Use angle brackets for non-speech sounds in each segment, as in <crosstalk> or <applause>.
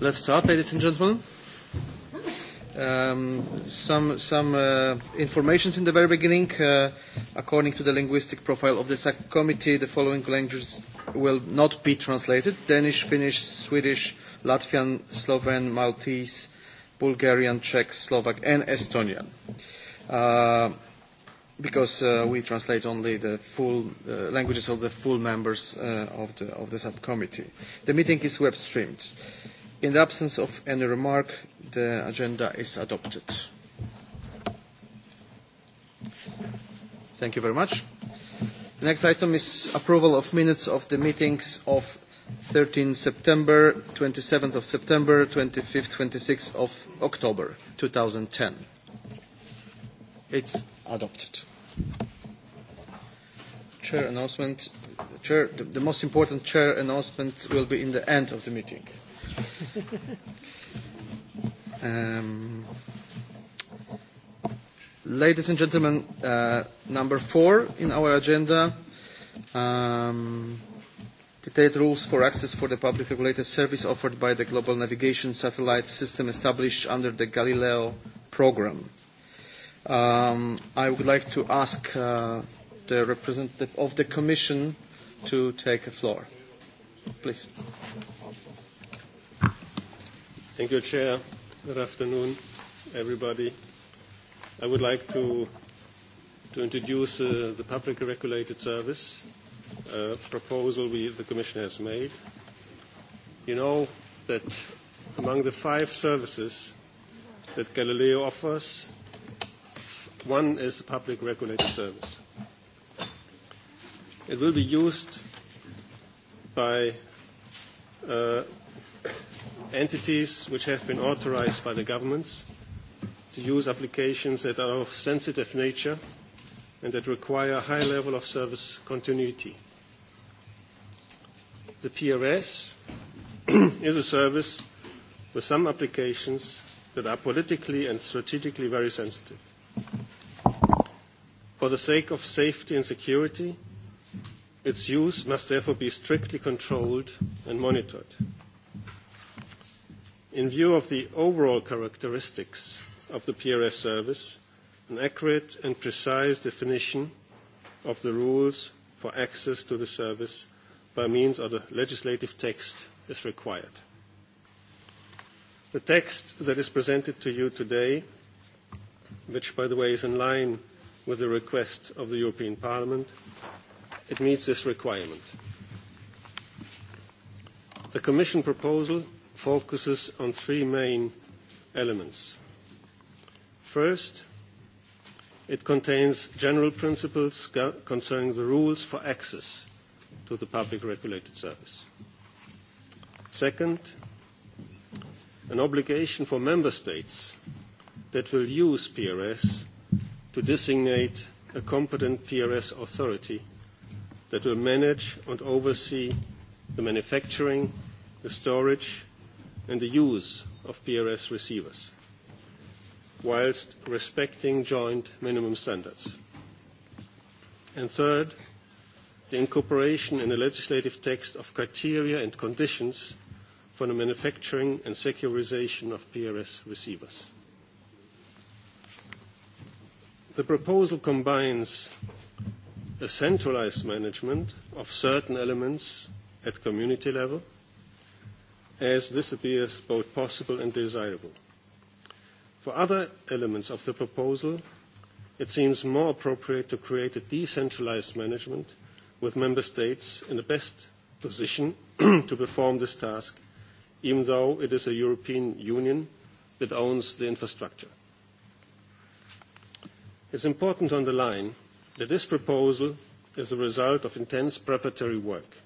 Let's start, ladies and gentlemen. Um, some some uh, information in the very beginning. Uh, according to the linguistic profile of the subcommittee, the following languages will not be translated. Danish, Finnish, Swedish, Latvian, Slovene, Maltese, Bulgarian, Czech, Slovak, and Estonian. Uh, because uh, we translate only the full uh, languages of the full members uh, of, the, of the subcommittee. The meeting is web streamed. Uh, In the absence of any remark, the agenda is adopted. Thank you very much. The next item is approval of minutes of the meetings of 13 September, 27th of September, 25th, 26th of October 2010. It's adopted. Chair announcement. Chair, the, the most important chair announcement will be in the end of the meeting um, ladies and gentlemen, uh, number four in our agenda, um, detailed rules for access for the public regulated service offered by the Global Navigation Satellite System established under the Galileo program. Um, I would like to ask uh, the representative of the Commission to take the floor. Please. Thank you, Chair. Good afternoon, everybody. I would like to, to introduce uh, the Public Regulated Service uh, proposal we, the Commission has made. You know that among the five services that Galileo offers, one is a public regulated service. It will be used by uh, entities which have been authorized by the governments to use applications that are of sensitive nature and that require a high level of service continuity. The PRS <clears throat> is a service with some applications that are politically and strategically very sensitive. For the sake of safety and security, its use must therefore be strictly controlled and monitored. In view of the overall characteristics of the PRS service, an accurate and precise definition of the rules for access to the service by means of the legislative text is required. The text that is presented to you today, which by the way is in line with the request of the European Parliament, it meets this requirement. The Commission proposal focuses on three main elements. First, it contains general principles concerning the rules for access to the public regulated service. Second, an obligation for member states that will use PRS to designate a competent PRS authority that will manage and oversee the manufacturing, the storage, and the use of PRS receivers, whilst respecting joint minimum standards. And third, the incorporation in the legislative text of criteria and conditions for the manufacturing and securization of PRS receivers. The proposal combines a centralized management of certain elements at community level – as this appears both possible and desirable. For other elements of the proposal, it seems more appropriate to create a decentralized management with member states in the best position <clears throat> to perform this task, even though it is a European Union that owns the infrastructure. It's important to underline that this proposal is the result of intense preparatory work –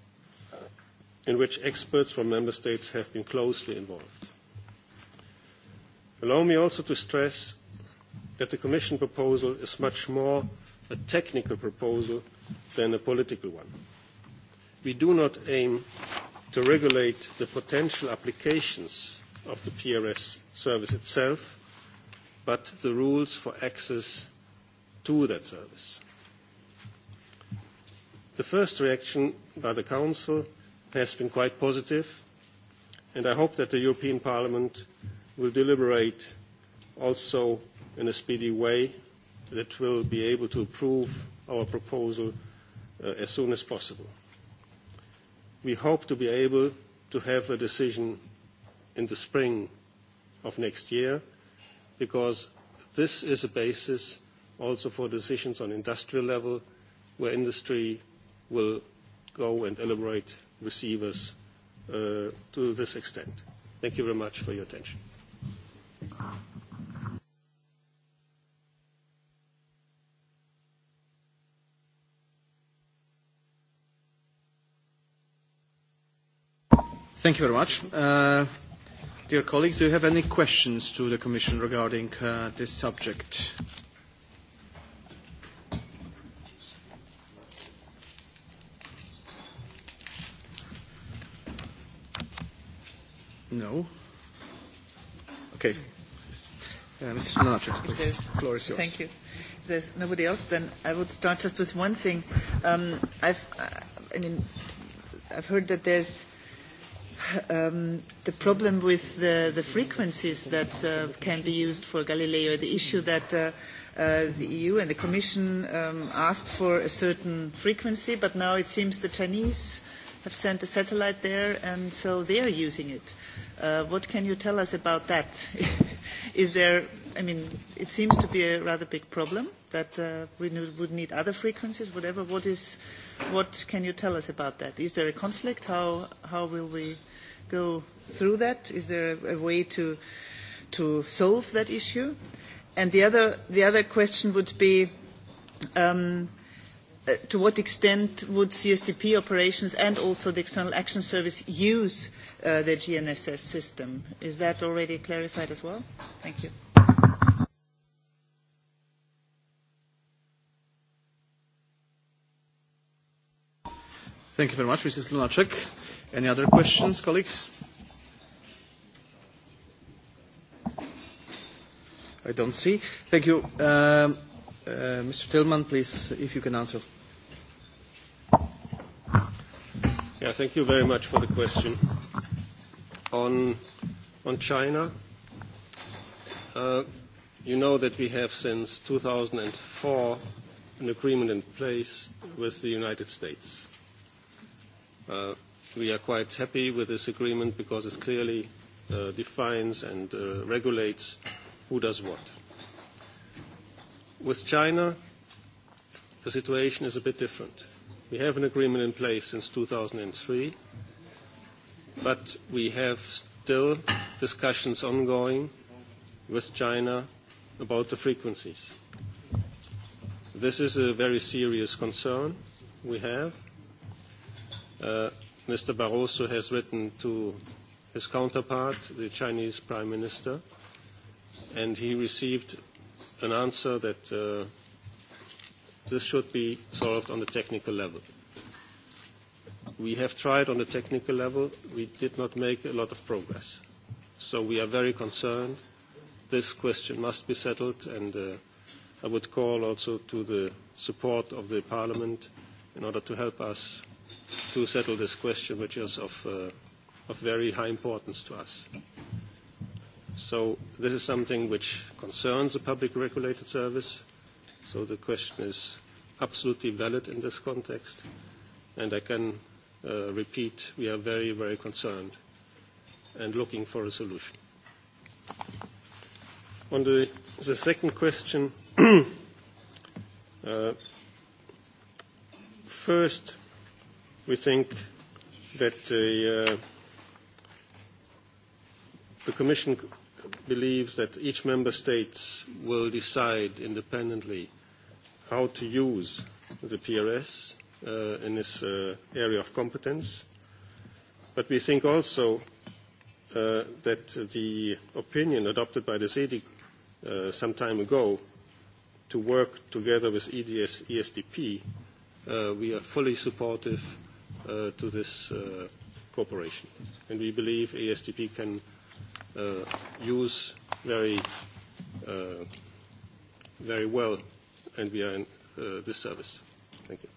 in which experts from member states have been closely involved. Allow me also to stress that the Commission proposal is much more a technical proposal than a political one. We do not aim to regulate the potential applications of the PRS service itself, but the rules for access to that service. The first reaction by the Council has been quite positive, and I hope that the European Parliament will deliberate also in a speedy way that will be able to approve our proposal uh, as soon as possible. We hope to be able to have a decision in the spring of next year, because this is a basis also for decisions on industrial level, where industry will go and elaborate receivers uh, to this extent. Thank you very much for your attention. Thank you very much. Uh, dear colleagues, do you have any questions to the Commission regarding uh, this subject? Uh, No. Okay. Uh, Mr. Lunacek, please. The floor is yours. Thank you. If there's nobody else, then I would start just with one thing. Um, I've, uh, I mean, I've heard that there's um, the problem with the, the frequencies that uh, can be used for Galileo, the issue that uh, uh, the EU and the Commission um, asked for a certain frequency, but now it seems the Chinese uh, have sent a satellite there, and so they are using it. Uh, what can you tell us about that? <laughs> Is there, I mean, it seems to be a rather big problem that uh, we would need other frequencies, whatever. What is, what can you tell us about that? Is there a conflict? How, how will we go through that? Is there a way to, to solve that issue? And the other, the other question would be, um, uh, to what extent would CSDP operations and also the External Action Service use uh, the GNSS system? Is that already clarified as well? Thank you. Thank you very much, Mrs. Lunacek. Any other questions, colleagues? I don't see. Thank you. Um, Uh, Mr. Tillman, please, if you can answer. Yeah, thank you very much for the question. On, on China, uh, you know that we have since 2004 an agreement in place with the United States. Uh, we are quite happy with this agreement because it clearly uh, defines and uh, regulates who does what. With China, the situation is a bit different. We have an agreement in place since 2003, but we have still discussions ongoing with China about the frequencies. This is a very serious concern we have. Uh, Mr. Barroso has written to his counterpart, the Chinese Prime Minister, and he received an answer that uh, this should be solved on the technical level. We have tried on the technical level. We did not make a lot of progress. So we are very concerned. This question must be settled, and uh, I would call also to the support of the Parliament in order to help us to settle this question, which is of, uh, of very high importance to us. So this is something which concerns a public regulated service. So the question is absolutely valid in this context. And I can uh, repeat, we are very, very concerned and looking for a solution. On the, the second question, <clears throat> uh, first, we think that uh, the Commission believes that each member state will decide independently how to use the PRS uh, in this uh, area of competence. But we think also uh, that the opinion adopted by the CEDIC uh, some time ago to work together with EDS, ESDP, uh, we are fully supportive uh, to this uh, cooperation. And we believe ESDP can uh, use very, uh, very well and we are in uh, this service. Thank you.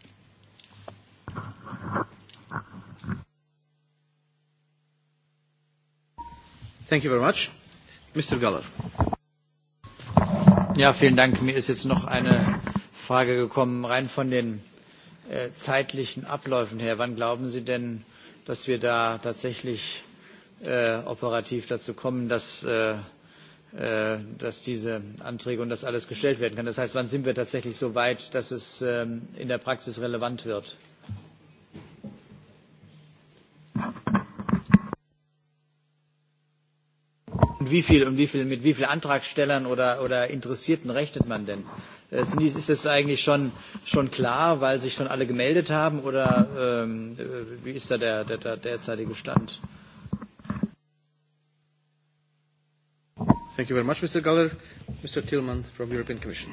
Thank you very much. Mr. Galler. Ja, vielen Dank. Mir ist jetzt noch eine Frage gekommen, rein von den äh, zeitlichen Abläufen her. Wann glauben Sie denn, dass wir da tatsächlich äh, äh, operativ dazu kommen, dass, äh, äh, dass diese Anträge und das alles gestellt werden kann. Das heißt, wann sind wir tatsächlich so weit, dass es ähm, in der Praxis relevant wird? Und wie viel, um wie viel, mit wie vielen Antragstellern oder, oder Interessierten rechnet man denn? Äh, sind die, ist das eigentlich schon, schon klar, weil sich schon alle gemeldet haben oder ähm, äh, wie ist da der, der, der derzeitige Stand? Äh, Thank you very much, Mr. Galler. Mr. Tillman from European Commission.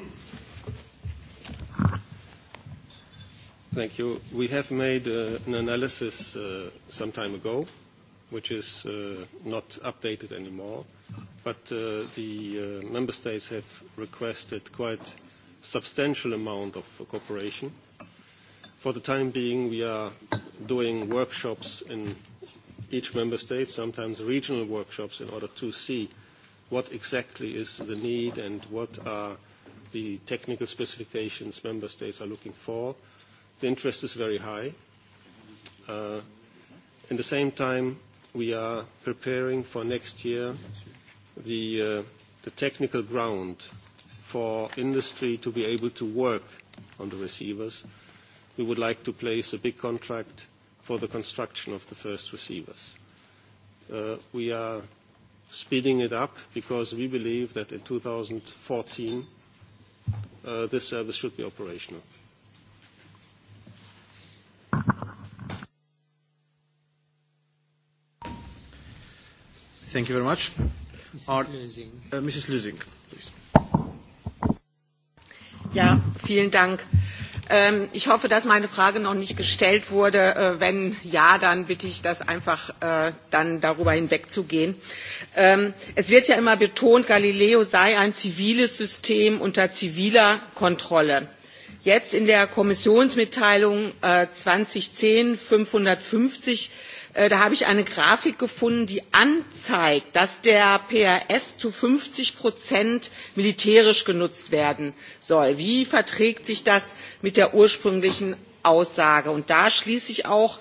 Thank you. We have made uh, an analysis uh, some time ago, which is uh, not updated anymore, but uh, the uh, member states have requested quite substantial amount of uh, cooperation. For the time being, we are doing workshops in each member state, sometimes regional workshops, in order to see uh, what exactly is the need and what are the technical specifications member states are looking for. The interest is very high. Uh, at the same time, we are preparing for next year the, uh, the technical ground for industry to be able to work on the receivers. We would like to place a big contract for the construction of the first receivers. Uh, we are speeding it up because we believe that in 2014, uh, this service should be operational. Thank you very much. Mrs. Our, Lösing. Uh, Mrs. Lösing, please. Ja, vielen Dank. Äh, Ähm, ich hoffe, dass meine Frage noch nicht gestellt wurde. Äh, wenn ja, dann bitte ich das einfach äh, dann darüber hinwegzugehen. Ähm, es wird ja immer betont, Galileo sei ein ziviles System unter ziviler Kontrolle. Jetzt in der Kommissionsmitteilung äh, 2010 550 Äh, da habe ich eine Grafik gefunden, die anzeigt, dass der PRS zu 50 Prozent militärisch genutzt werden soll. Wie verträgt sich das mit der ursprünglichen Aussage? Und da schließe ich auch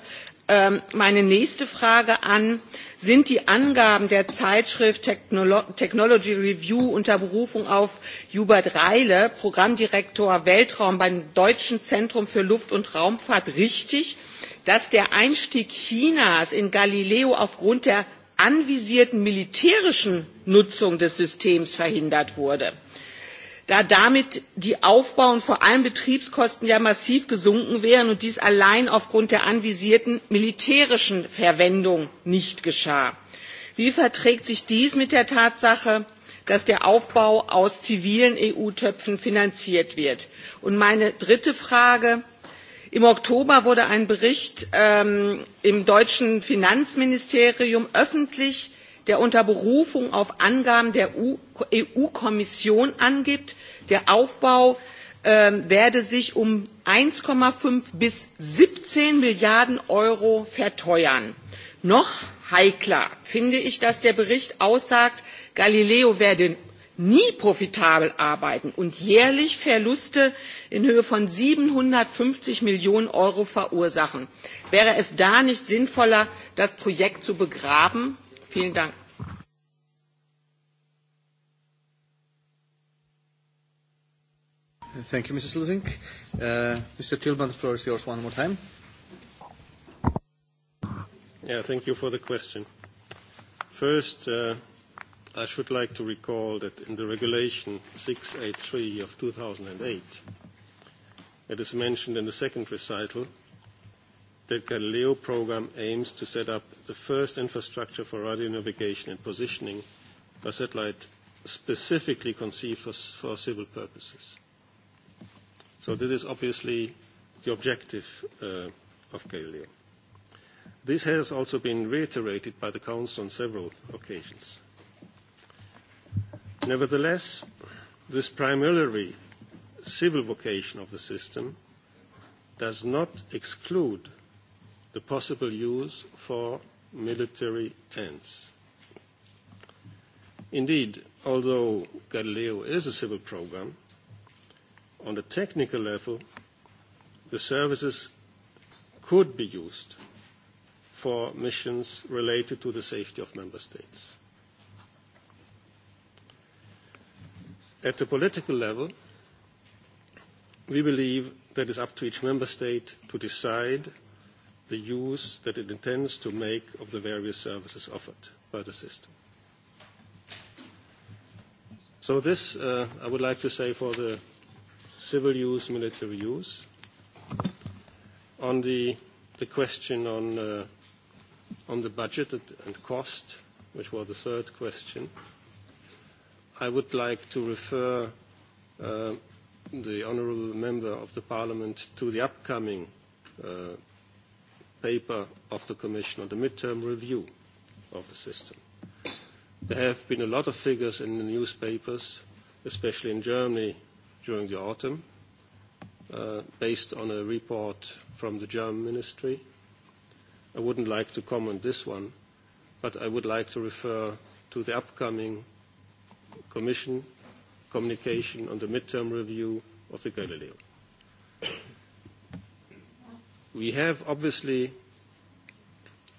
ähm, meine nächste Frage an. Sind die Angaben der Zeitschrift Technolo Technology Review unter Berufung auf Hubert Reile, Programmdirektor Weltraum beim Deutschen Zentrum für Luft- und Raumfahrt, richtig? dass der einstieg chinas in galileo aufgrund der anvisierten militärischen nutzung des systems verhindert wurde da damit die aufbau und vor allem betriebskosten ja massiv gesunken wären und dies allein aufgrund der anvisierten militärischen verwendung nicht geschah. wie verträgt sich dies mit der tatsache dass der aufbau aus zivilen eu töpfen finanziert wird? und meine dritte frage im oktober wurde ein bericht ähm, im deutschen finanzministerium öffentlich der unter berufung auf angaben der eu e kommission angibt der aufbau ähm, werde sich um eins fünf bis siebzehn milliarden euro verteuern. noch heikler finde ich dass der bericht aussagt galileo werde nie profitabel arbeiten und jährlich Verluste in Höhe von 750 Millionen Euro verursachen. Wäre es da nicht sinnvoller, das Projekt zu begraben? Vielen Dank. Thank you, Mrs. Lusink. Uh, Mr. Tilman, the floor is yours one more time. Yeah, thank you for the question. First, uh, I should like to recall that in the Regulation 683 of 2008, it is mentioned in the second recital that Galileo program aims to set up the first infrastructure for radio navigation and positioning by satellite specifically conceived for, for civil purposes. So that is obviously the objective uh, of Galileo. This has also been reiterated by the Council on several occasions. Nevertheless, this primarily civil vocation of the system does not exclude the possible use for military ends. Indeed, although Galileo is a civil program, on a technical level, the services could be used for missions related to the safety of member states. At the political level, we believe that it's up to each member state to decide the use that it intends to make of the various services offered by the system. So this, uh, I would like to say, for the civil use, military use. On the, the question on, uh, on the budget and cost, which was the third question, uh, I would like to refer uh, the honourable member of the parliament to the upcoming uh, paper of the commission on the midterm review of the system. There have been a lot of figures in the newspapers, especially in Germany during the autumn, uh, based on a report from the German ministry. I wouldn't like to comment this one, but I would like to refer to the upcoming Commission communication on the midterm review of the Galileo. We have obviously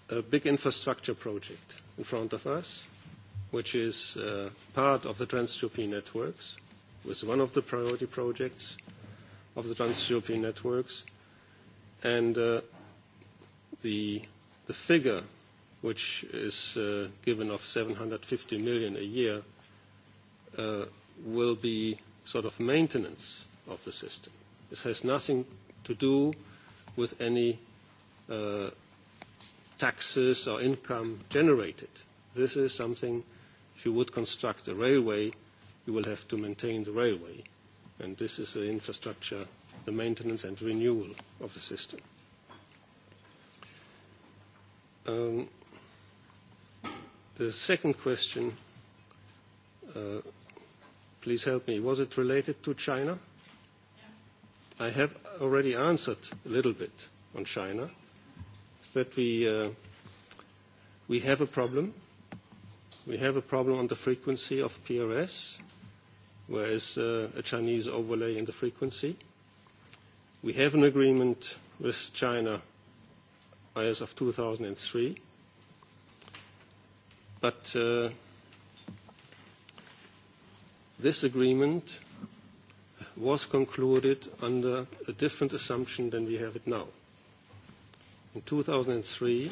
a big infrastructure project in front of us, which is uh, part of the Trans-European networks, was one of the priority projects of the Trans-European networks. And uh, the, the figure which is uh, given of 750 million a year uh, will be sort of maintenance of the system. This has nothing to do with any uh, taxes or income generated. This is something, if you would construct a railway, you will have to maintain the railway. And this is the infrastructure, the maintenance and renewal of the system. Um, the second question uh, Please help me. Was it related to China? I have already answered a little bit on China. Is that we, uh, we have a problem. We have a problem on the frequency of PRS, where is uh, a Chinese overlay in the frequency. We have an agreement with China as of 2003, but uh, This agreement was concluded under a different assumption than we have it now. In 2003,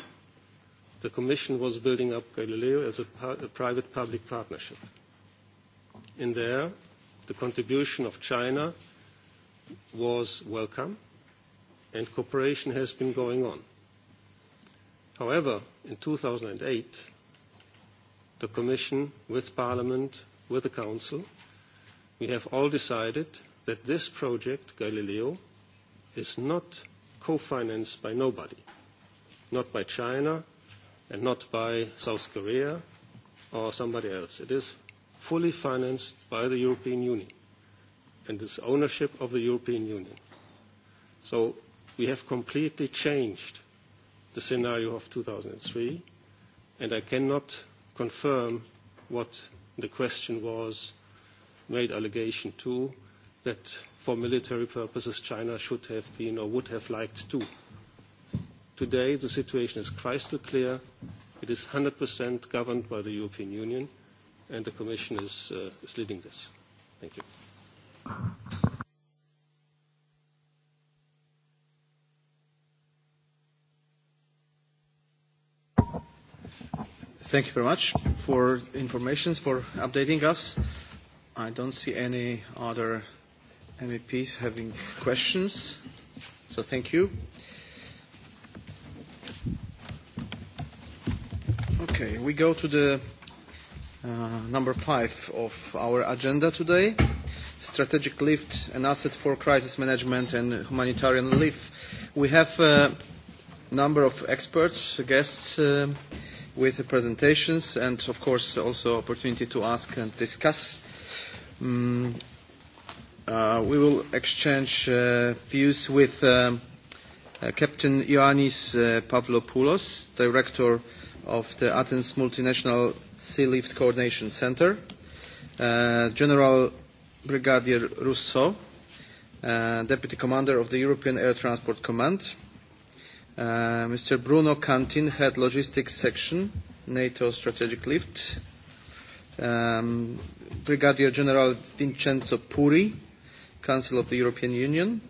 the Commission was building up Galileo as a, a private-public partnership. In there, the contribution of China was welcome, and cooperation has been going on. However, in 2008, the Commission, with Parliament, with the Council, we have all decided that this project, Galileo, is not co-financed by nobody, not by China and not by South Korea or somebody else. It is fully financed by the European Union and its ownership of the European Union. So we have completely changed the scenario of 2003, and I cannot confirm what the question was made allegation to that for military purposes China should have been or would have liked to. Today the situation is crystal clear. It is 100% governed by the European Union and the Commission is, uh, is leading this. Thank you. Thank you very much for information, for updating us. I don't see any other MEPs having questions, so thank you. Okay, we go to the uh, number five of our agenda today, strategic lift and asset for crisis management and humanitarian relief. We have a uh, number of experts, guests, uh, with the presentations and, of course, also opportunity to ask and discuss Um, uh, we will exchange uh, views with um, uh, Captain Ioannis uh, Pavlopoulos, Director of the Athens Multinational Sea Lift Coordination Center, uh, General Brigadier Rousseau, uh, Deputy Commander of the European Air Transport Command, uh, Mr. Bruno Kantin, Head Logistics Section, NATO Strategic Lift, um, Brigadier General Vincenzo Puri, Council of the European Union,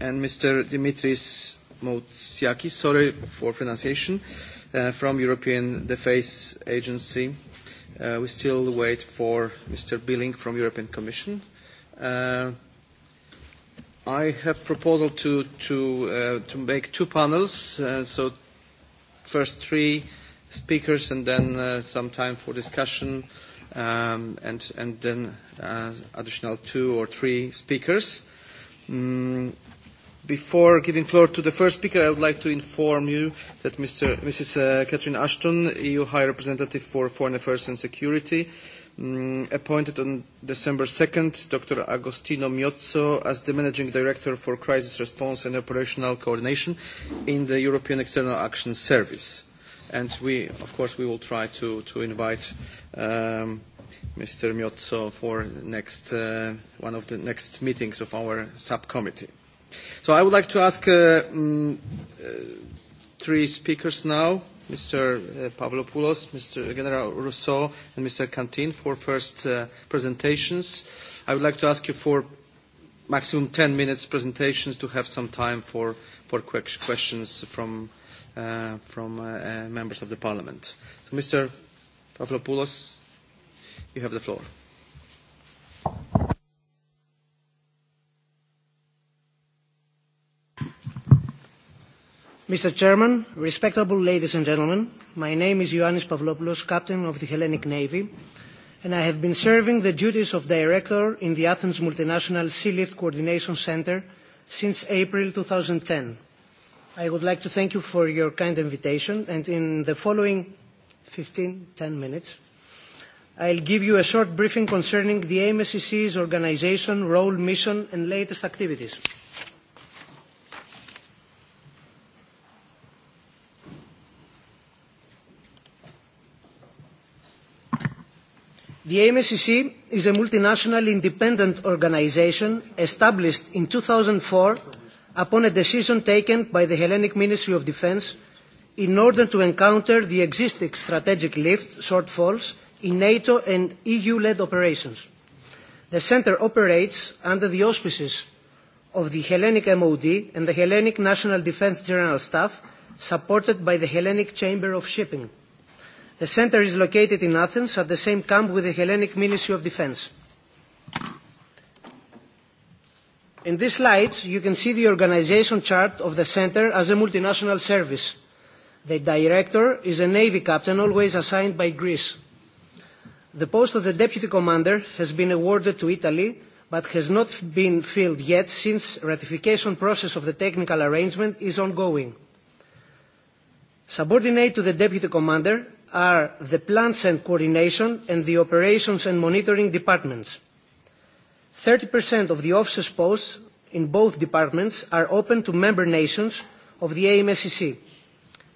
and Mr. Dimitris Moutsiakis, sorry for pronunciation, uh, from European Defence Agency. Uh, we still wait for Mr. Billing from European Commission. Uh, I have proposal to to uh, to make two panels. Uh, so first three speakers and then uh, some time for discussion um, and, and then uh, additional two or three speakers. Mm, before giving floor to the first speaker, I would like to inform you that Mr. Mrs. Uh, Catherine Ashton, EU High Representative for Foreign Affairs and Security, um, appointed on December 2nd Dr. Agostino Miozzo as the Managing Director for Crisis Response and Operational Coordination in the European External Action Service. And we, of course, we will try to, to invite um, Mr. Miozzo for next, uh, one of the next meetings of our subcommittee. So I would like to ask uh, um, uh, three speakers now, Mr. Uh, Pavlopoulos, Mr. General Rousseau, and Mr. Cantin for first uh, presentations. I would like to ask you for maximum 10 minutes presentations to have some time for, for questions from uh, from uh, uh, members of the parliament. So, Mr. Pavlopoulos, you have the floor. Mr. Chairman, respectable ladies and gentlemen, my name is Ioannis Pavlopoulos, captain of the Hellenic Navy, and I have been serving the duties of director in the Athens Multinational Sea Lift Coordination Center since April 2010. I would like to thank you for your kind invitation, and in the following 15, 10 minutes, I'll give you a short briefing concerning the MSCC's organization, role, mission, and latest activities. The AMSCC is a multinational independent organization established in 2004 upon a decision taken by the Hellenic Ministry of Defense in order to encounter the existing strategic lift shortfalls in NATO and EU-led operations. The Centre operates under the auspices of the Hellenic MOD and the Hellenic National Defence General Staff, supported by the Hellenic Chamber of Shipping. The Centre is located in Athens at the same camp with the Hellenic Ministry of Defence. In these slides, you can see the organization chart of the center as a multinational service. The director is a navy captain always assigned by Greece. The post of the deputy commander has been awarded to Italy, but has not been filled yet since ratification process of the technical arrangement is ongoing. Subordinate to the deputy commander are the plans and coordination and the operations and monitoring departments. 30% of the officers' posts in both departments are open to member nations of the AMSEC.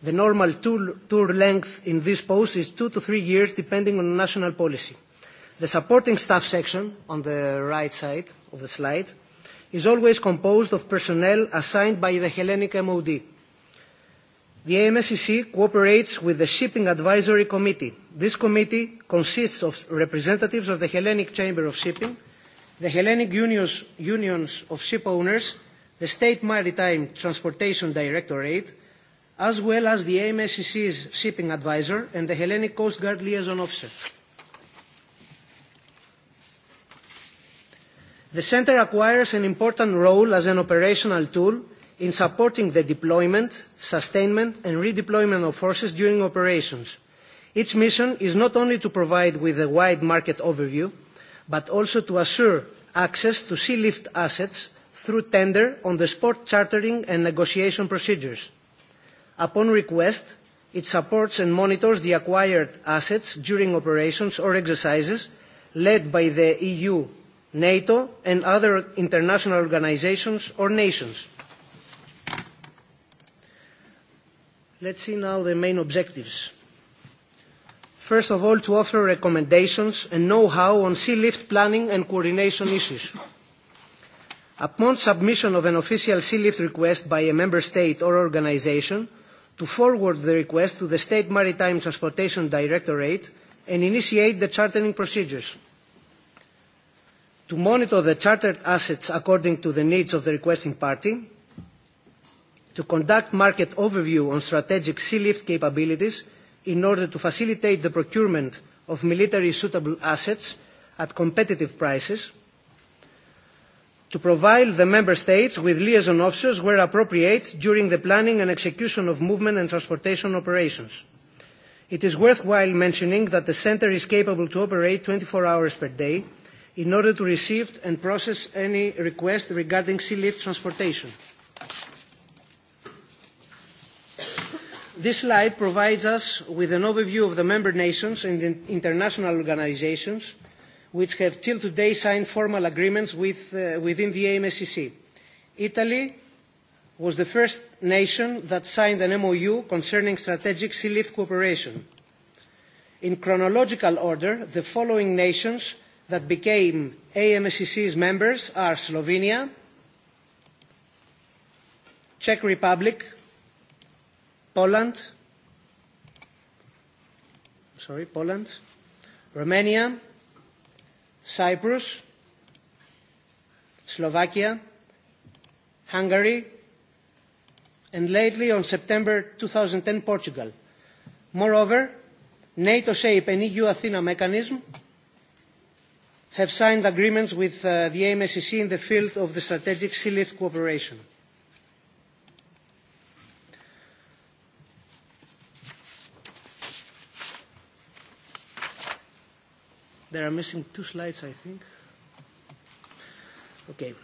The normal tour, tour length in this post is two to three years, depending on national policy. The supporting staff section, on the right side of the slide, is always composed of personnel assigned by the Hellenic MOD. The AMSEC cooperates with the Shipping Advisory Committee. This committee consists of representatives of the Hellenic Chamber of Shipping – the Hellenic Unions, Unions of Ship Owners, the State Maritime Transportation Directorate, as well as the AMSCC's shipping advisor and the Hellenic Coast Guard liaison officer. The Centre acquires an important role as an operational tool in supporting the deployment, sustainment and redeployment of forces during operations. Its mission is not only to provide with a wide market overview, but also to assure access to sealift assets through tender on the spot chartering and negotiation procedures. Upon request, it supports and monitors the acquired assets during operations or exercises led by the EU, NATO and other international organizations or nations. Let's see now the main objectives first of all to offer recommendations and know-how on sea lift planning and coordination issues. Upon submission of an official sea lift request by a member state or organization, to forward the request to the State Maritime Transportation Directorate and initiate the chartering procedures. To monitor the chartered assets according to the needs of the requesting party, to conduct market overview on strategic sea lift capabilities in order to facilitate the procurement of military-suitable assets at competitive prices, to provide the Member States with liaison officers where appropriate during the planning and execution of movement and transportation operations. It is worthwhile mentioning that the Centre is capable to operate 24 hours per day in order to receive and process any request regarding sea lift transportation. This slide provides us with an overview of the member nations and international organizations which have till today signed formal agreements with, uh, within the AMSCC. Italy was the first nation that signed an MOU concerning strategic sea lift cooperation. In chronological order, the following nations that became AMSCC's members are Slovenia, Czech Republic, Poland, sorry, Poland, Romania, Cyprus, Slovakia, Hungary, and lately, on September 2010, Portugal. Moreover, NATO SAPE and EU Athena mechanism have signed agreements with uh, the MSCC in the field of the strategic sea lift cooperation. There are missing two slides, I think. Okay.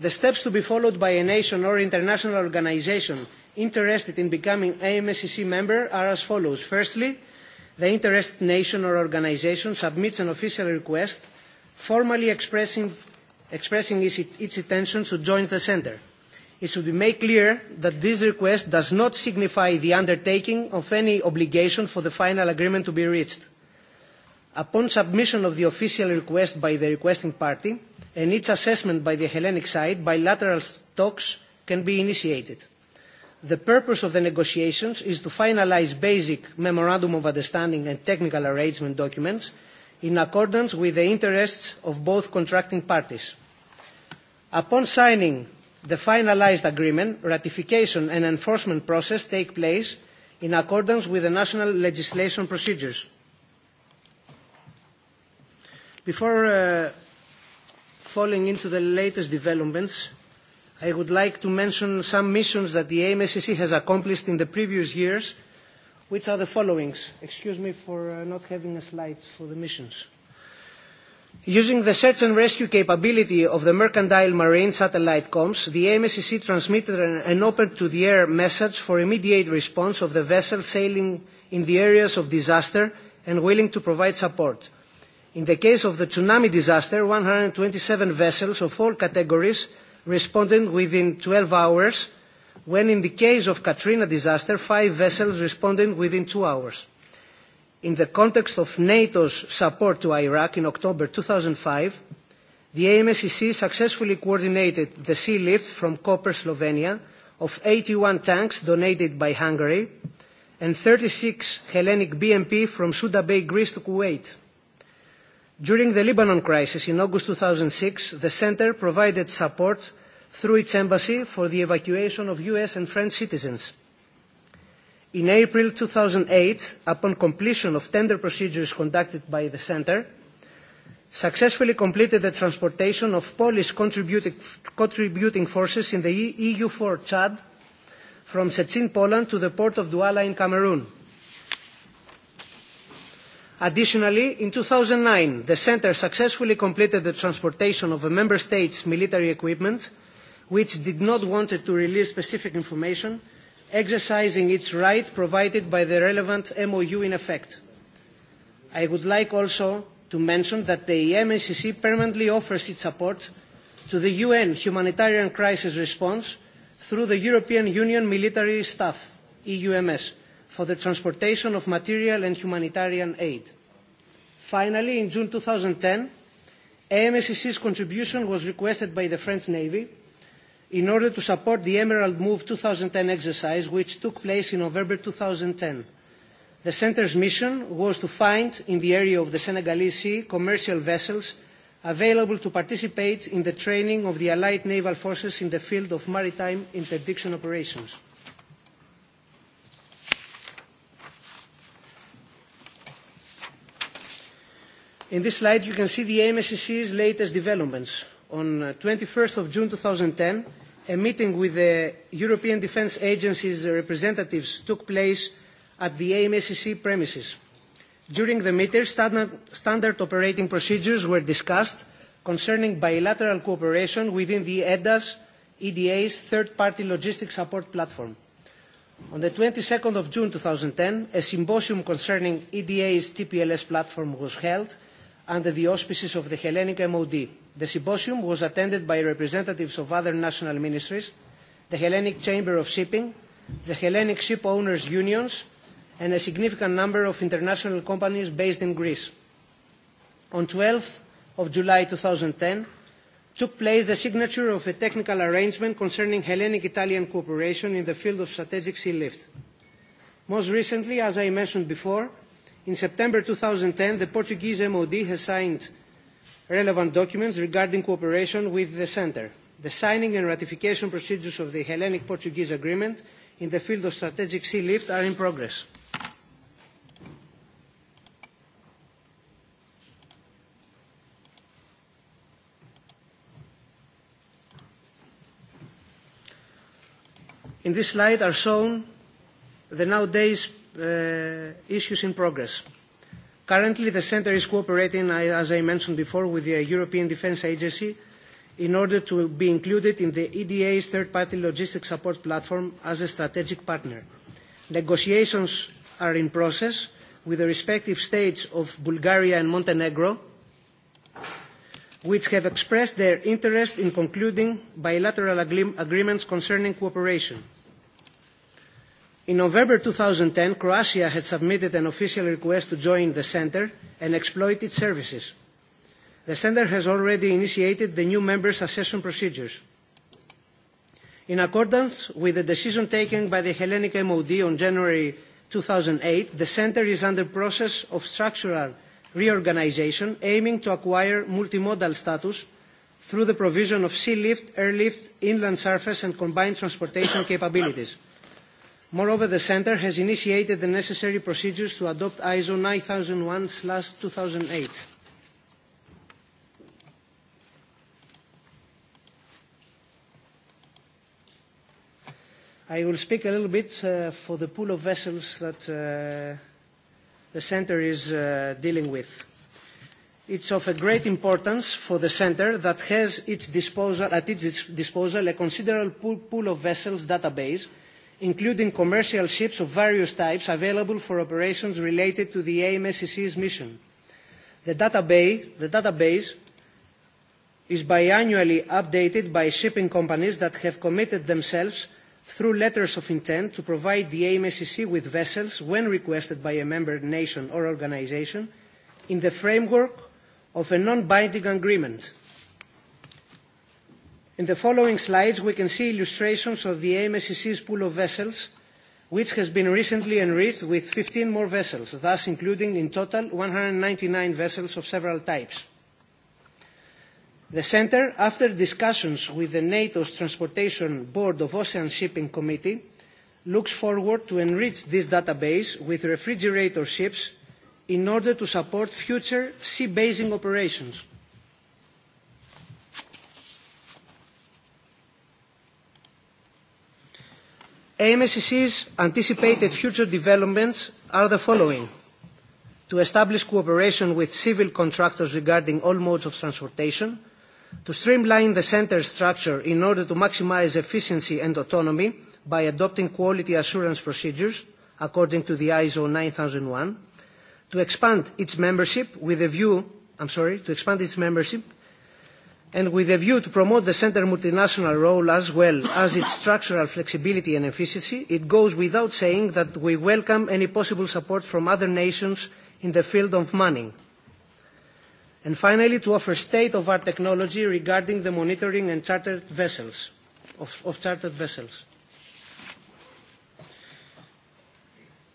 The steps to be followed by a nation or international organization interested in becoming AMSCC member are as follows. Firstly, the interested nation or organization submits an official request formally expressing, expressing its, its intention to join the center. It should be made clear that this request does not signify the undertaking of any obligation for the final agreement to be reached upon submission of the official request by the requesting party and its assessment by the Hellenic side, bilateral talks can be initiated. The purpose of the negotiations is to finalize basic memorandum of understanding and technical arrangement documents in accordance with the interests of both contracting parties. Upon signing the finalized agreement, ratification and enforcement process take place in accordance with the national legislation procedures. Before uh, falling into the latest developments, I would like to mention some missions that the AMSCC has accomplished in the previous years, which are the followings. Excuse me for uh, not having a slide for the missions. Using the search and rescue capability of the Mercantile Marine satellite comms, the AMSCC transmitted an, an open-to-the-air message for immediate response of the vessel sailing in the areas of disaster and willing to provide support. In the case of the tsunami disaster, 127 vessels of all categories responded within 12 hours, when in the case of Katrina disaster, five vessels responded within two hours. In the context of NATO's support to Iraq in October 2005, the AMSCC successfully coordinated the sea lift from Koper, Slovenia, of 81 tanks donated by Hungary and 36 Hellenic BMP from Suda Bay, Greece to Kuwait. During the Lebanon crisis in August 2006, the center provided support through its embassy for the evacuation of US and French citizens. In April 2008, upon completion of tender procedures conducted by the center, successfully completed the transportation of Polish contributing, contributing forces in the EU4 e Chad from Szczecin, Poland to the port of Douala in Cameroon. Additionally, in 2009, the Centre successfully completed the transportation of a Member State's military equipment, which did not want to release specific information, exercising its right provided by the relevant MOU in effect. I would like also to mention that the MNCC permanently offers its support to the UN humanitarian crisis response through the European Union Military Staff, EUMS, for the transportation of material and humanitarian aid. Finally, in June 2010, AMSCC's contribution was requested by the French Navy in order to support the Emerald Move 2010 exercise, which took place in November 2010. The center's mission was to find, in the area of the Senegalese Sea, commercial vessels available to participate in the training of the Allied naval forces in the field of maritime interdiction operations. In this slide, you can see the MSCC's latest developments. On 21st uh, of June 2010, a meeting with the European Defence Agency's representatives took place at the AMSCC premises. During the meeting, standard, standard operating procedures were discussed concerning bilateral cooperation within the EDA's e EDA's third-party logistics support platform. On the 22nd of June 2010, a symposium concerning EDA's TPLS platform was held under the auspices of the Hellenic MOD. The symposium was attended by representatives of other national ministries, the Hellenic Chamber of Shipping, the Hellenic Ship Owners Unions, and a significant number of international companies based in Greece. On 12th of July 2010, took place the signature of a technical arrangement concerning Hellenic-Italian cooperation in the field of strategic sea lift. Most recently, as I mentioned before, in September 2010, the Portuguese MOD has signed relevant documents regarding cooperation with the Centre. The signing and ratification procedures of the Hellenic-Portuguese Agreement in the field of strategic sea lift are in progress. In this slide are shown the nowadays uh, issues in progress. Currently, the Centre is cooperating, as I mentioned before, with the European Defence Agency in order to be included in the EDA's third-party logistics support platform as a strategic partner. Negotiations are in process with the respective states of Bulgaria and Montenegro, which have expressed their interest in concluding bilateral agreements concerning cooperation – In November 2010, Croatia had submitted an official request to join the Centre and exploit its services. The Centre has already initiated the new members' accession procedures. In accordance with the decision taken by the Hellenic MOD on January 2008, the Centre is under process of structural reorganisation aiming to acquire multimodal status through the provision of sea lift, airlift, inland surface and combined transportation capabilities. Moreover, the Center has initiated the necessary procedures to adopt ISO 9001-2008. I will speak a little bit uh, for the pool of vessels that uh, the center is uh, dealing with. It's of a great importance for the center that has its disposal, at its disposal a considerable pool, pool of vessels database – including commercial ships of various types available for operations related to the AMSCC's mission. The database, the database is biannually updated by shipping companies that have committed themselves through letters of intent to provide the AMSCC with vessels when requested by a member nation or organization in the framework of a non-binding agreement In the following slides, we can see illustrations of the MSCC's pool of vessels, which has been recently enriched with 15 more vessels, thus including in total 199 vessels of several types. The Centre, after discussions with the NATO's Transportation Board of Ocean Shipping Committee, looks forward to enrich this database with refrigerator ships in order to support future sea basing operations. AMSCC's anticipated future developments are the following. To establish cooperation with civil contractors regarding all modes of transportation, to streamline the centre's structure in order to maximize efficiency and autonomy by adopting quality assurance procedures according to the ISO 9001, to expand its membership with a view, I'm sorry, to expand its membership and with a view to promote the centre's multinational role as well as its structural flexibility and efficiency, it goes without saying that we welcome any possible support from other nations in the field of mining. And finally, to offer state-of-art technology regarding the monitoring and chartered vessels, of, of chartered vessels.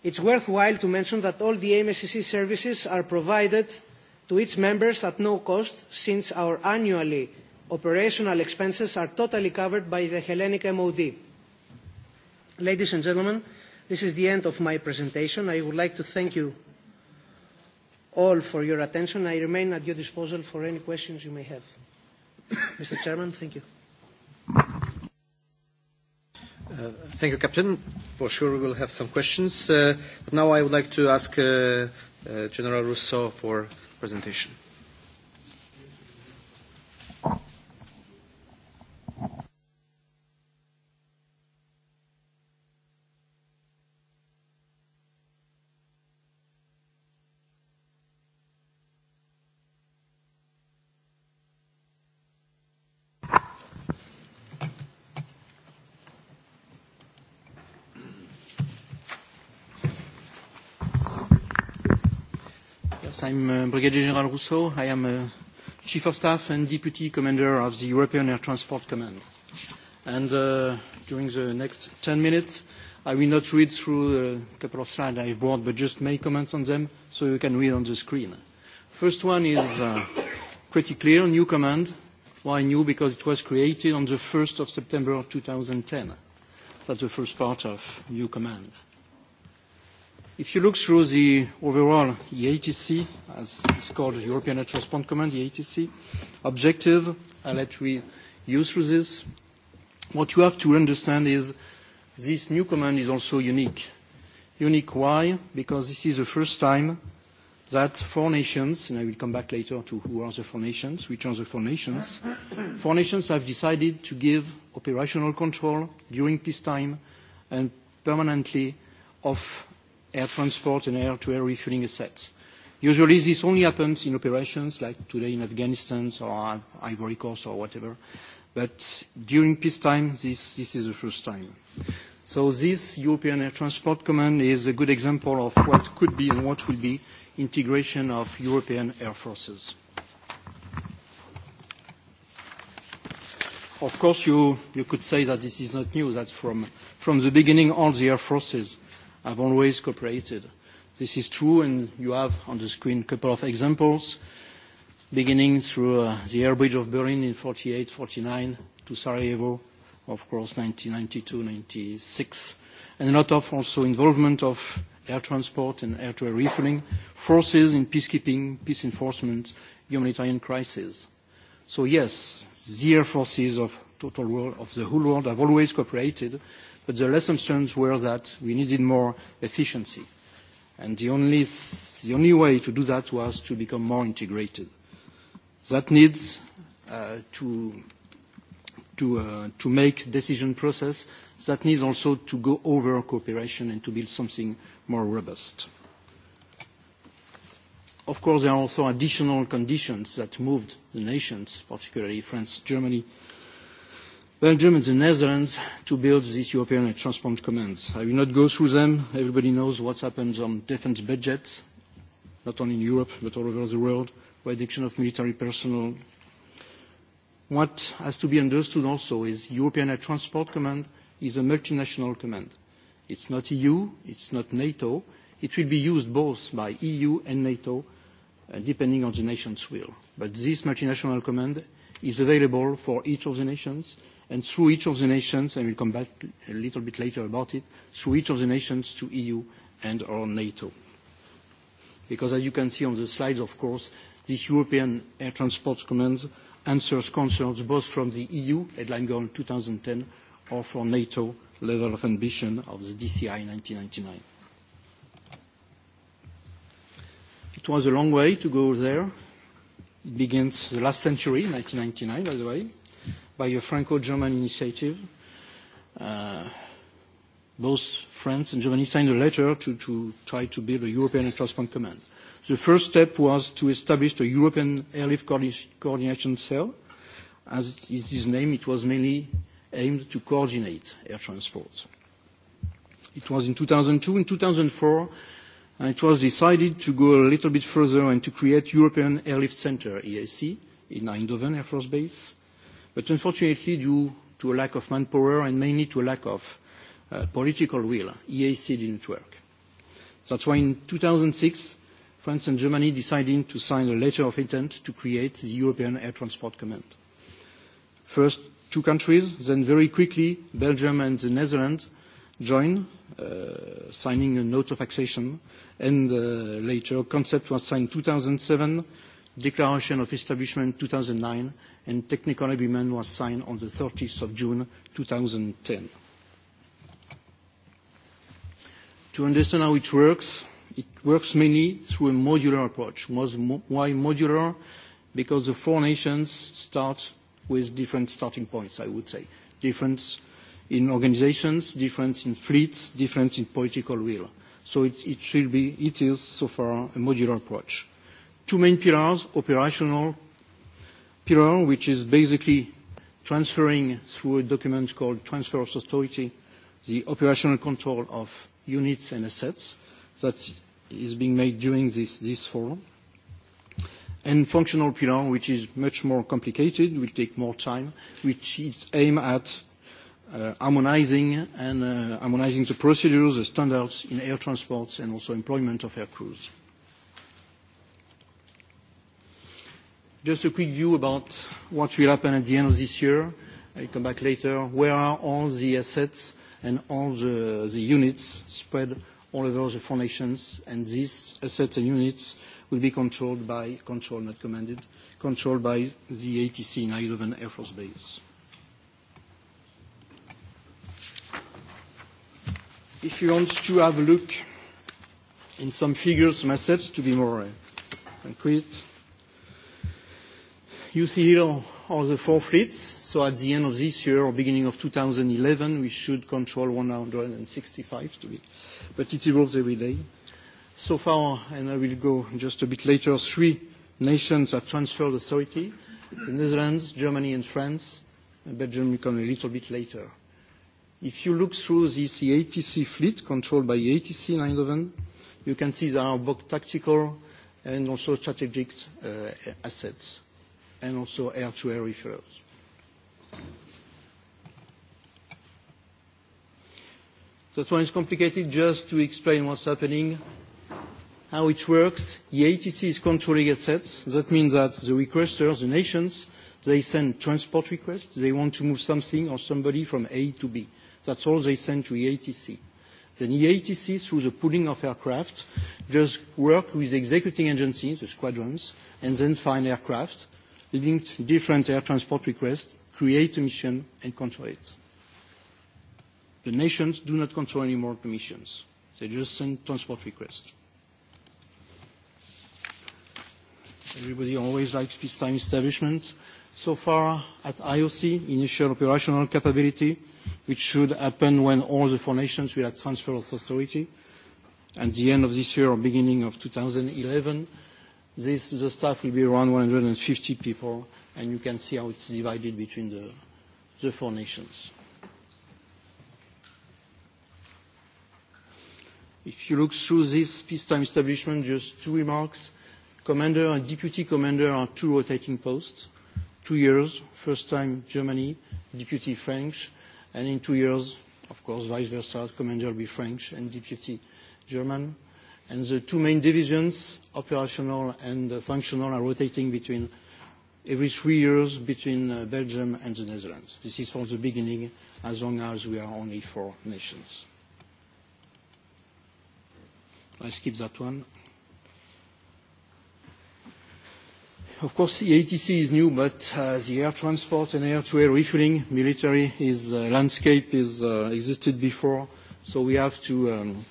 It's worthwhile to mention that all the MSCC services are provided to its members at no cost since our annually operational expenses are totally covered by the Hellenic MOD. Ladies and gentlemen, this is the end of my presentation. I would like to thank you all for your attention. I remain at your disposal for any questions you may have. Mr. Chairman, thank you. Uh, thank you, Captain. For sure, we will have some questions. Uh, but now I would like to ask uh, uh General Rousseau for presentation. Yes, I'm uh, Brigadier General Rousseau. I am uh, Chief of Staff and Deputy Commander of the European Air Transport Command. And uh, during the next 10 minutes, I will not read through a couple of slides I've brought, but just make comments on them so you can read on the screen. First one is uh, pretty clear, new command. Why new? Because it was created on the 1st of September 2010. That's the first part of new command. Uh, If you look through the overall EATC, as it's called, European Air Transport Command, EATC, objective uh, that we use through this, what you have to understand is this new command is also unique. Unique why? Because this is the first time that four nations, and I will come back later to who are the four nations, which are the four nations, four nations have decided to give operational control during peacetime and permanently of air transport and air-to-air -air refueling assets. Usually this only happens in operations like today in Afghanistan or Ivory Coast or whatever. But during peacetime, this, this is the first time. So this European Air Transport Command is a good example of what could be and what will be integration of European air forces. Of course, you, you could say that this is not new, that from, from the beginning all the air forces have always cooperated. This is true, and you have on the screen a couple of examples, beginning through uh, the air bridge of Berlin in 48, 49, to Sarajevo, of course, 1992, 96, and a lot of also involvement of air transport and air-to-air -air refueling, forces in peacekeeping, peace enforcement, humanitarian crisis. So yes, the air forces of, total world, of the whole world have always cooperated, but the lessons learned were that we needed more efficiency. And the only, the only way to do that was to become more integrated. That needs uh, to, to, uh, to make decision process. That needs also to go over cooperation and to build something more robust. Of course, there are also additional conditions that moved the nations, particularly France, Germany, uh, Belgium and the Netherlands to build these European and Transport Commands. I will not go through them. Everybody knows what's happened on defense budgets, not only in Europe, but all over the world, reduction of military personnel. What has to be understood also is European Air Transport Command is a multinational command. It's not EU, it's not NATO. It will be used both by EU and NATO, uh, depending on the nation's will. But this multinational command is available for each of the nations, and through each of the nations, and we'll come back a little bit later about it, through each of the nations to EU and or NATO. Because as you can see on the slides, of course, this European Air Transport Command answers concerns both from the EU, headline goal 2010, or from NATO, level of ambition of the DCI 1999. It was a long way to go there. It begins the last century, 1999, by the way by a Franco-German initiative. Uh, both France and Germany signed a letter to, to try to build a European Air Transport Command. The first step was to establish a European Airlift Coordination Cell. As it is named, it was mainly aimed to coordinate air transport. It was in 2002. In 2004, uh, it was decided to go a little bit further and to create European Airlift Center, EAC, in Eindhoven Air Force Base. But unfortunately, due to a lack of manpower and mainly to a lack of uh, political will, EAC didn't work. That's why in 2006, France and Germany decided to sign a letter of intent to create the European Air Transport Command. First, two countries, then very quickly, Belgium and the Netherlands joined, uh, signing a note of accession, and uh, later, concept was signed 2007 Declaration of Establishment 2009 and Technical Agreement was signed on the 30th of June 2010. To understand how it works, it works mainly through a modular approach. Why modular? Because the four nations start with different starting points, I would say. Difference in organizations, difference in fleets, difference in political will. So it, it, be, it is so far a modular approach two main pillars, operational pillar, which is basically transferring through a document called Transfer of Authority, the operational control of units and assets that is being made during this, this forum. And functional pillar, which is much more complicated, will take more time, which is aimed at uh, harmonizing and uh, harmonizing the procedures, the standards in air transports and also employment of air crews. Uh, Just a quick view about what will happen at the end of this year. I'll come back later. Where are all the assets and all the, the units spread all over the foundations, and these assets and units will be controlled by, controlled, not commanded, controlled by the ATC in I-11 Air Force Base. If you want to have a look in some figures, some assets to be more uh, concrete, you see here all, all the four fleets. So at the end of this year or beginning of 2011, we should control 165 to be, but it evolves every day. So far, and I will go just a bit later, three nations have transferred authority, the Netherlands, Germany and France, and Belgium will come a little bit later. If you look through this ATC fleet controlled by ATC 911, you can see there are both tactical and also strategic uh, assets and also air-to-air -air referrals. That one is complicated just to explain what's happening, how it works. The ATC is controlling assets. That means that the requesters, the nations, they send transport requests. They want to move something or somebody from A to B. That's all they send to the ATC. Then the ATC, through the pooling of aircraft, just work with executing agencies, the squadrons, and then find aircraft linked different air transport requests, create emission, and control it. The nations do not control anymore emissions. They just send transport requests. Everybody always likes peacetime establishment. So far at IOC, initial operational capability, which should happen when all the four nations will have transfer of authority. At the end of this year or beginning of 2011, This, the staff will be around 150 people, and you can see how it's divided between the, the four nations. If you look through this peacetime establishment, just two remarks. Commander and deputy commander are two rotating posts, two years, first time Germany, deputy French, and in two years, of course, vice versa, commander will be French and deputy German and the two main divisions, operational and uh, functional, are rotating between every three years between uh, Belgium and the Netherlands. This is from the beginning, as long as we are only four nations. I skip that one. Of course, the ATC is new, but uh, the air transport and air-to-air -air refueling military is, uh, landscape is uh, existed before, so we have to um,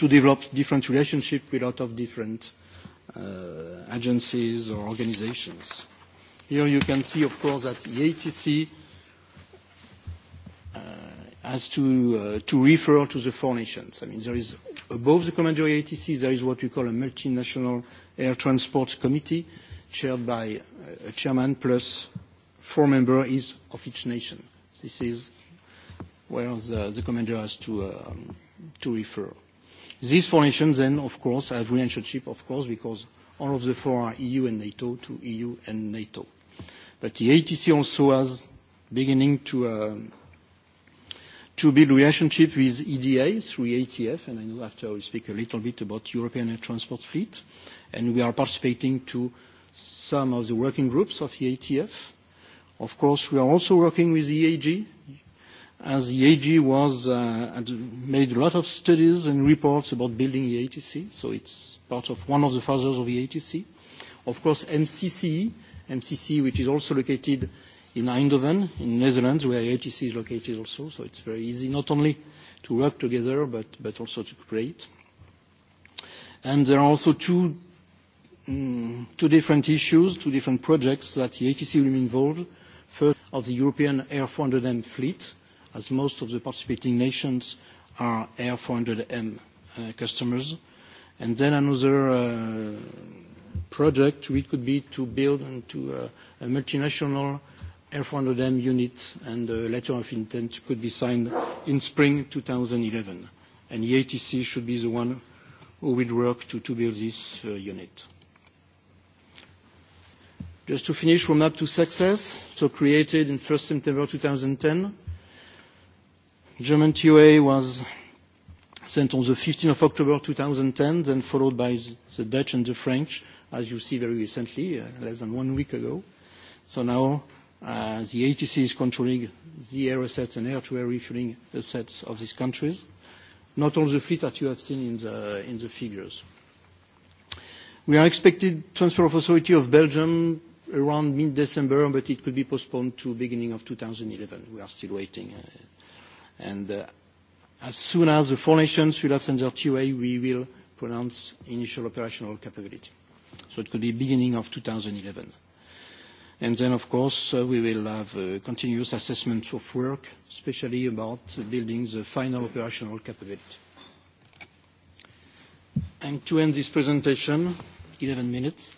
to develop different relationships with a lot of different uh, agencies or organizations. Here you can see, of course, that the ATC uh, has to, uh, to refer to the four nations. I mean, there is, above the commandery ATC, there is what we call a multinational air transport committee, chaired by uh, a chairman plus four members is of each nation. This is where the, the commander has to, um, to refer. These four nations then, of course, have relationship, of course, because all of the four are EU and NATO to EU and NATO. But the ATC also has beginning to, uh, to build relationship with EDA through ATF, and I know after we speak a little bit about European air transport fleet, and we are participating to some of the working groups of the ATF. Of course, we are also working with EAG, as the AG was uh, and made a lot of studies and reports about building the ATC, so it's part of one of the fathers of the ATC. Of course, MCCE, MCCE, which is also located in Eindhoven, in Netherlands, where ATC is located also, so it's very easy not only to work together, but, but also to create. And there are also two, mm, two different issues, two different projects that the ATC will be involved. First, of the European Air 400M fleet, as most of the participating nations are Air 400M uh, customers. And then another uh, project which could be to build into a, uh, a multinational Air 400M unit, and a uh, letter of intent could be signed in spring 2011. And EATC should be the one who will work to, to build this uh, unit. Just to finish, roadmap to success, so created in 1st September 2010, German TOA was sent on the 15th of October 2010, then followed by the Dutch and the French, as you see very recently, uh, less than one week ago. So now uh, the ATC is controlling the air assets and air-to-air -air refueling assets of these countries. Not all the fleet that you have seen in the, in the figures. We are expected transfer of authority of Belgium around mid-December, but it could be postponed to beginning of 2011. We are still waiting. Uh, And uh, as soon as the four nations will have sent their TOA, we will pronounce initial operational capability. So it could be beginning of 2011. And then, of course, uh, we will have uh, continuous assessment of work, especially about building the final operational capability. And to end this presentation, 11 minutes,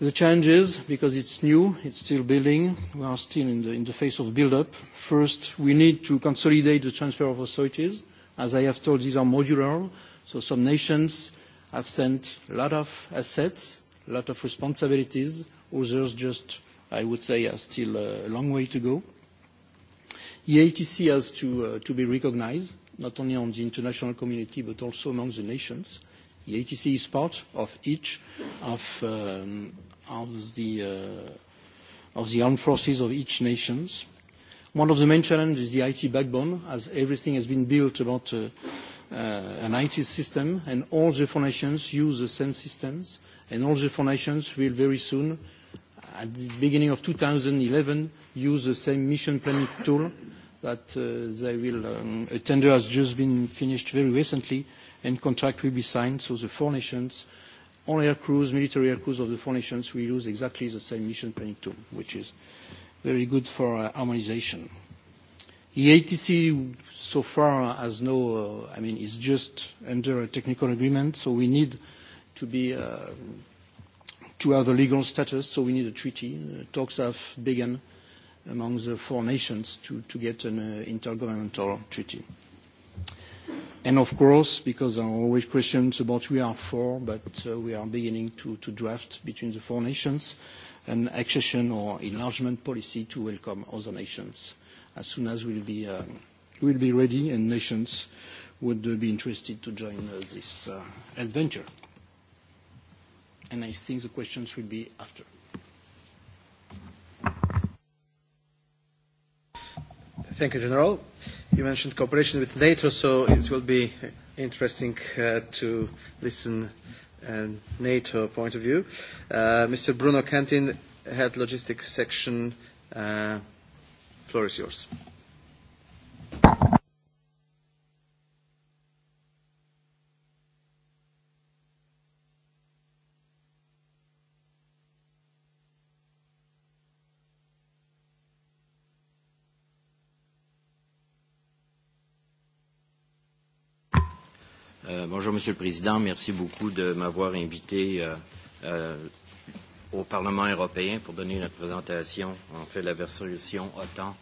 The challenges, because it's new, it's still building, we are still in the, in the phase of build-up. First, we need to consolidate the transfer of authorities. As I have told, these are modular, so some nations have sent a lot of assets, a lot of responsibilities. Others just, I would say, are still uh, a long way to go. EATC has to, uh, to be recognized, not only on the international community, but also among the nations. EATC is part of each of um, of the, uh, of the armed forces of each nation. One of the main challenges is the IT backbone, as everything has been built about uh, uh, an IT system, and all the four nations use the same systems, and all the four nations will very soon, at the beginning of 2011, use the same mission planning tool that uh, they will, um, a tender has just been finished very recently, and contract will be signed, so the four nations uh, all aircrews, military aircrews of the four nations will use exactly the same mission planning tool, which is very good for uh, harmonization. The ATC so far has no, uh, I mean, it's just under a technical agreement, so we need to be, uh, to have a legal status, so we need a treaty. Uh, talks have begun among the four nations to, to get an uh, intergovernmental treaty. Uh, And of course, because there are always questions about we are for, but uh, we are beginning to, to draft between the four nations an accession or enlargement policy to welcome other nations as soon as we'll be, uh, we'll be ready and nations would uh, be interested to join uh, this uh, adventure. And I think the questions will be after. Thank you, General. Uh, You mentioned cooperation with NATO, so it will be interesting uh, to listen and uh, NATO point of view. Uh, Mr. Bruno Cantin, Head Logistics Section, uh, floor is yours. Euh, bonjour, Monsieur le Président. Merci beaucoup de m'avoir invité euh, euh, au Parlement européen pour donner notre présentation, en fait, la version OTAN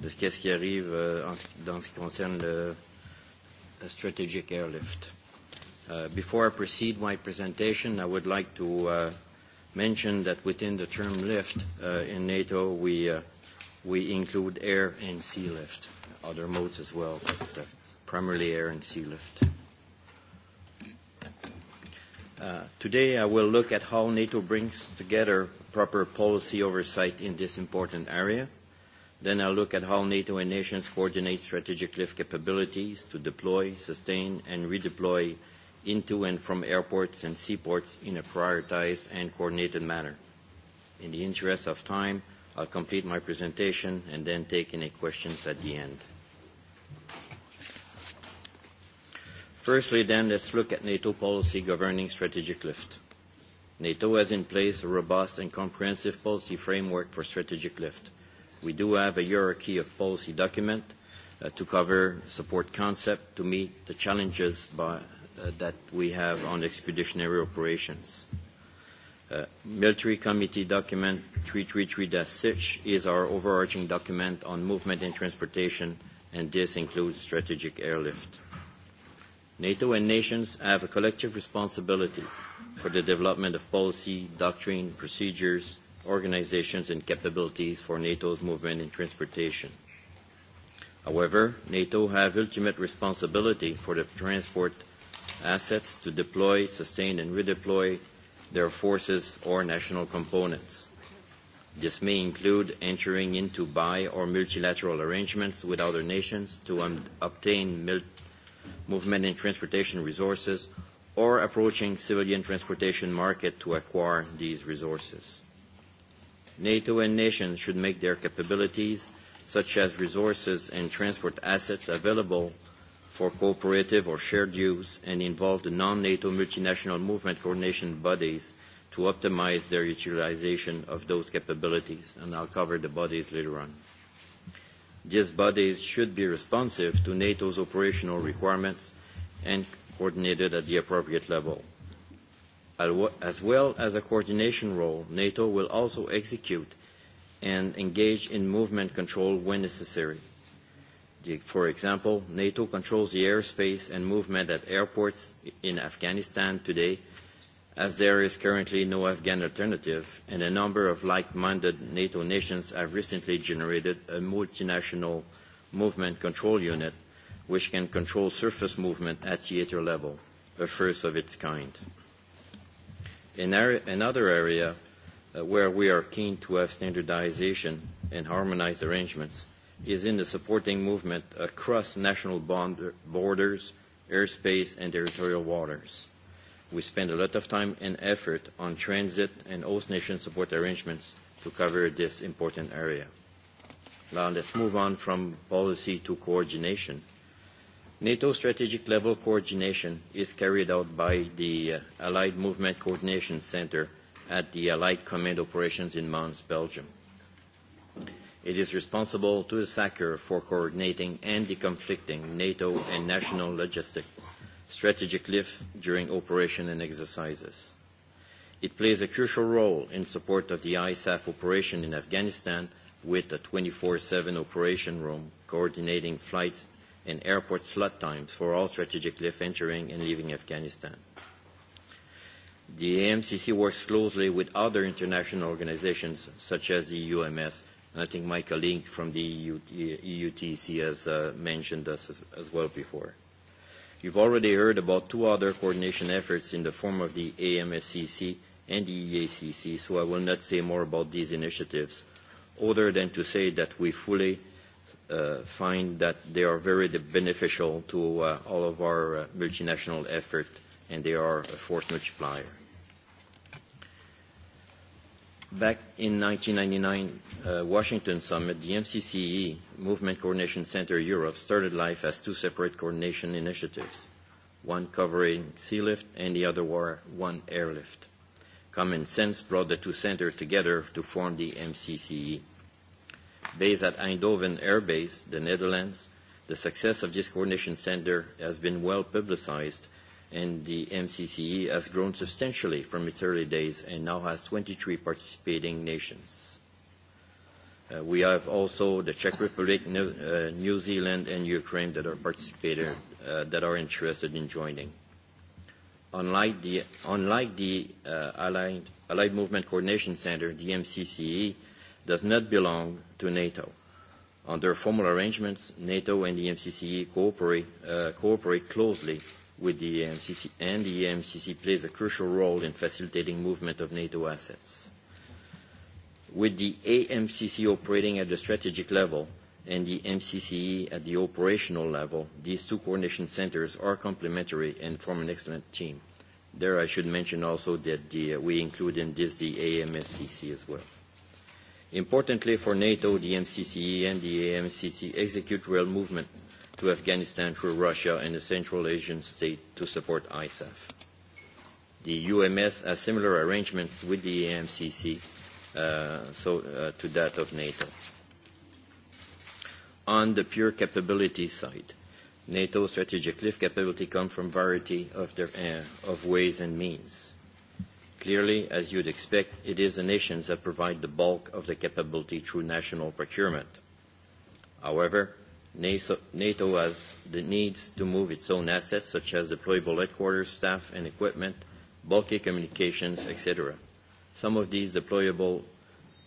de ce, qu ce qui arrive euh, en, dans ce qui concerne le uh, strategic airlift. Uh, before I proceed my presentation, I would like to uh, mention that within the term lift uh, in NATO, we, uh, we include air and sea lift, other modes as well, but uh, primarily air and sea lift. Uh, Uh, today, I will look at how NATO brings together proper policy oversight in this important area. Then I'll look at how NATO and nations coordinate strategic lift capabilities to deploy, sustain, and redeploy into and from airports and seaports in a prioritized and coordinated manner. In the interest of time, I'll complete my presentation and then take any questions at the end. Firstly, then, let's look at NATO policy governing strategic lift. NATO has in place a robust and comprehensive policy framework for strategic lift. We do have a hierarchy of policy document uh, to cover support concept to meet the challenges by, uh, that we have on expeditionary operations. Uh, Military Committee document 333-6 is our overarching document on movement and transportation, and this includes strategic airlift. Uh, NATO and nations have a collective responsibility for the development of policy, doctrine, procedures, organizations, and capabilities for NATO's movement in transportation. However, NATO have ultimate responsibility for the transport assets to deploy, sustain, and redeploy their forces or national components. This may include entering into bi- or multilateral arrangements with other nations to um, obtain mil- movement and transportation resources, or approaching civilian transportation market to acquire these resources. NATO and nations should make their capabilities, such as resources and transport assets, available for cooperative or shared use and involve the non-NATO multinational movement coordination bodies to optimize their utilization of those capabilities. And I'll cover the bodies later on. These bodies should be responsive to NATO's operational requirements and coordinated at the appropriate level. As well as a coordination role, NATO will also execute and engage in movement control when necessary. The, for example, NATO controls the airspace and movement at airports in Afghanistan today as there is currently no Afghan alternative, and a number of like-minded NATO nations have recently generated a multinational movement control unit, which can control surface movement at theater level, a first of its kind. In area, another area uh, where we are keen to have standardization and harmonized arrangements is in the supporting movement across national bond, borders, airspace, and territorial waters we spend a lot of time and effort on transit and host nation support arrangements to cover this important area. Now let's move on from policy to coordination. NATO strategic level coordination is carried out by the uh, Allied Movement Coordination Center at the Allied Command Operations in Mons, Belgium. It is responsible to the SACEUR for coordinating and deconflicting NATO and national logistic strategic lift during operation and exercises. It plays a crucial role in support of the ISAF operation in Afghanistan with a 24-7 operation room coordinating flights and airport slot times for all strategic lift entering and leaving Afghanistan. The AMCC works closely with other international organizations such as the UMS, and I think my colleague from the EU, EUTC has uh, mentioned this as, as well before. You've already heard about two other coordination efforts in the form of the AMSCC and the EACC, so I will not say more about these initiatives, other than to say that we fully uh, find that they are very beneficial to uh, all of our uh, multinational effort, and they are a force multiplier. Back in 1999 uh, Washington summit, the MCCE, Movement Coordination Center Europe, started life as two separate coordination initiatives, one covering sea lift and the other war, one airlift. Common sense brought the two centers together to form the MCCE. Based at Eindhoven Air Base, the Netherlands, the success of this coordination center has been well publicized and the MCCE has grown substantially from its early days and now has 23 participating nations. Uh, we have also the Czech Republic, New, uh, New Zealand, and Ukraine that are participated, uh, that are interested in joining. Unlike the, unlike the uh, Allied, Allied Movement Coordination Center, the MCCE does not belong to NATO. Under formal arrangements, NATO and the MCCE cooperate, uh, cooperate closely uh, with the EMCC, and the EMCC plays a crucial role in facilitating movement of NATO assets. With the AMCC operating at the strategic level and the MCCE at the operational level, these two coordination centers are complementary and form an excellent team. There, I should mention also that the, we include in this the AMSCC as well. Importantly for NATO, the MCCE and the AMCC execute rail movement to Afghanistan through Russia and the Central Asian state to support ISAF. The UMS has similar arrangements with the AMCC uh, so, uh, to that of NATO. On the pure capability side, NATO strategic lift capability come from variety of, their, uh, of ways and means. Clearly, as you'd expect, it is the nations that provide the bulk of the capability through national procurement. However, NATO has the needs to move its own assets, such as deployable headquarters staff and equipment, bulky communications, etc. Some of these deployable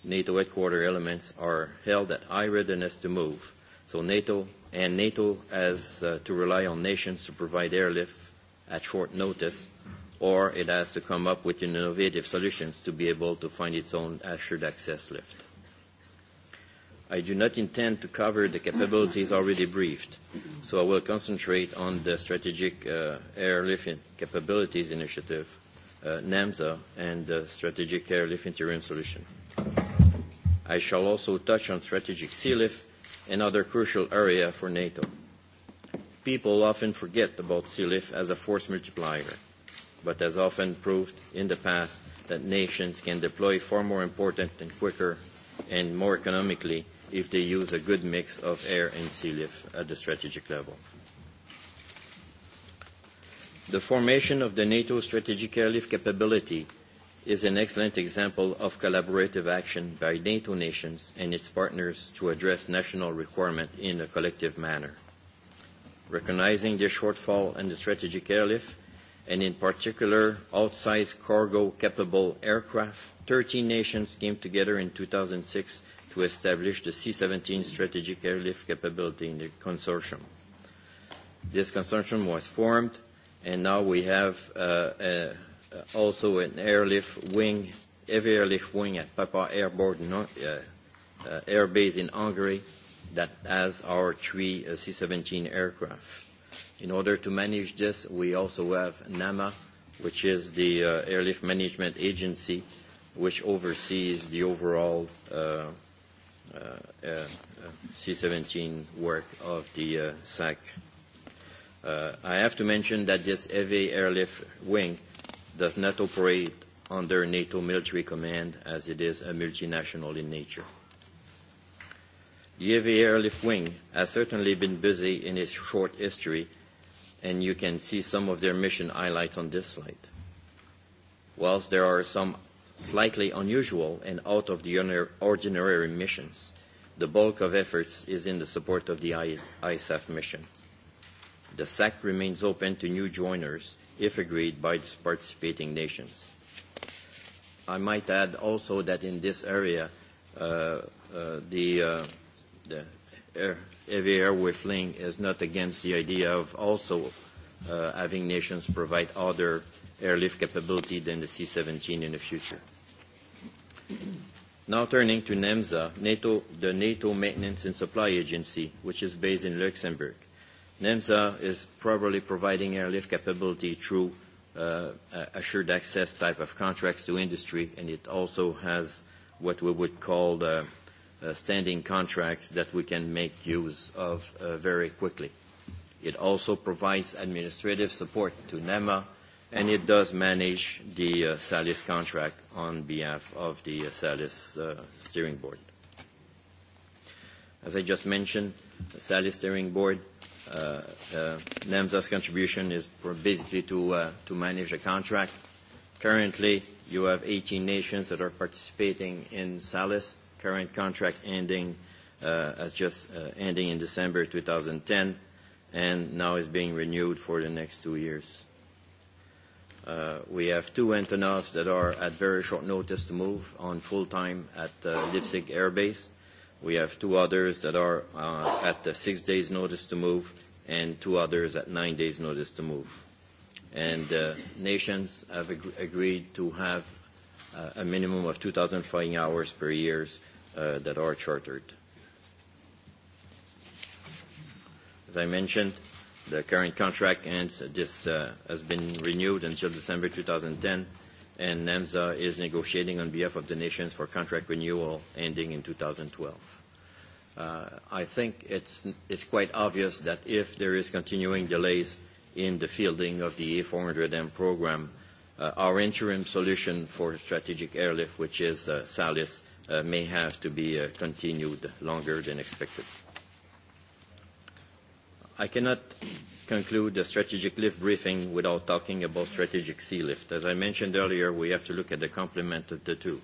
NATO headquarters elements are held at high readiness to move, so NATO and NATO has uh, to rely on nations to provide airlift at short notice or it has to come up with innovative solutions to be able to find its own assured access lift. I do not intend to cover the capabilities already briefed, so I will concentrate on the Strategic uh, Airlift Capabilities Initiative, uh, NAMSA, and the Strategic Airlift Interim Solution. I shall also touch on strategic sealift, another crucial area for NATO. People often forget about sealift as a force multiplier but has often proved in the past that nations can deploy far more important and quicker and more economically if they use a good mix of air and sea lift at the strategic level. The formation of the NATO strategic airlift capability is an excellent example of collaborative action by NATO nations and its partners to address national requirements in a collective manner. Recognizing the shortfall in the strategic airlift, and in particular, outsized cargo-capable aircraft, 13 nations came together in 2006 to establish the C-17 Strategic Airlift Capability in the consortium. This consortium was formed, and now we have uh, uh, also an airlift wing, heavy airlift wing at Papa Airborne no, uh, uh, Air Base in Hungary that has our three uh, C-17 aircraft. In order to manage this, we also have NAMA, which is the uh, Airlift Management Agency, which oversees the overall uh, uh, uh, C-17 work of the uh, SAC. Uh, I have to mention that this heavy airlift wing does not operate under NATO military command as it is a multinational in nature. The heavy airlift wing has certainly been busy in its short history and you can see some of their mission highlights on this slide. Whilst there are some slightly unusual and out of the ordinary missions, the bulk of efforts is in the support of the ISAF mission. The SAC remains open to new joiners if agreed by the participating nations. I might add also that in this area, uh, uh, the, uh, the air heavy airwave link is not against the idea of also uh, having nations provide other airlift capability than the C-17 in the future. Now turning to NEMSA, NATO, the NATO Maintenance and Supply Agency, which is based in Luxembourg. NEMSA is probably providing airlift capability through uh, assured access type of contracts to industry, and it also has what we would call the uh, standing contracts that we can make use of uh, very quickly. It also provides administrative support to NEMA, and it does manage the uh, SALIS contract on behalf of the uh, SALIS uh, steering board. As I just mentioned, the SALIS steering board, uh, uh, NAMSA's contribution is basically to, uh, to manage the contract. Currently, you have 18 nations that are participating in SALIS current contract ending uh, as just uh, ending in December 2010, and now is being renewed for the next two years. Uh, we have two Antonovs that are at very short notice to move on full-time at uh, Leipzig Air Base. We have two others that are uh, at uh, six days' notice to move, and two others at nine days' notice to move. And uh, nations have ag- agreed to have uh, a minimum of 2,000 flying hours per year uh, that are chartered. As I mentioned, the current contract ends, this uh, has been renewed until December 2010, and NAMSA is negotiating on behalf of the nations for contract renewal ending in 2012. Uh, I think it's, it's quite obvious that if there is continuing delays in the fielding of the A400M program, uh, our interim solution for strategic airlift, which is uh, SALIS, uh, may have to be uh, continued longer than expected. I cannot conclude the strategic lift briefing without talking about strategic sea lift. As I mentioned earlier, we have to look at the complement of the two.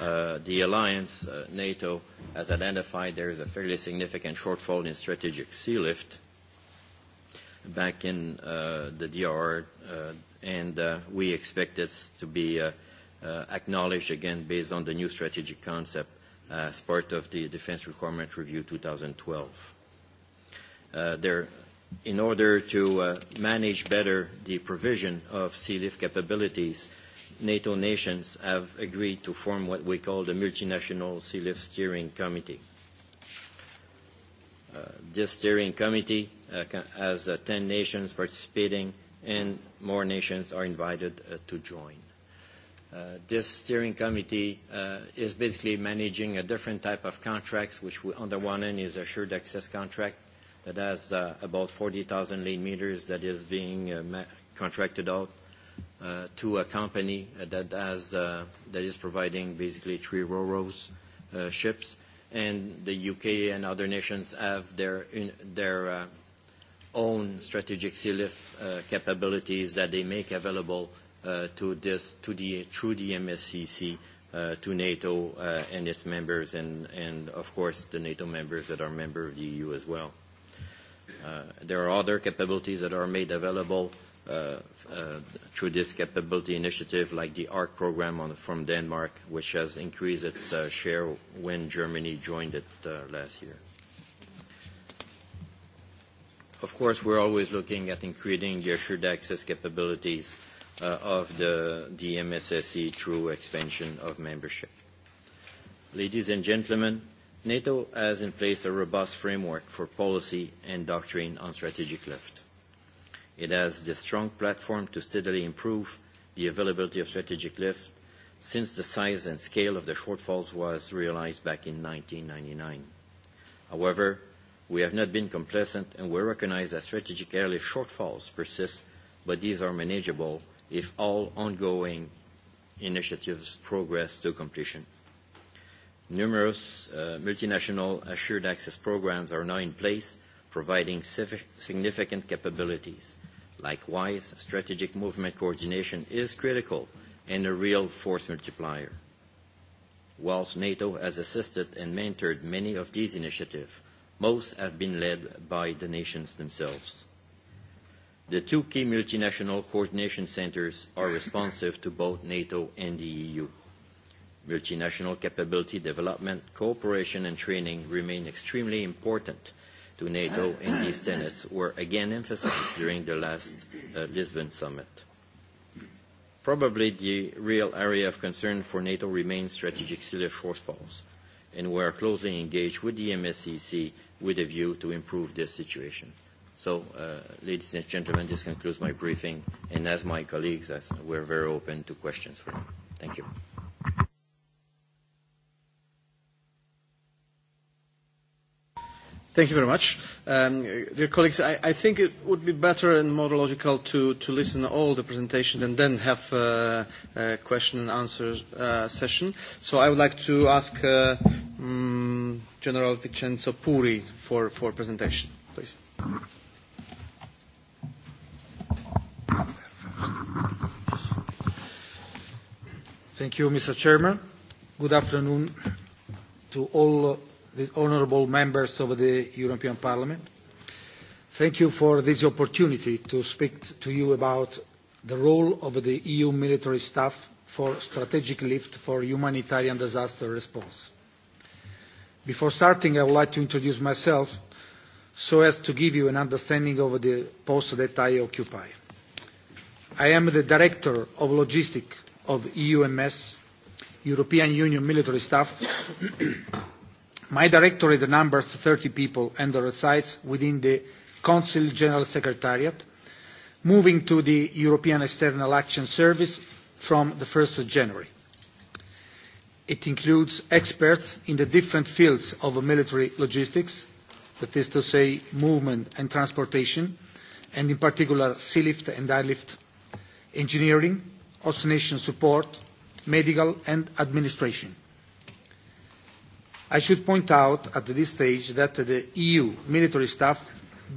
Uh, the alliance, uh, NATO, has identified there is a fairly significant shortfall in strategic sea lift back in uh, the DR, uh, and uh, we expect this to be uh, uh, acknowledged again based on the new strategic concept uh, as part of the Defense Requirement Review 2012. Uh, there, in order to uh, manage better the provision of CLIF capabilities, NATO nations have agreed to form what we call the Multinational CLIF Steering Committee. Uh, this steering committee uh, has uh, 10 nations participating and more nations are invited uh, to join. Uh, this steering committee uh, is basically managing a different type of contracts, which we, on the one end is assured access contract that has uh, about 40,000 lane meters that is being uh, ma- contracted out uh, to a company that, has, uh, that is providing basically three railroads uh, ships. And the UK and other nations have their, in, their uh, own strategic CLIF uh, capabilities that they make available uh, uh, to this, to the, through the MSCC uh, to NATO uh, and its members, and, and of course the NATO members that are member of the EU as well. Uh, there are other capabilities that are made available uh, uh, through this capability initiative, like the ARC program on, from Denmark, which has increased its uh, share when Germany joined it uh, last year. Of course, we're always looking at increasing the assured access capabilities uh, uh, of the, the MSSE through expansion of membership. Ladies and gentlemen, NATO has in place a robust framework for policy and doctrine on strategic left. It has the strong platform to steadily improve the availability of strategic lift since the size and scale of the shortfalls was realized back in 1999. However, we have not been complacent, and we recognize that strategic airlift shortfalls persist, but these are manageable if all ongoing initiatives progress to completion. Numerous uh, multinational assured access programs are now in place, providing significant capabilities. Likewise, strategic movement coordination is critical and a real force multiplier. Whilst NATO has assisted and mentored many of these initiatives, most have been led by the nations themselves. The two key multinational coordination centers are responsive to both NATO and the EU. Multinational capability development, cooperation and training remain extremely important to NATO and these tenets were again emphasized during the last uh, Lisbon summit. Probably the real area of concern for NATO remains strategic silver shortfalls, and we are closely engaged with the MSCC with a view to improve this situation. So, uh, ladies and gentlemen, this concludes my briefing, and as my colleagues, as we're very open to questions for you. Thank you. Thank you very much. Um, dear colleagues, I, I think it would be better and more logical to, to listen to all the presentations and then have uh, a question and answer uh, session. So I would like to ask uh, um, General Vincenzo Puri for, for presentation, please. Thank you, Mr. Chairman. Good afternoon to all the honourable members of the European Parliament. Thank you for this opportunity to speak to you about the role of the EU military staff for strategic lift for humanitarian disaster response. Before starting, I would like to introduce myself so as to give you an understanding of the post that I occupy. I am the Director of Logistics of EUMS, European Union military staff, <coughs> my directorate numbers 30 people and there resides within the Council General Secretariat, moving to the European External Action Service from the 1st of January. It includes experts in the different fields of military logistics, that is to say, movement and transportation, and in particular, sea lift and airlift engineering, Austrian support, medical and administration. I should point out at this stage that the EU military staff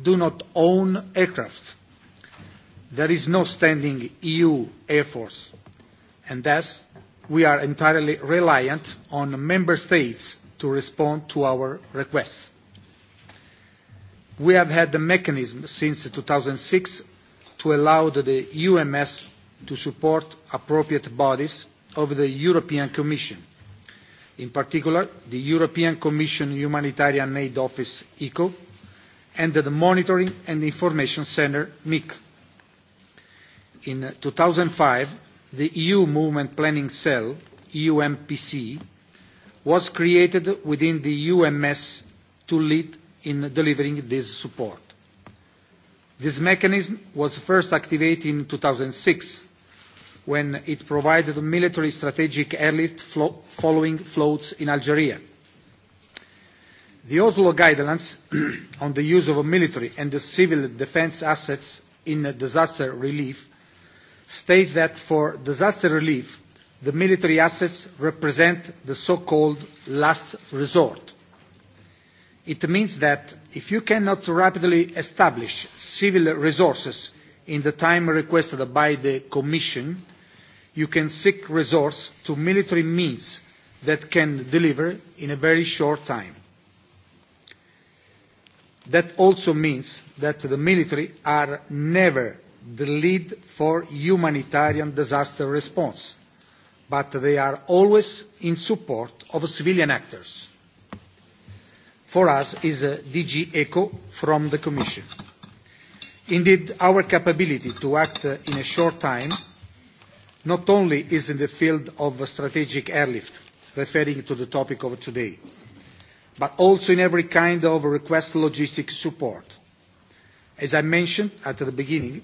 do not own aircraft. There is no standing EU Air Force, and thus we are entirely reliant on member states to respond to our requests. We have had the mechanism since 2006 to allow the UMS to support appropriate bodies of the European Commission. In particular, the European Commission Humanitarian Aid Office, ECO, and the Monitoring and Information Centre, MIC. In 2005, the EU Movement Planning Cell, EUMPC, was created within the UMS to lead in delivering this support. This mechanism was first activated in 2006 when it provided military strategic airlift flo following floats in Algeria. The Oslo guidelines <clears throat> on the use of military and civil defense assets in disaster relief state that for disaster relief, the military assets represent the so-called last resort. It means that if you cannot rapidly establish civil resources in the time requested by the Commission, you can seek resource to military means that can deliver in a very short time. That also means that the military are never the lead for humanitarian disaster response, but they are always in support of civilian actors. For us is uh, DG ECHO from the Commission. Indeed, our capability to act uh, in a short time not only is in the field of strategic airlift, referring to the topic of today, but also in every kind of request logistic support. As I mentioned at the beginning,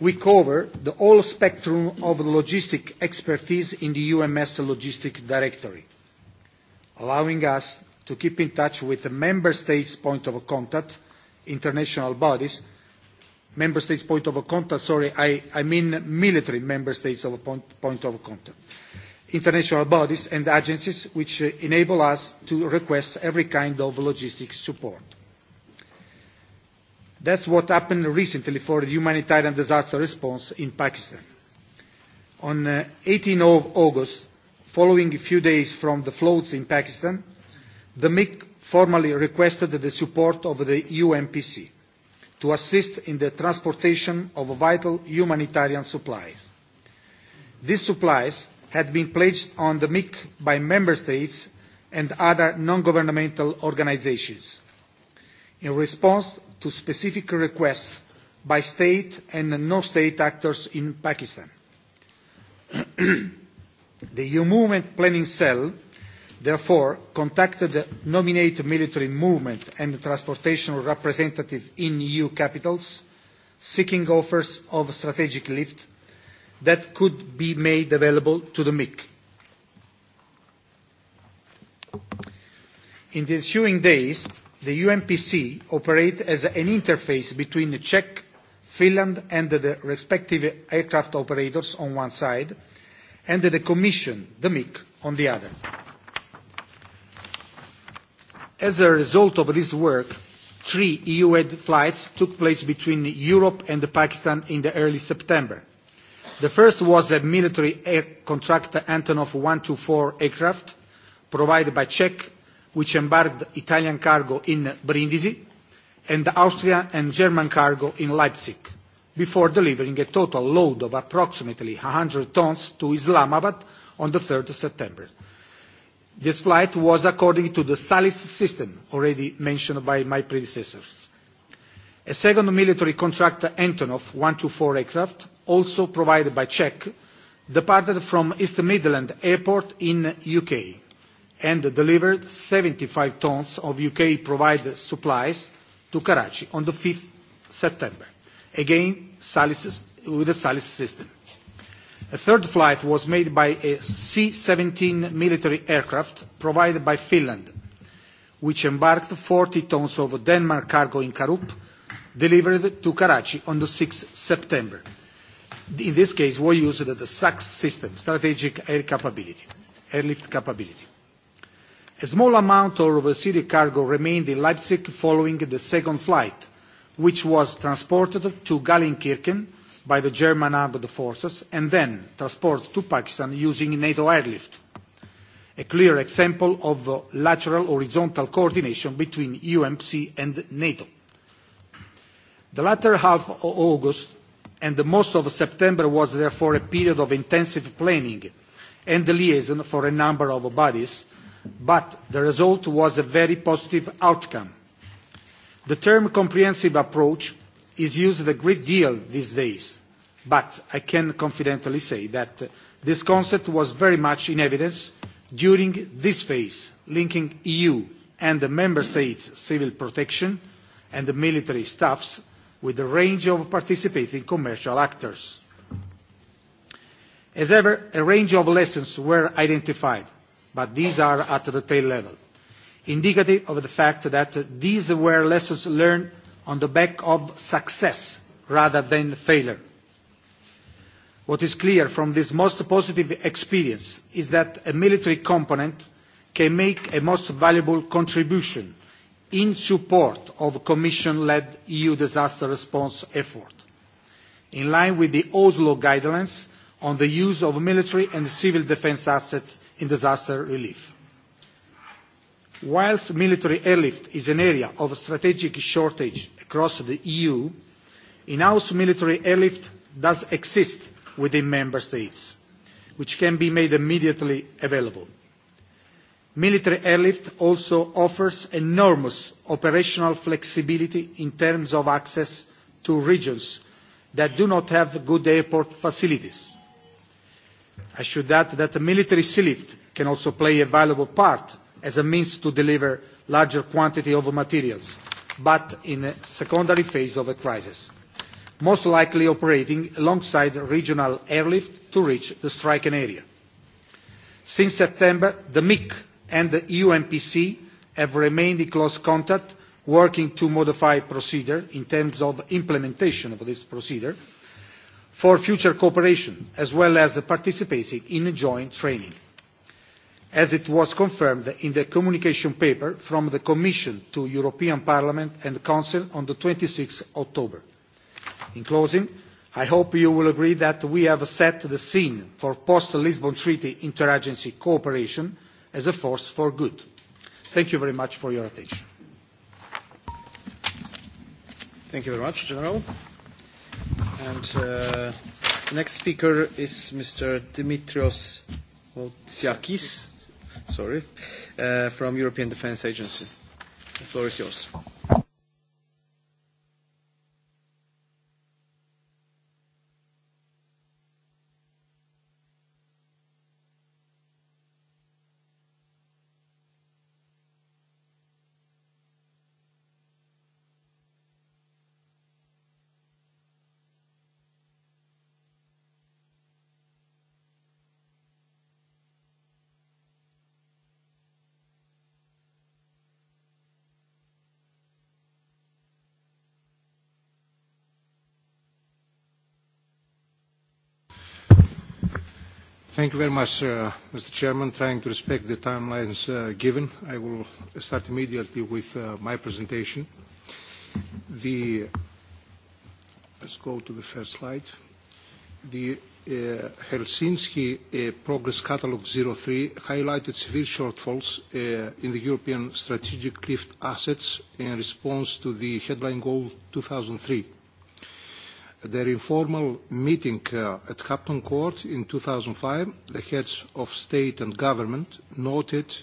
we cover the whole spectrum of logistic expertise in the UMS Logistic Directory, allowing us to keep in touch with the member states' point of contact, international bodies, member states' point of contact, sorry, I, I mean military member states' of point, point of contact, international bodies and agencies which uh, enable us to request every kind of logistic support. That's what happened recently for the humanitarian disaster response in Pakistan. On 18 uh, of August, following a few days from the floods in Pakistan, the MIC formally requested the support of the UNPC to assist in the transportation of vital humanitarian supplies. These supplies had been pledged on the MIC by member states and other non-governmental organizations. In response to specific requests by state and non-state actors in Pakistan. <clears throat> the EU Movement Planning Cell Therefore, contacted the nominated military movement and transportation representative in EU capitals, seeking offers of strategic lift that could be made available to the MIC. In the ensuing days, the UNPC operates as an interface between the Czech, Finland, and the respective aircraft operators on one side, and the Commission, the MIC, on the other. As a result of this work, three EU-aid flights took place between Europe and Pakistan in the early September. The first was a military air contractor Antonov 124 aircraft provided by Czech, which embarked Italian cargo in Brindisi and Austrian and German cargo in Leipzig, before delivering a total load of approximately 100 tons to Islamabad on the 3rd of September. This flight was according to the SALIS system, already mentioned by my predecessors. A second military contractor Antonov 124 aircraft, also provided by Czech, departed from East Midland Airport in U.K. and delivered 75 tons of U.K.-provided supplies to Karachi on the 5th September, again SALIS, with the SALIS system. A third flight was made by a C-17 military aircraft provided by Finland, which embarked 40 tons of Denmark cargo in Karup, delivered to Karachi on the 6th September. In this case, we used the SACS system, strategic air capability, airlift capability. A small amount of Syrian cargo remained in Leipzig following the second flight, which was transported to Gallenkirchen by the German armed forces and then transport to Pakistan using NATO airlift. A clear example of uh, lateral horizontal coordination between UMC and NATO. The latter half of August and the most of September was therefore a period of intensive planning and liaison for a number of bodies, but the result was a very positive outcome. The term comprehensive approach is used a great deal these days, but I can confidently say that uh, this concept was very much in evidence during this phase, linking EU and the Member States' civil protection and the military staffs with a range of participating commercial actors. As ever, a range of lessons were identified, but these are at the detail level, indicative of the fact that these were lessons learned on the back of success rather than failure. What is clear from this most positive experience is that a military component can make a most valuable contribution in support of Commission-led EU disaster response effort, in line with the Oslo guidelines on the use of military and civil defence assets in disaster relief. Whilst military airlift is an area of strategic shortage across the EU, in-house military airlift does exist within member states, which can be made immediately available. Military airlift also offers enormous operational flexibility in terms of access to regions that do not have good airport facilities. I should add that the military sea lift can also play a valuable part as a means to deliver larger quantity of materials but in a secondary phase of a crisis, most likely operating alongside regional airlift to reach the striking area. Since September, the MIC and the e UNPC have remained in close contact, working to modify procedure in terms of implementation of this procedure for future cooperation, as well as participating in joint training as it was confirmed in the communication paper from the Commission to European Parliament and the Council on the 26th October. In closing, I hope you will agree that we have set the scene for post-Lisbon Treaty interagency cooperation as a force for good. Thank you very much for your attention. Thank you very much, General. And uh, next speaker is Mr. Dimitrios Motsiakis sorry, uh, from European Defence Agency. The floor is yours. Thank you very much, uh, Mr. Chairman. Trying to respect the timelines uh, given, I will start immediately with uh, my presentation. The, let's go to the first slide. The uh, Helsinki uh, Progress Catalog 03 highlighted severe shortfalls uh, in the European strategic lift assets in response to the headline goal 2003 their informal meeting uh, at Hampton Court in 2005, the heads of state and government noted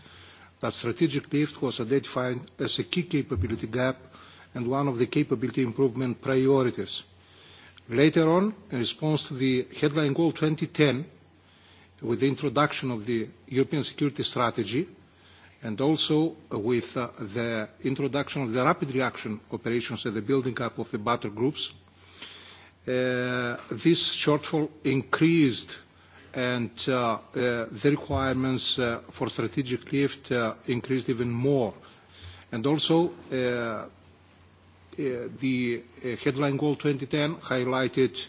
that strategic lift was identified as a key capability gap and one of the capability improvement priorities. Later on, in response to the headline goal 2010, with the introduction of the European Security Strategy, and also with uh, the introduction of the rapid reaction operations and the building up of the battle groups, uh, this shortfall increased and uh, uh, the requirements uh, for strategic lift uh, increased even more. And also, uh, uh, the uh, headline goal 2010 highlighted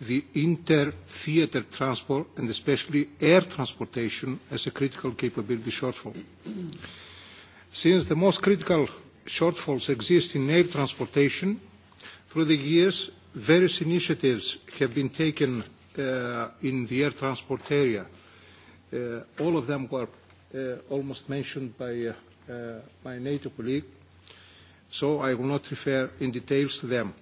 the inter-theater transport and especially air transportation as a critical capability shortfall. Since the most critical shortfalls exist in air transportation, through the years, various initiatives have been taken uh, in the air transport area. Uh, all of them were uh, almost mentioned by uh, uh, my NATO colleague, so I will not refer in details to them.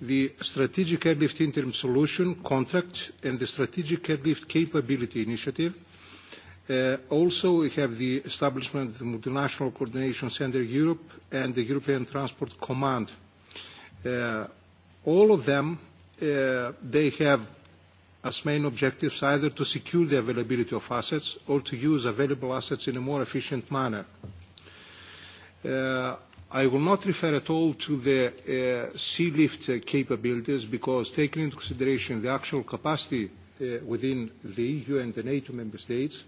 The Strategic Airlift Interim Solution contract and the Strategic Airlift Capability Initiative. Uh, also, we have the establishment of the Multinational Coordination Center Europe and the European Transport Command. Uh, all of them, uh, they have as main objectives either to secure the availability of assets or to use available assets in a more efficient manner. Uh, I will not refer at all to the uh, sea lift uh, capabilities because taking into consideration the actual capacity uh, within the EU and the NATO member states,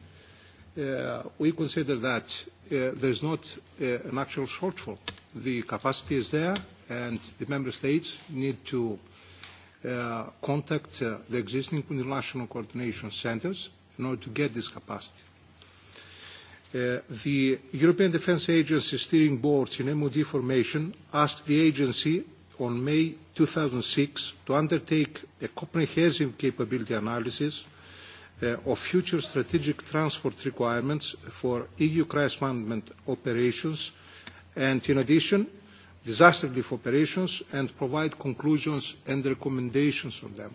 uh, we consider that uh, there's not uh, an actual shortfall. The capacity is there, and the member states need to uh, contact uh, the existing national coordination centers in order to get this capacity. Uh, the European Defence Agency Steering Boards in MOD formation asked the agency on May 2006 to undertake a comprehensive capability analysis uh, of future strategic transport requirements for EU crisis management operations and in addition disaster relief operations and provide conclusions and recommendations on them.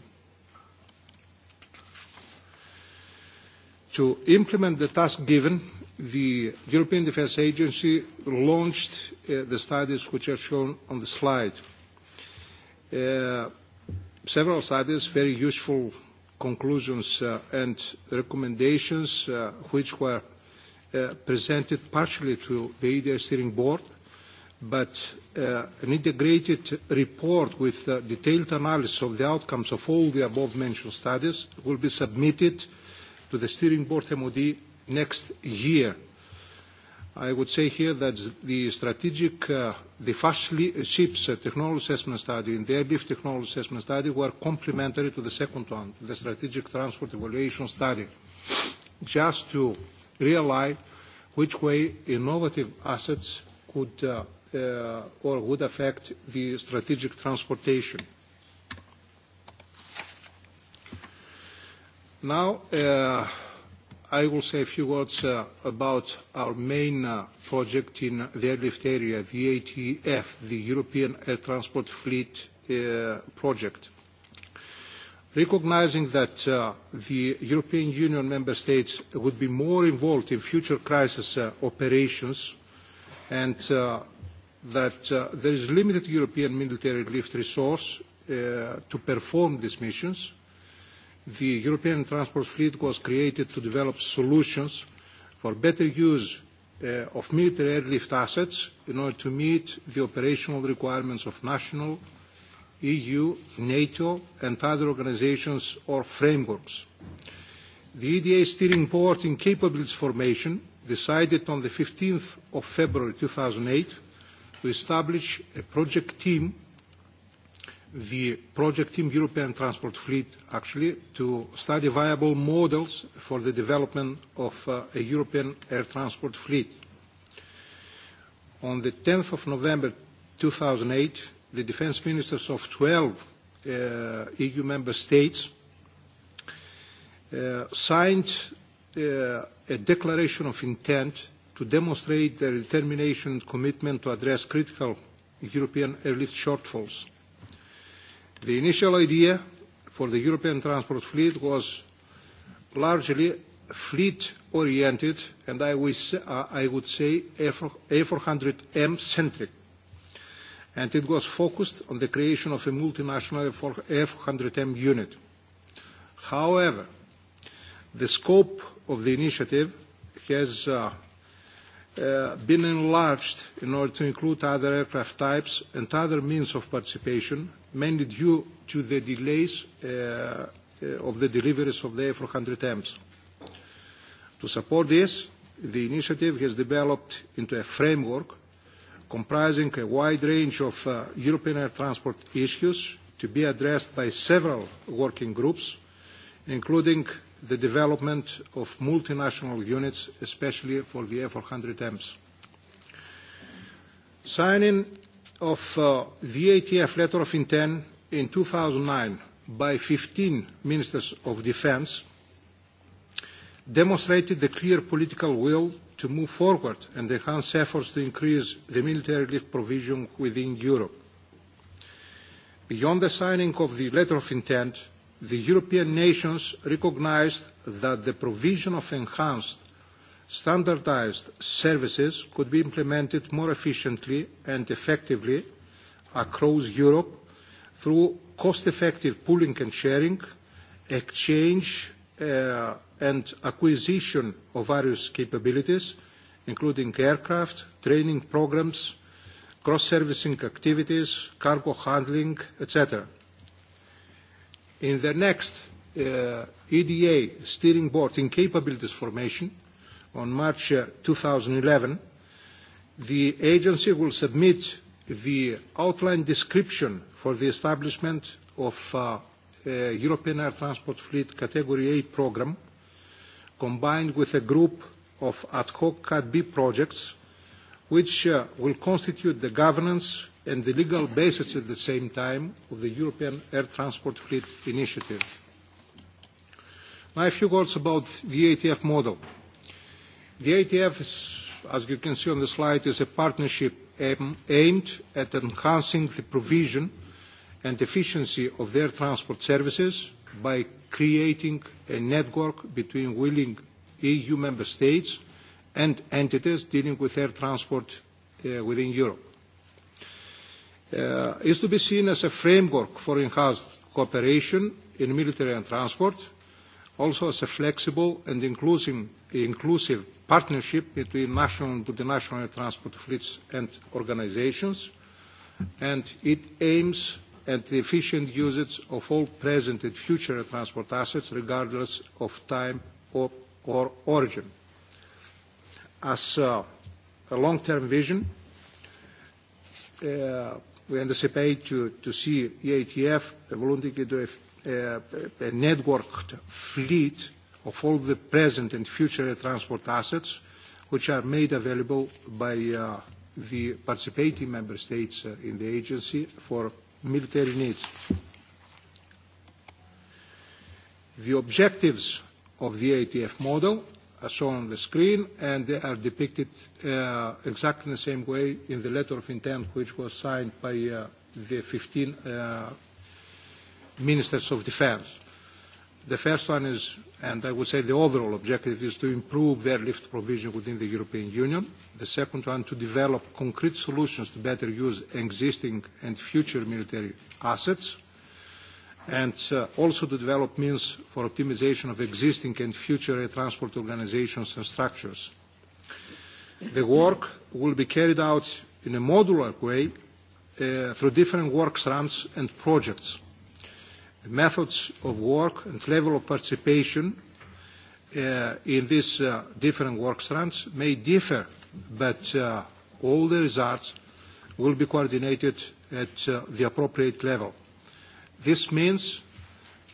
To implement the task given, the European Defence Agency launched uh, the studies which are shown on the slide. Uh, several studies, very useful conclusions uh, and recommendations, uh, which were uh, presented partially to the EDA steering board, but uh, an integrated report with uh, detailed analysis of the outcomes of all the above-mentioned studies will be submitted to the steering board MOD next year. I would say here that the strategic, uh, the fast uh, ships uh, technology assessment study and the IBIF technology assessment study were complementary to the second one, the strategic transport evaluation study, just to realize which way innovative assets could uh, uh, or would affect the strategic transportation. Now, uh, I will say a few words uh, about our main uh, project in the airlift area, the ATF, the European Air Transport Fleet uh, Project. Recognizing that uh, the European Union member states would be more involved in future crisis uh, operations and uh, that uh, there is limited European military lift resource uh, to perform these missions. The European transport fleet was created to develop solutions for better use uh, of military airlift assets in order to meet the operational requirements of national, EU, NATO, and other organizations or frameworks. The EDA steering board in capabilities formation decided on the 15th of February 2008 to establish a project team, the project team European Transport Fleet actually, to study viable models for the development of uh, a European air transport fleet. On the 10th of November 2008, the defense ministers of 12 uh, EU member states uh, signed uh, a declaration of intent to demonstrate their determination and commitment to address critical European airlift shortfalls. The initial idea for the European transport fleet was largely fleet-oriented, and I wish, uh, I would say A400M centric, and it was focused on the creation of a multinational A400M unit. However, the scope of the initiative has uh, uh, been enlarged in order to include other aircraft types and other means of participation, mainly due to the delays uh, uh of the deliveries of the A400Ms. To support this, the initiative has developed into a framework comprising a wide range of uh, European air transport issues to be addressed by several working groups, including the development of multinational units, especially for the F400Ms. Signing of uh, the ATF letter of intent in 2009 by 15 ministers of defense demonstrated the clear political will to move forward and enhance efforts to increase the military lift provision within Europe. Beyond the signing of the letter of intent, the European nations recognized that the provision of enhanced standardized services could be implemented more efficiently and effectively across Europe through cost-effective pooling and sharing, exchange uh, and acquisition of various capabilities, including aircraft, training programs, cross-servicing activities, cargo handling, etc in the next uh, EDA steering board in capabilities formation on March uh, 2011, the agency will submit the outline description for the establishment of uh, a European air transport fleet category A program combined with a group of ad hoc CAT B projects which uh, will constitute the governance and the legal basis at the same time of the European Air Transport Fleet Initiative. Now a few words about the ATF model. The ATF, is, as you can see on the slide, is a partnership aim, aimed at enhancing the provision and efficiency of their transport services by creating a network between willing EU member states and entities dealing with air transport uh, within Europe uh, is to be seen as a framework for enhanced cooperation in military and transport, also as a flexible and inclusive, inclusive partnership between national and multinational transport fleets and organizations, and it aims at the efficient usage of all present and future transport assets, regardless of time or, or origin. As uh, a long-term vision, uh, we anticipate to, to see EATF evolving into a, a, uh, a networked fleet of all the present and future transport assets which are made available by uh, the participating member states uh, in the agency for military needs. The objectives of the e ATF model are shown on the screen, and they are depicted uh, exactly in the same way in the letter of intent which was signed by uh, the 15 uh, ministers of defense. The first one is, and I would say the overall objective, is to improve airlift provision within the European Union. The second one, to develop concrete solutions to better use existing and future military assets and uh, also to develop means for optimization of existing and future air transport organizations and structures. The work will be carried out in a modular way uh, through different work strands and projects. The methods of work and level of participation uh, in these uh, different work strands may differ, but uh, all the results will be coordinated at uh, the appropriate level. This means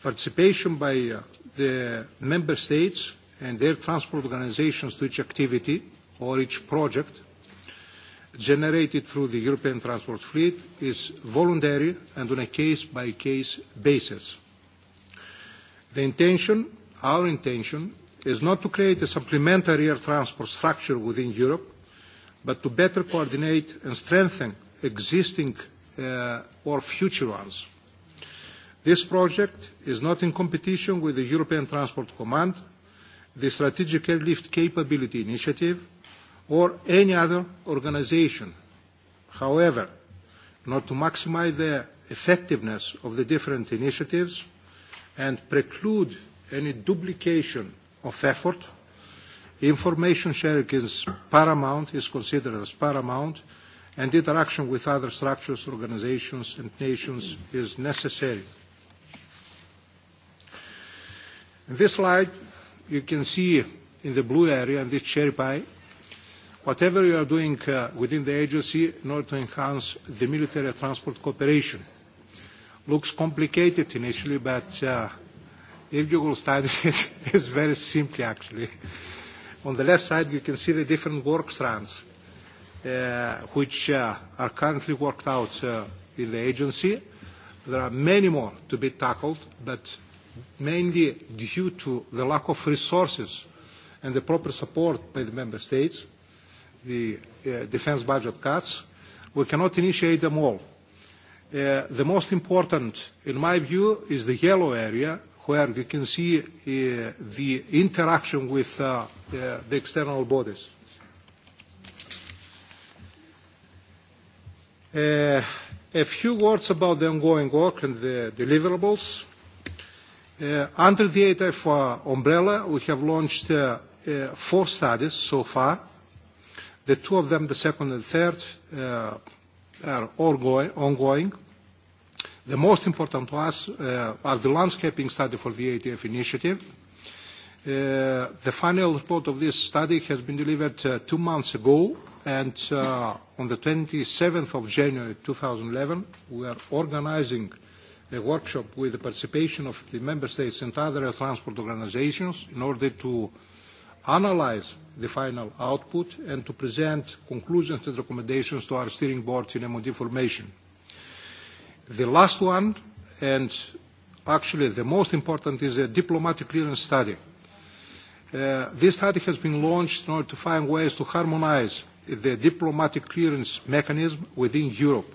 participation by uh, the member states and their transport organizations to each activity or each project generated through the European transport fleet is voluntary and on a case-by-case -case basis. The intention, our intention, is not to create a supplementary air transport structure within Europe, but to better coordinate and strengthen existing uh, or future ones. This project is not in competition with the European Transport Command, the Strategic Airlift Capability Initiative, or any other organization. However, in order to maximize the effectiveness of the different initiatives and preclude any duplication of effort, information sharing is paramount, is considered as paramount, and interaction with other structures, organizations, and nations is necessary. In this slide, you can see in the blue area, in this cherry pie, whatever you are doing uh, within the agency in order to enhance the military transport cooperation. Looks complicated initially, but uh, if you will study <laughs> it, it's very simple actually. On the left side, you can see the different work strands uh, which uh, are currently worked out uh, in the agency. There are many more to be tackled, but mainly due to the lack of resources and the proper support by the member states, the uh, defense budget cuts, we cannot initiate them all. Uh, the most important, in my view, is the yellow area, where you can see uh, the interaction with uh, uh, the external bodies. Uh, a few words about the ongoing work and the deliverables. Uh, Uh, under the ATF umbrella, we have launched uh, uh, four studies so far. The two of them, the second and third, uh, are ongoing. The most important to us uh, are the landscaping study for the ATF initiative. Uh, the final report of this study has been delivered uh, two months ago, and uh, on the 27th of January 2011, we are organizing uh, a workshop with the participation of the member states and other transport organizations in order to analyze the final output and to present conclusions and recommendations to our steering board in MOD formation. The last one, and actually the most important, is a diplomatic clearance study. Uh, this study has been launched in order to find ways to harmonize the diplomatic clearance mechanism within Europe.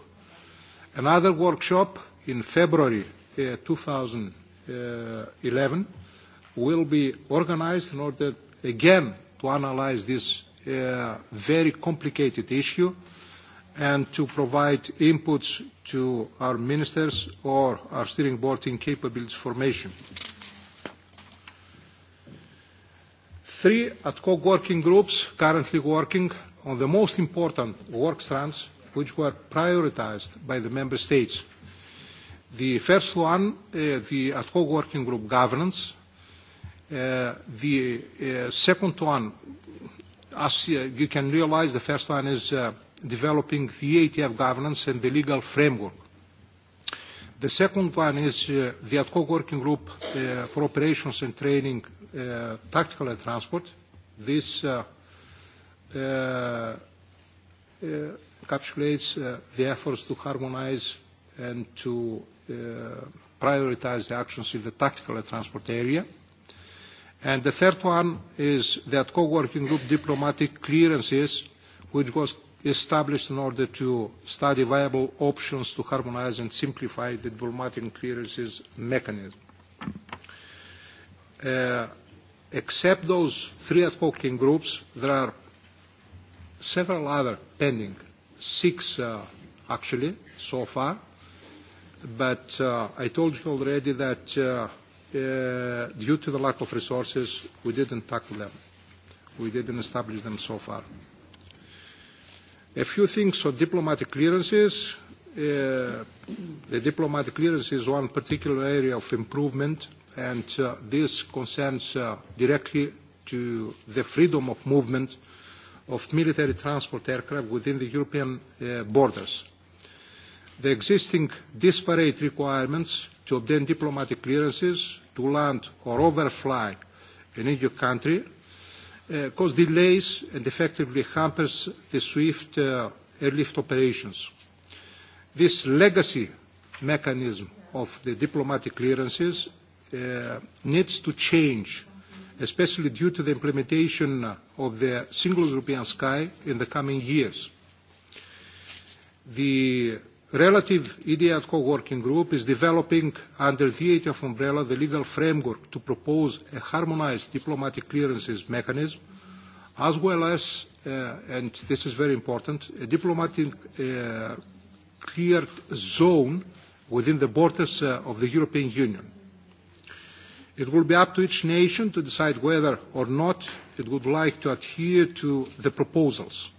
Another workshop in February uh, 2011 will be organized in order again to analyze this uh, very complicated issue and to provide inputs to our ministers or our steering board in capability formation. Three ad hoc working groups currently working on the most important work strands which were prioritized by the member states – The first one, uh, the ad hoc working group governance. Uh, the uh, second one, as uh, you can realize, the first one is uh, developing the e ATF governance and the legal framework. The second one is uh, the ad hoc working group uh, for operations and training, uh, tactical and transport. This uh, uh, uh, encapsulates uh, the efforts to harmonize and to Uh, prioritize the actions in the tactical and transport area. And the third one is that co-working group diplomatic clearances, which was established in order to study viable options to harmonize and simplify the diplomatic clearances mechanism. Uh, except those three ad hoc working groups, there are several other pending, six uh, actually so far, But uh, I told you already that uh, uh, due to the lack of resources, we didn't tackle them. We didn't establish them so far. A few things on diplomatic clearances. Uh, the diplomatic clearance is one particular area of improvement, and uh, this concerns uh, directly to the freedom of movement of military transport aircraft within the European uh, borders. Uh, the existing disparate requirements to obtain diplomatic clearances to land or overfly an EU country uh, cause delays and effectively hampers the swift uh, airlift operations. This legacy mechanism of the diplomatic clearances uh, needs to change, especially due to the implementation of the Single European Sky in the coming years. The relative EDAD co-working group is developing under the EHF umbrella the legal framework to propose a harmonized diplomatic clearances mechanism as well as, uh, and this is very important, a diplomatic uh, cleared zone within the borders uh, of the European Union. It will be up to each nation to decide whether or not it would like to adhere to the proposals.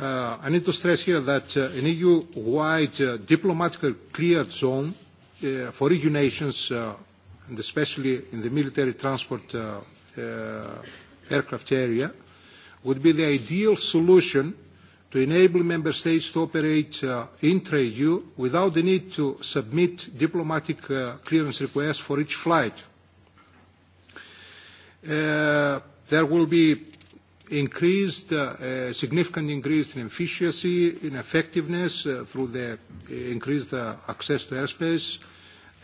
Uh, I need to stress here that uh, an EU-wide uh, diplomatically cleared zone uh, for EU nations, uh, and especially in the military transport uh, uh, aircraft area, would be the ideal solution to enable member states to operate uh, intra-EU without the need to submit diplomatic uh, clearance requests for each flight. Uh, there will be increased, uh, uh, significant increase in efficiency, in effectiveness uh, through the uh, increased uh, access to airspace,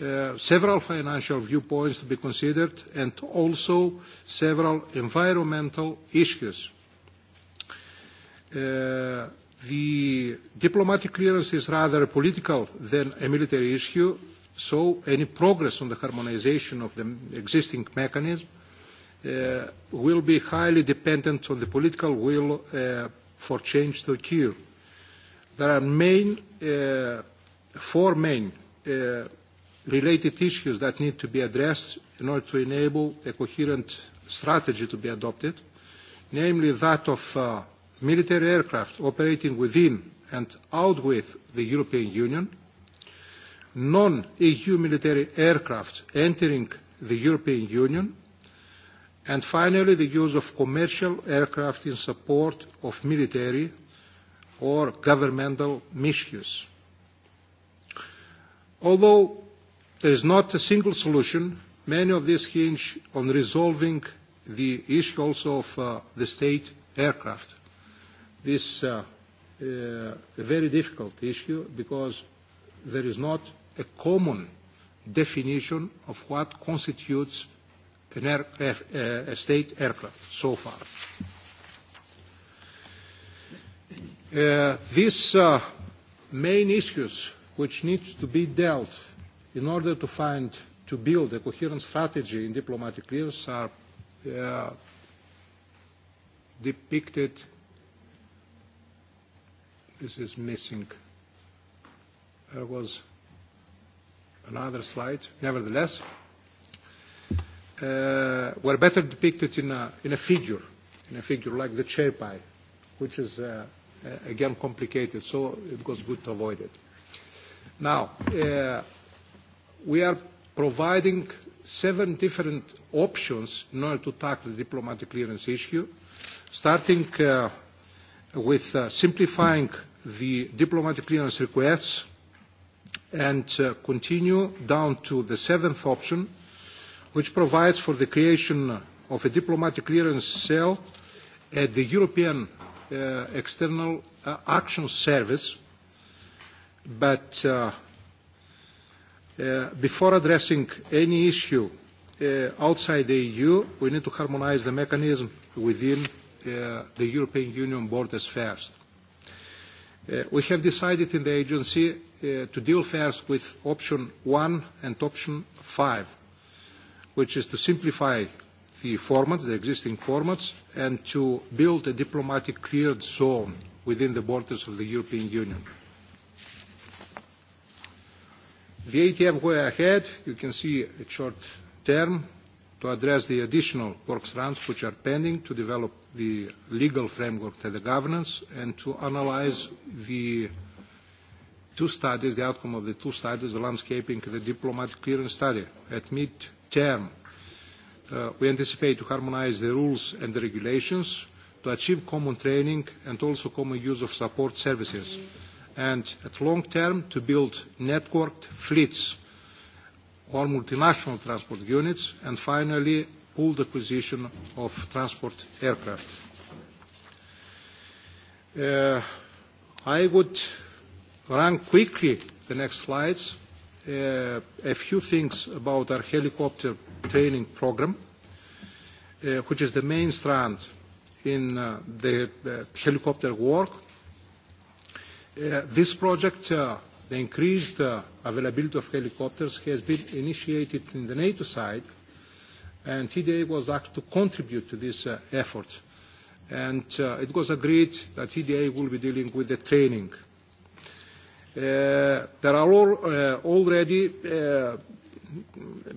uh, several financial viewpoints to be considered, and also several environmental issues. Uh, the diplomatic clearance is rather political than a military issue, so any progress on the harmonization of the existing mechanism uh, uh, will be highly dependent on the political will uh, for change to occur. There are main, uh, four main uh, related issues that need to be addressed in order to enable a coherent strategy to be adopted, namely that of uh, military aircraft operating within and out with the European Union, non-EU military aircraft entering the European Union, And finally, the use of commercial aircraft in support of military or governmental missions. Although there is not a single solution, many of these hinge on resolving the issue also of uh, the state aircraft. This uh, uh, a very difficult issue because there is not a common definition of what constitutes an aircraft, uh, state aircraft so far. Uh, eh, these uh, main issues which need to be dealt in order to find, to build a coherent strategy in diplomatic liaison are uh, depicted. This is missing. There was another slide. Nevertheless, uh, uh, were better depicted in a, in a figure, in a figure like the chair pie, which is uh, uh, again complicated, so it was good to avoid it. Now, uh, we are providing seven different options in order to tackle the diplomatic clearance issue, starting uh, with uh, simplifying the diplomatic clearance requests and uh, continue down to the seventh option, uh, which provides for the creation of a diplomatic clearance cell at the European uh, External uh, Action Service. But uh, uh, before addressing any issue uh, outside the EU, we need to harmonize the mechanism within uh, the European Union borders first. Uh, we have decided in the agency uh, to deal first with option 1 and option 5 which is to simplify the formats, the existing formats, and to build a diplomatic cleared zone within the borders of the European Union. The ATM way ahead, you can see a short term to address the additional work strands which are pending, to develop the legal framework and the governance, and to analyze the two studies, the outcome of the two studies, the landscaping and the diplomatic clearance study. At mid term, uh, we anticipate to harmonize the rules and the regulations to achieve common training and also common use of support services, and at long term, to build networked fleets or multinational transport units, and finally, pooled acquisition of transport aircraft. Uh, I would run quickly the next slides uh, a few things about our helicopter training program, uh, which is the main strand in uh, the uh, helicopter work. Uh, this project, uh, the increased uh, availability of helicopters, has been initiated in the NATO side, and TDA was asked to contribute to this uh, effort. And uh, it was agreed that TDA will be dealing with the training uh, Uh, there are all, uh, already uh,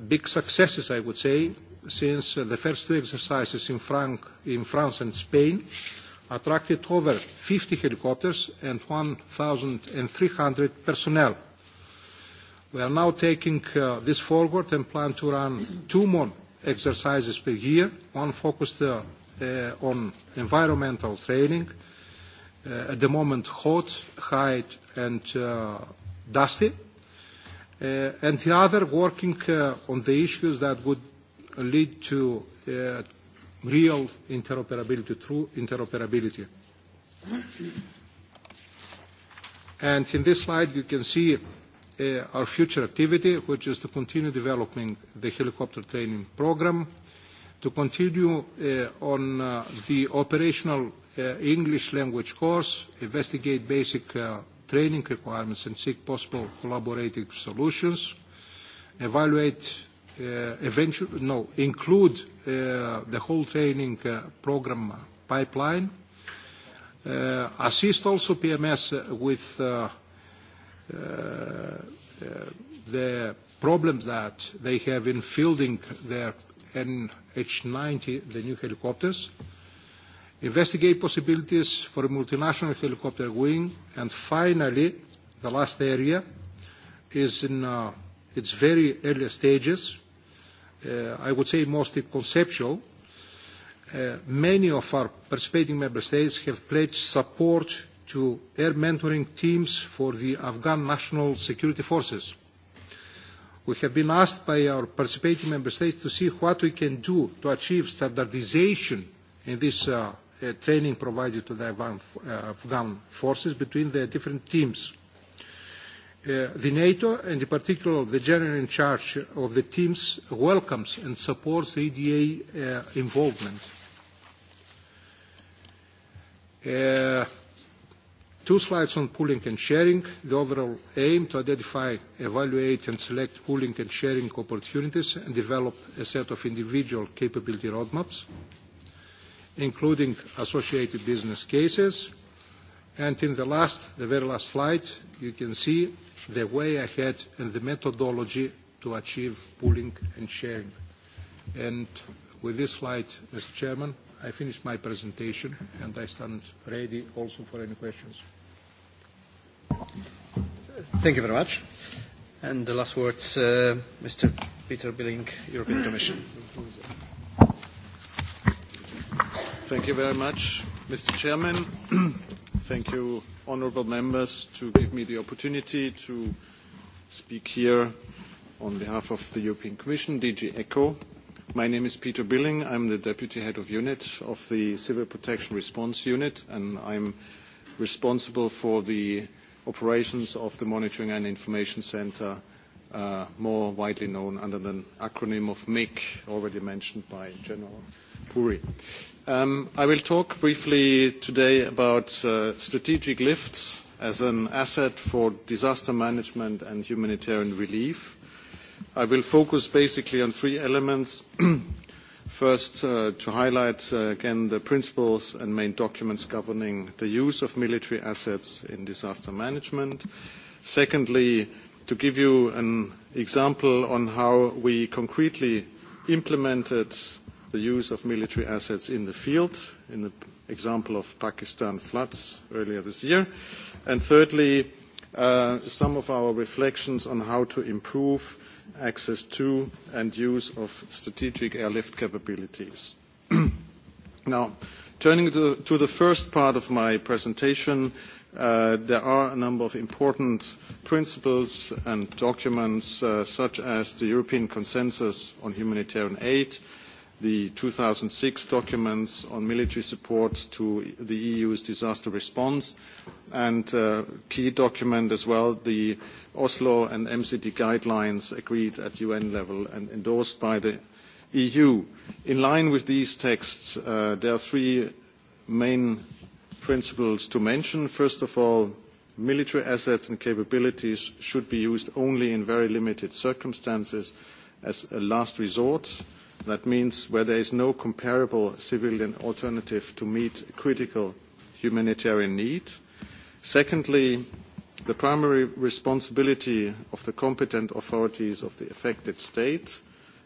big successes, I would say, since uh, the first two exercises in, Frank, in France and Spain attracted over 50 helicopters and 1,300 personnel. We are now taking uh, this forward and plan to run two more exercises per year, one focused uh, uh, on environmental training, uh, at the moment hot, high and uh, Dusty, uh, and the other working uh, on the issues that would lead to uh, real interoperability, true interoperability. And in this slide, you can see uh, our future activity, which is to continue developing the helicopter training program, to continue uh, on uh, the operational uh, English language course, investigate basic uh, training requirements and seek possible collaborative solutions, evaluate uh, eventually, no, include uh, the whole training uh, program pipeline, uh, assist also PMS with uh, uh, the problems that they have in fielding their NH90, the new helicopters, uh, investigate possibilities for a multinational helicopter wing, and finally, the last area is in uh, its very early stages. Uh, I would say mostly conceptual. Uh, many of our participating member states have pledged support to air mentoring teams for the Afghan National Security Forces. We have been asked by our participating member states to see what we can do to achieve standardization in this uh, uh, training provided to the Afghan, uh, Afghan forces between the different teams. Uh, the NATO, and in particular the general in charge of the teams, welcomes and supports the EDA uh, involvement. Uh, two slides on pooling and sharing. The overall aim to identify, evaluate and select pooling and sharing opportunities and develop a set of individual capability roadmaps. Uh, including associated business cases. And in the last, the very last slide, you can see the way ahead and the methodology to achieve pooling and sharing. And with this slide, Mr. Chairman, I finish my presentation, and I stand ready also for any questions. Thank you very much. And the last words, uh, Mr. Peter Billing, European Commission. Thank you very much, Mr. Chairman. <clears throat> Thank you, honorable members, to give me the opportunity to speak here on behalf of the European Commission, DG ECHO. My name is Peter Billing. I'm the Deputy Head of Unit of the Civil Protection Response Unit, and I'm responsible for the operations of the Monitoring and Information Center uh, more widely known under the acronym of MIC, already mentioned by General Puri. Um, I will talk briefly today about uh, strategic lifts as an asset for disaster management and humanitarian relief. I will focus basically on three elements. <clears throat> First, uh, to highlight uh, again the principles and main documents governing the use of military assets in disaster management. Secondly, to give you an example on how we concretely implemented the use of military assets in the field, in the example of Pakistan floods earlier this year. And thirdly, uh, some of our reflections on how to improve access to and use of strategic airlift capabilities. <clears throat> now, turning to, to the first part of my presentation, uh, Uh, there are a number of important principles and documents, uh, such as the European Consensus on Humanitarian Aid, the 2006 documents on military support to the EU's disaster response, and a uh, key document as well, the Oslo and MCD guidelines agreed at UN level and endorsed by the EU. In line with these texts, uh, there are three main principles to mention. First of all, military assets and capabilities should be used only in very limited circumstances as a last resort. That means where there is no comparable civilian alternative to meet a critical humanitarian need. Secondly, the primary responsibility of the competent authorities of the affected state,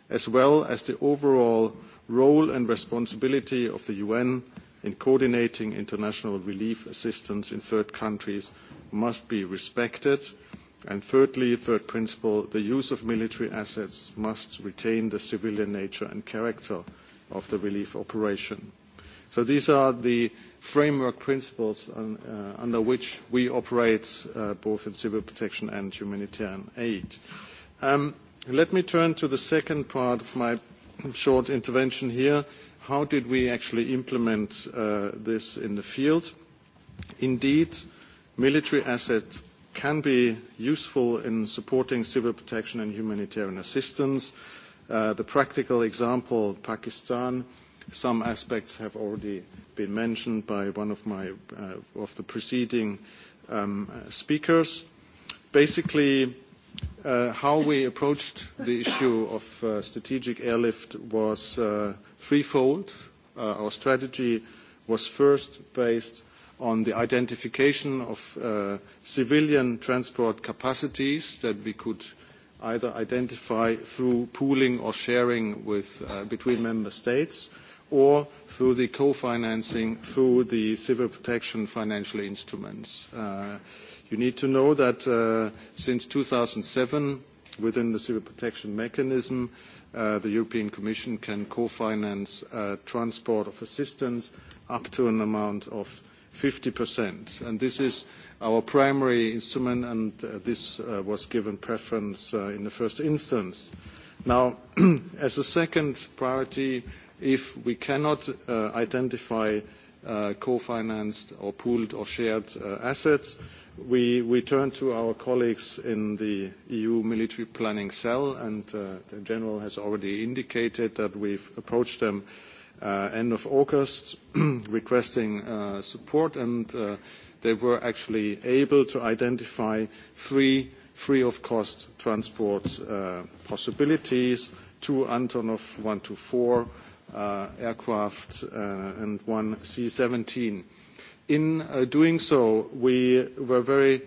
as well as the overall role and responsibility of the UN in coordinating international relief assistance in third countries must be respected. And thirdly, third principle, the use of military assets must retain the civilian nature and character of the relief operation. So these are the framework principles on, uh, under which we operate uh, both in civil protection and humanitarian aid. Um, let me turn to the second part of my short intervention here, how did we actually implement uh, this in the field? Indeed, military assets can be useful in supporting civil protection and humanitarian assistance. Uh, the practical example, Pakistan, some aspects have already been mentioned by one of, my, uh, of the preceding um, speakers. Basically, uh, how we approached the issue of uh, strategic airlift was uh, threefold. Uh, our strategy was first based on the identification of uh, civilian transport capacities that we could either identify through pooling or sharing with, uh, between member states or through the co-financing through the civil protection financial instruments. Uh, You need to know that uh, since 2007, within the civil protection mechanism, uh, the European Commission can co-finance uh, transport of assistance up to an amount of 50%. And this is our primary instrument, and uh, this uh, was given preference uh, in the first instance. Now, <clears throat> as a second priority, if we cannot uh, identify uh, co-financed or pooled or shared uh, assets, We, we turn to our colleagues in the EU Military Planning Cell, and uh, the general has already indicated that we've approached them uh, end of August, <clears throat> requesting uh, support, and uh, they were actually able to identify three free of cost transport uh, possibilities, two Antonov 124 uh, aircraft uh, and one C-17 in uh, doing so, we were very,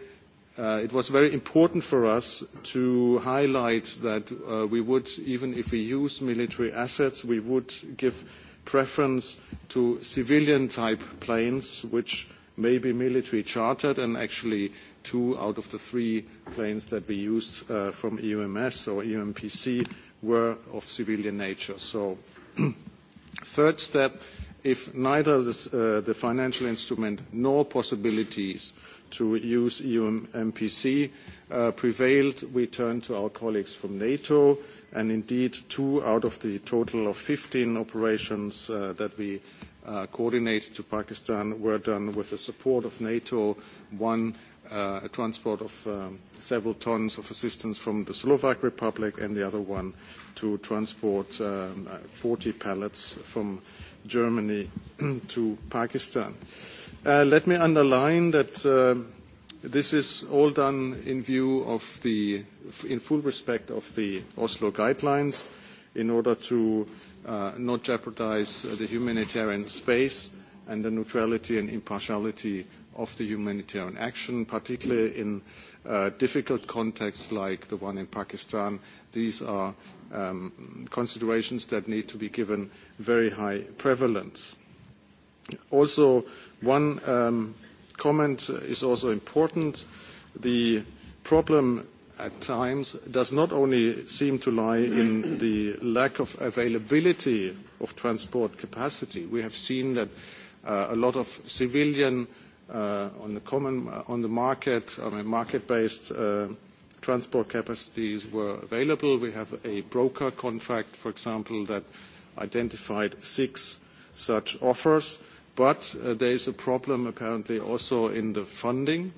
uh, it was very important for us to highlight that uh, we would, even if we use military assets, we would give preference to civilian-type planes, which may be military chartered, and actually two out of the three planes that we used uh, from EUMS or EUMPC were of civilian nature. So <clears throat> third step, uh, if neither this, uh, the financial instrument nor possibilities to use EU MPC uh, prevailed, we turned to our colleagues from NATO, and indeed, two out of the total of 15 operations uh, that we uh, coordinated to Pakistan were done with the support of NATO, one uh, a transport of um, several tons of assistance from the Slovak Republic, and the other one to transport um, 40 uh, pallets from Germany <clears throat> to Pakistan. Uh, let me underline that uh, this is all done in view of the, in full respect of the Oslo guidelines in order to uh, not jeopardize uh, the humanitarian space and the neutrality and impartiality of the humanitarian action, particularly in uh, difficult contexts like the one in Pakistan. These are um, considerations that need to be given very high prevalence. Also, one um, comment is also important. The problem at times does not only seem to lie in the lack of availability of transport capacity. We have seen that uh, a lot of civilian uh, on the common uh, on the market, I mean, market-based uh, transport capacities were available. We have a broker contract, for example, that identified six such offers. But uh, there is a problem apparently also in the funding.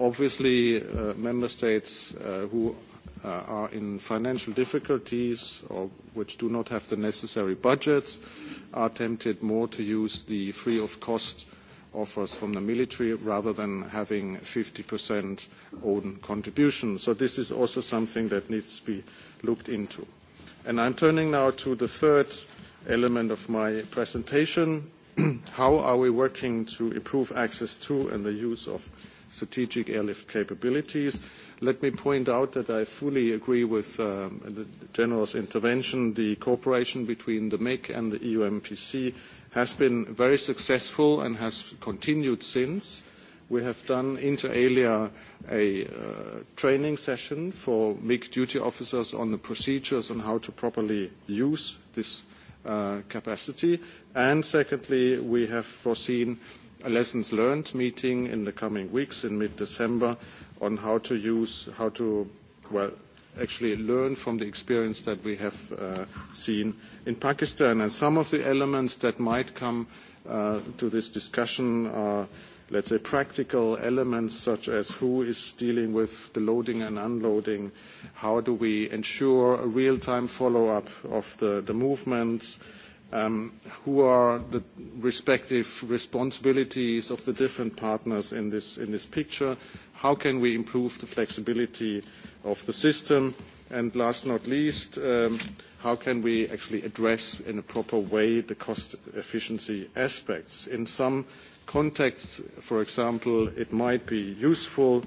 Obviously, uh, member states uh, who uh, are in financial difficulties or which do not have the necessary budgets are tempted more to use the free of cost offers from the military rather than having 50% own contribution. So this is also something that needs to be looked into. And I'm turning now to the third element of my presentation. <clears throat> How are we working to improve access to and the use of strategic airlift capabilities? Let me point out that I fully agree with um, the General's intervention. The cooperation between the MIC e and the EU MPC has been very successful and has continued since. We have done inter alia a uh, training session for MiG duty officers on the procedures on how to properly use this uh, capacity. And secondly, we have foreseen a lessons learned meeting in the coming weeks in mid-December on how to use, how to, well, actually learn from the experience that we have uh, seen in Pakistan. And some of the elements that might come uh, to this discussion are, let's say, practical elements such as who is dealing with the loading and unloading, how do we ensure a real-time follow-up of the, the movements, um, who are the respective responsibilities of the different partners in this, in this picture, how can we improve the flexibility of the system? And last not least, um, how can we actually address in a proper way the cost efficiency aspects? In some contexts, for example, it might be useful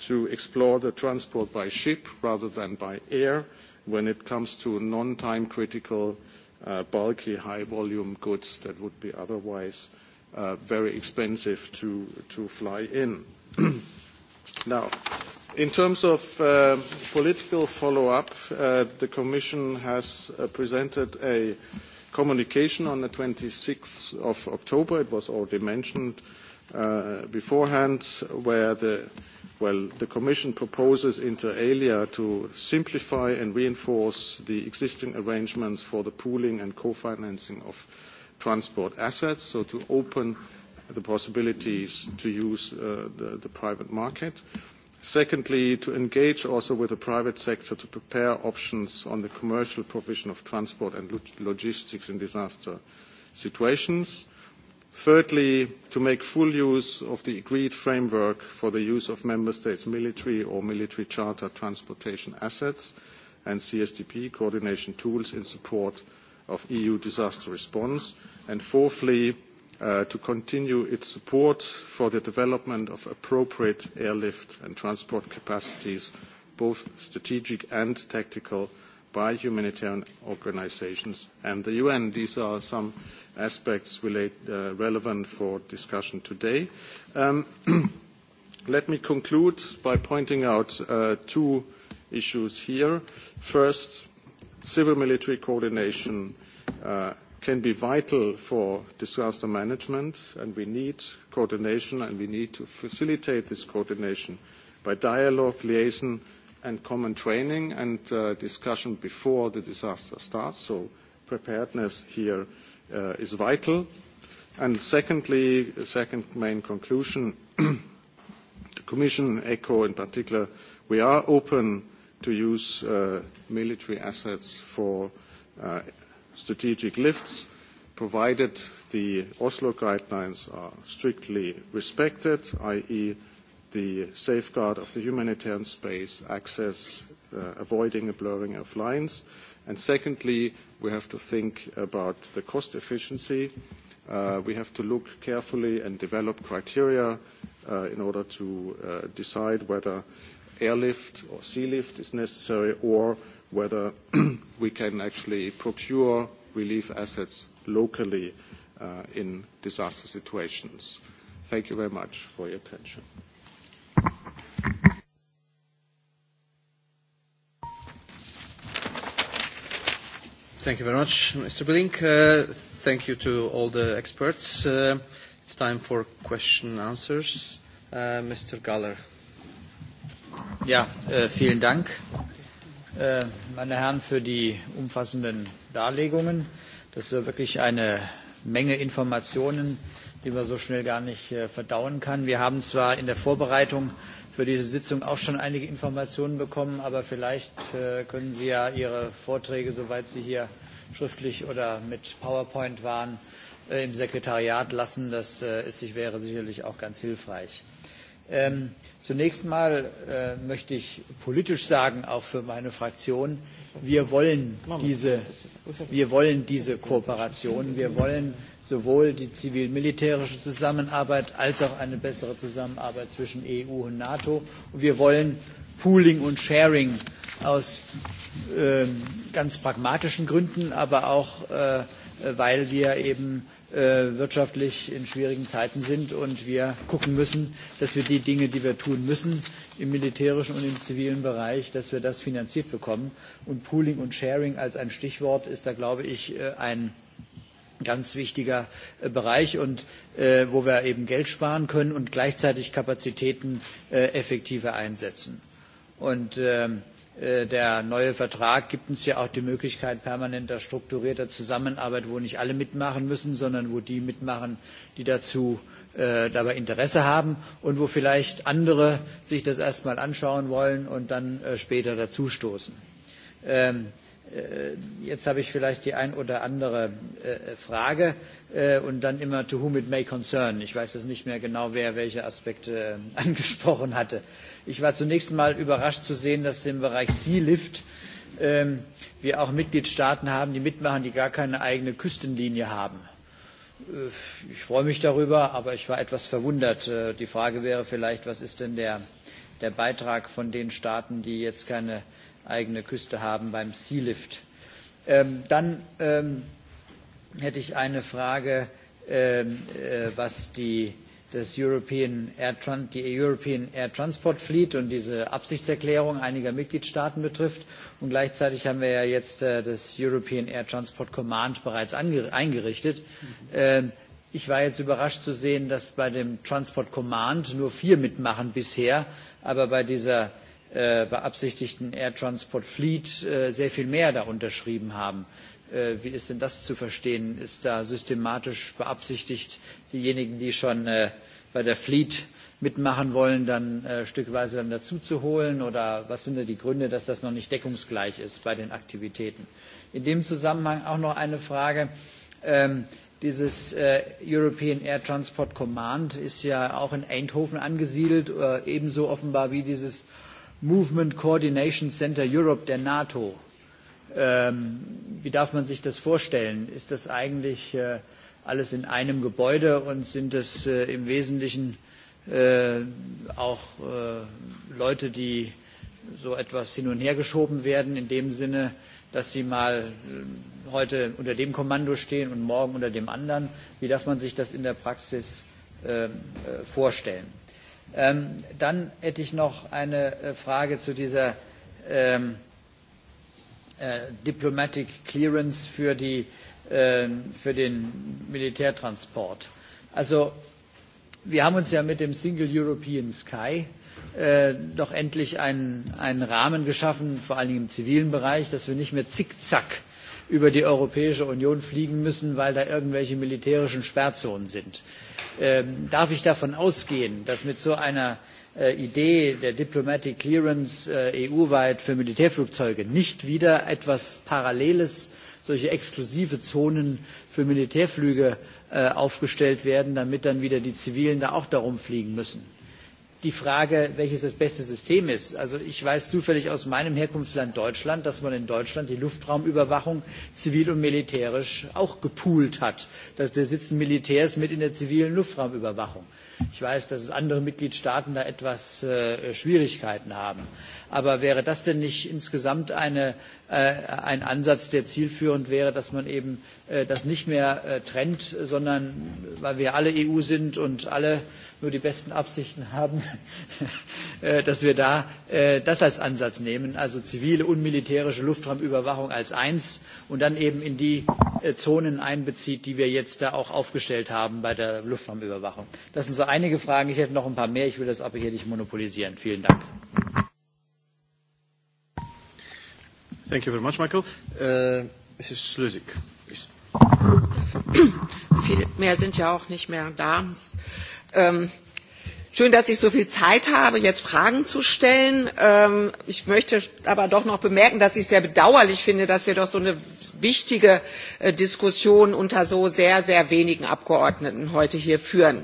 to explore the transport by ship rather than by air when it comes to non-time critical, uh, bulky, high volume goods that would be otherwise uh, very expensive to, to fly in. <clears throat> Now, in terms of uh, political follow-up, uh, the Commission has uh, presented a communication on the 26th of October. It was already mentioned uh, beforehand, where the well, the Commission proposes inter alia to simplify and reinforce the existing arrangements for the pooling and co-financing of transport assets, so to open uh, the possibilities to use uh, the, the private market. Secondly, to engage also with the private sector to prepare options on the commercial provision of transport and logistics in disaster situations. Thirdly, to make full use of the agreed framework for the use of member states' military or military charter transportation assets and CSDP coordination tools in support of EU disaster response. And fourthly, uh, to continue its support for the development of appropriate airlift and transport capacities, both strategic and tactical, by humanitarian organizations and the UN. These are some aspects relate, uh, relevant for discussion today. Um, <clears throat> let me conclude by pointing out uh, two issues here. First, civil-military coordination uh, can be vital for disaster management, and we need coordination, and we need to facilitate this coordination by dialogue, liaison, and common training and uh, discussion before the disaster starts. So preparedness here uh, is vital. And secondly, the second main conclusion, <clears throat> the Commission, ECHO in particular, we are open to use uh, military assets for uh, strategic lifts, provided the Oslo guidelines are strictly respected, i.e., the safeguard of the humanitarian space, access, uh, avoiding a blurring of lines. And secondly, we have to think about the cost efficiency. Uh, we have to look carefully and develop criteria uh, in order to uh, decide whether airlift or sea lift is necessary or whether <clears throat> we can actually procure relief assets locally uh, in disaster situations. Thank you very much for your attention. Thank you very much, Mr. Blink. Uh, thank you to all the experts. Uh, it's time for question and answers. Uh, Mr. Galler. Ja, äh, vielen Dank. Äh, meine Herren, für die umfassenden Darlegungen. Das ist ja wirklich eine Menge Informationen, die man so schnell gar nicht äh, verdauen kann. Wir haben zwar in der Vorbereitung für diese Sitzung auch schon einige Informationen bekommen, aber vielleicht äh, können Sie ja Ihre Vorträge, soweit sie hier schriftlich oder mit PowerPoint waren, im Sekretariat lassen. Das ist, wäre sicherlich auch ganz hilfreich. Ähm, zunächst mal äh, möchte ich politisch sagen, auch für meine Fraktion, wir wollen diese, wir wollen diese Kooperation. Wir wollen sowohl die zivil-militärische Zusammenarbeit als auch eine bessere Zusammenarbeit zwischen EU und NATO. Und wir wollen Pooling und Sharing äh, aus äh, ganz pragmatischen Gründen, aber auch, äh, weil wir eben äh, wirtschaftlich in schwierigen Zeiten sind und wir gucken müssen, dass wir die Dinge, die wir tun müssen, im militärischen und im zivilen Bereich, dass wir das finanziert bekommen. Und Pooling und Sharing als ein Stichwort ist da, glaube ich, äh, ein ganz wichtiger äh, Bereich und äh, wo wir eben Geld sparen können und gleichzeitig Kapazitäten äh, effektiver einsetzen. Und ähm, Äh, der neue Vertrag gibt uns ja auch die Möglichkeit permanenter strukturierter Zusammenarbeit, wo nicht alle mitmachen müssen, sondern wo die mitmachen, die dazu äh, dabei Interesse haben und wo vielleicht andere sich das erstmal anschauen wollen und dann äh, später dazustoßen. Ähm, Äh, jetzt habe ich vielleicht die ein oder andere äh, Frage äh, und dann immer to whom it may concern. Ich weiß jetzt nicht mehr genau, wer welche Aspekte <laughs> angesprochen hatte. Ich war zunächst mal überrascht zu sehen, dass im Bereich Sealift ähm, wir auch Mitgliedstaaten haben, die mitmachen, die gar keine eigene Küstenlinie haben. Ich freue mich darüber, aber ich war etwas verwundert. Die Frage wäre vielleicht, was ist denn der, der Beitrag von den Staaten, die jetzt keine eigene Küste haben beim Sea Lift. Ähm, dann ähm, hätte ich eine Frage, ähm, äh, was die, das European Air Tran die European Air Transport Fleet und diese Absichtserklärung einiger Mitgliedstaaten betrifft. Und gleichzeitig haben wir ja jetzt äh, das European Air Transport Command bereits eingerichtet. Mhm. Ähm, ich war jetzt überrascht zu sehen, dass bei dem Transport Command nur vier mitmachen bisher, aber bei dieser Äh, beabsichtigten Air Transport Fleet äh, sehr viel mehr da unterschrieben haben. Äh, wie ist denn das zu verstehen? Ist da systematisch beabsichtigt, diejenigen, die schon bei der Fleet mitmachen wollen, dann äh, stückweise dann dazu zu holen? Oder was sind da die Gründe, dass das noch nicht deckungsgleich ist bei den Aktivitäten? In dem Zusammenhang auch noch eine Frage. Ähm, dieses äh, European Air Transport Command ist ja auch in Eindhoven angesiedelt, äh, ebenso offenbar wie dieses Movement Coordination Center Europe der NATO. Ähm, wie darf man sich das vorstellen? Ist das eigentlich äh, alles in einem Gebäude und sind es äh, im Wesentlichen äh, auch äh, Leute, die so etwas hin und her geschoben werden, in dem Sinne, dass sie mal äh, heute unter dem Kommando stehen und morgen unter dem anderen. Wie darf man sich das in der Praxis äh, äh vorstellen? Ähm, dann hätte ich noch eine äh, Frage zu dieser ähm, äh, Diplomatic Clearance für, die, äh, für den Militärtransport. Also wir haben uns ja mit dem Single European Sky äh, doch endlich einen, einen Rahmen geschaffen, vor allen Dingen im zivilen Bereich, dass wir nicht mehr zickzack äh, über die Europäische Union fliegen müssen, weil da irgendwelche militärischen Sperrzonen sind. Ähm, darf ich davon ausgehen dass mit so einer äh, idee der diplomatic clearance äh, eu weit für militärflugzeuge nicht wieder etwas paralleles solche exklusive zonen für militärflüge äh, aufgestellt werden damit dann wieder die zivilen da auch darum fliegen müssen die Frage, welches das beste System ist. Also ich weiß zufällig aus meinem Herkunftsland Deutschland, dass man in Deutschland die Luftraumüberwachung zivil und militärisch auch gepoolt hat. Da sitzen Militärs mit in der zivilen Luftraumüberwachung. Ich weiß, dass es andere Mitgliedstaaten da etwas äh, Schwierigkeiten haben. Aber wäre das denn nicht insgesamt eine, äh, ein Ansatz, der zielführend wäre, dass man eben äh, das nicht mehr äh, trennt, sondern weil wir alle EU sind und alle nur die besten Absichten haben, <laughs> äh, dass wir da äh, das als Ansatz nehmen, also zivile und militärische Luftraumüberwachung als eins und dann eben in die äh, Zonen einbezieht, die wir jetzt da auch aufgestellt haben bei der Luftraumüberwachung. Das sind so einige Fragen. Ich hätte noch ein paar mehr. Ich will das aber hier nicht monopolisieren. Vielen Dank. Thank you very much, Michael. Uh, Mrs. Lösig, please. Viel mehr sind ja auch nicht mehr da. Ähm, schön, dass ich so viel Zeit habe, jetzt Fragen zu stellen. Ähm, ich möchte aber doch noch bemerken, dass ich es sehr bedauerlich finde, dass wir doch so eine wichtige äh, Diskussion unter so sehr, sehr wenigen Abgeordneten heute hier führen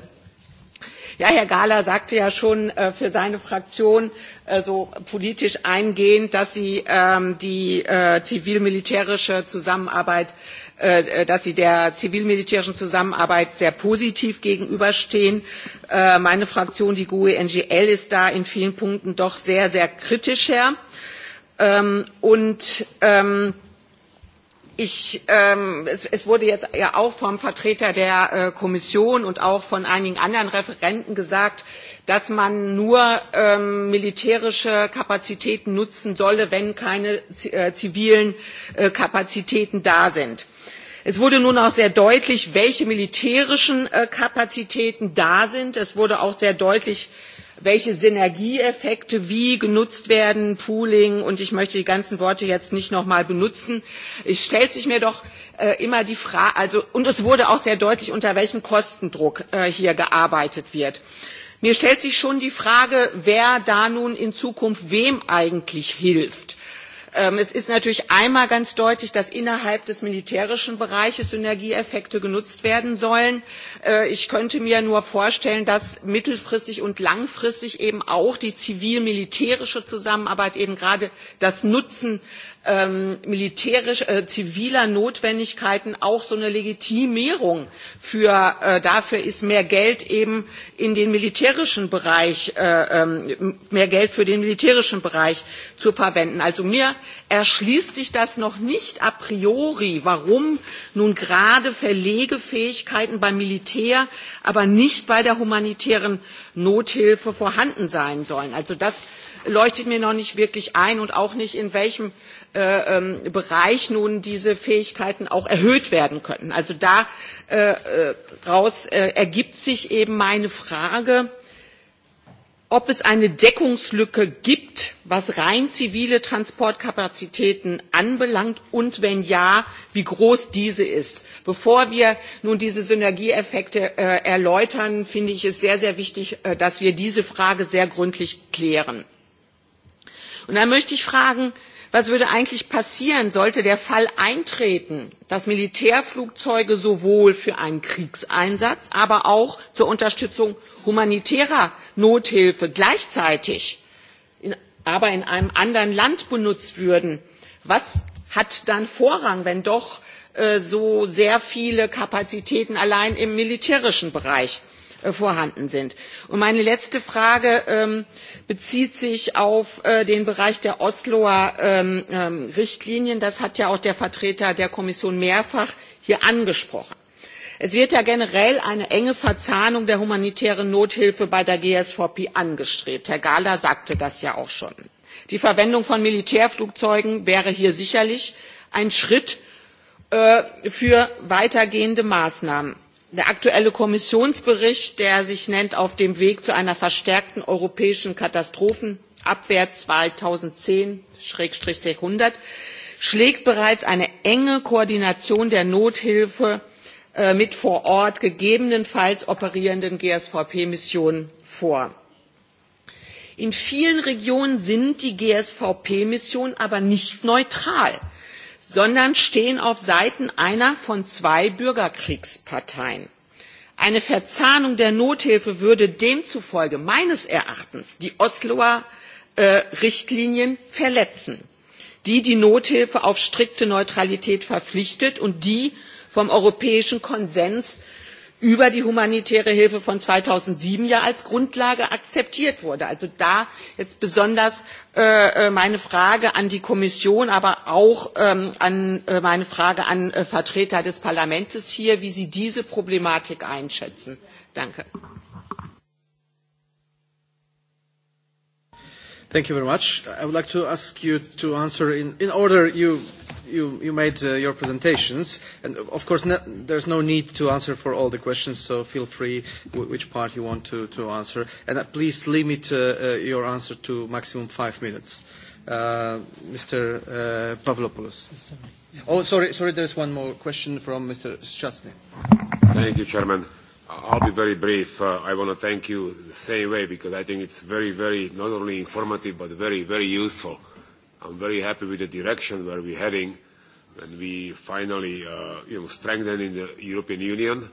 Ja, Herr Gahler sagte ja schon äh, für seine Fraktion äh, so politisch eingehend, dass sie ähm, die äh, zivil-militärische Zusammenarbeit äh, äh, dass sie der zivil-militärischen Zusammenarbeit sehr positiv gegenüberstehen. Äh, meine Fraktion, die GUE-NGL, ist da in vielen Punkten doch sehr, sehr kritischer. Ähm, und ähm, Ich, ähm, es, es wurde jetzt ja auch vom Vertreter der äh, Kommission und auch von einigen anderen Referenten gesagt, dass man nur ähm, militärische Kapazitäten nutzen solle, wenn keine äh, zivilen äh, Kapazitäten da sind. Es wurde nun auch sehr deutlich, welche militärischen äh, Kapazitäten da sind. Es wurde auch sehr deutlich, äh, welche Synergieeffekte wie genutzt werden, Pooling und ich möchte die ganzen Worte jetzt nicht nochmal benutzen. Es stellt sich mir doch äh, immer die Frage, also, und es wurde auch sehr deutlich, unter welchem Kostendruck äh, hier gearbeitet wird. Mir stellt sich schon die Frage, wer da nun in Zukunft wem eigentlich hilft Ähm, es ist natürlich einmal ganz deutlich, dass innerhalb des militärischen Bereiches Synergieeffekte genutzt werden sollen. Äh, ich könnte mir nur vorstellen, dass mittelfristig und langfristig eben auch die zivil-militärische Zusammenarbeit eben gerade das Nutzen ähm, militärisch äh, ziviler Notwendigkeiten auch so eine Legitimierung für äh, dafür ist mehr Geld eben in den militärischen Bereich äh, ähm, mehr Geld für den militärischen Bereich zu verwenden. Also mir erschließt sich das noch nicht a priori, warum nun gerade Verlegefähigkeiten beim Militär, aber nicht bei der humanitären Nothilfe vorhanden sein sollen. Also das leuchtet mir noch nicht wirklich ein und auch nicht, in welchem äh, ähm, Bereich nun diese Fähigkeiten auch erhöht werden könnten. Also daraus äh, äh, äh, ergibt sich eben meine Frage, ob es eine Deckungslücke gibt, was rein zivile Transportkapazitäten anbelangt und wenn ja, wie groß diese ist. Bevor wir nun diese Synergieeffekte äh, erläutern, finde ich es sehr, sehr wichtig, äh, dass wir diese Frage sehr gründlich klären. Und da möchte ich fragen, was würde eigentlich passieren, sollte der Fall eintreten, dass Militärflugzeuge sowohl für einen Kriegseinsatz, aber auch zur Unterstützung humanitärer Nothilfe gleichzeitig, in, aber in einem anderen Land benutzt würden? Was hat dann Vorrang, wenn doch äh, so sehr viele Kapazitäten allein im militärischen Bereich Äh, vorhanden sind. Und meine letzte Frage ähm, bezieht sich auf äh, den Bereich der Osloer ähm, ähm, Richtlinien. Das hat ja auch der Vertreter der Kommission mehrfach hier angesprochen. Es wird ja generell eine enge Verzahnung der humanitären Nothilfe bei der GSVP angestrebt. Herr Gahler sagte das ja auch schon. Die Verwendung von Militärflugzeugen wäre hier sicherlich ein Schritt äh, für weitergehende Maßnahmen der aktuelle kommissionsbericht der sich nennt auf dem weg zu einer verstärkten europäischen katastrophenabwehr zweitausendzehn einhundert schlägt bereits eine enge koordination der nothilfe äh, mit vor ort gegebenenfalls operierenden gsvp missionen vor. in vielen regionen sind die gsvp missionen aber nicht neutral sondern stehen auf Seiten einer von zwei Bürgerkriegsparteien. Eine Verzahnung der Nothilfe würde demzufolge meines Erachtens die Osloer äh, Richtlinien verletzen, die die Nothilfe auf strikte Neutralität verpflichtet und die vom europäischen Konsens über die humanitäre hilfe von zweitausendsieben ja als grundlage akzeptiert wurde. also da jetzt besonders äh, äh, meine frage an die kommission aber auch ähm, an, äh, meine frage an äh, vertreter des parlaments hier wie sie diese problematik einschätzen. danke. Thank you very much. I would like to ask you to answer in, in order you, you, you made uh, your presentations. And of course, ne- there's no need to answer for all the questions, so feel free w- which part you want to, to answer. And uh, please limit uh, uh, your answer to maximum five minutes. Uh, Mr. Uh, Pavlopoulos. Oh, sorry, sorry, there's one more question from Mr. Szczasny. Thank you, Chairman. I'll be very brief. Uh, I want to thank you the same way because I think it's very, very not only informative but very, very useful. I'm very happy with the direction where we're heading, and we finally, uh, you know, strengthening the European Union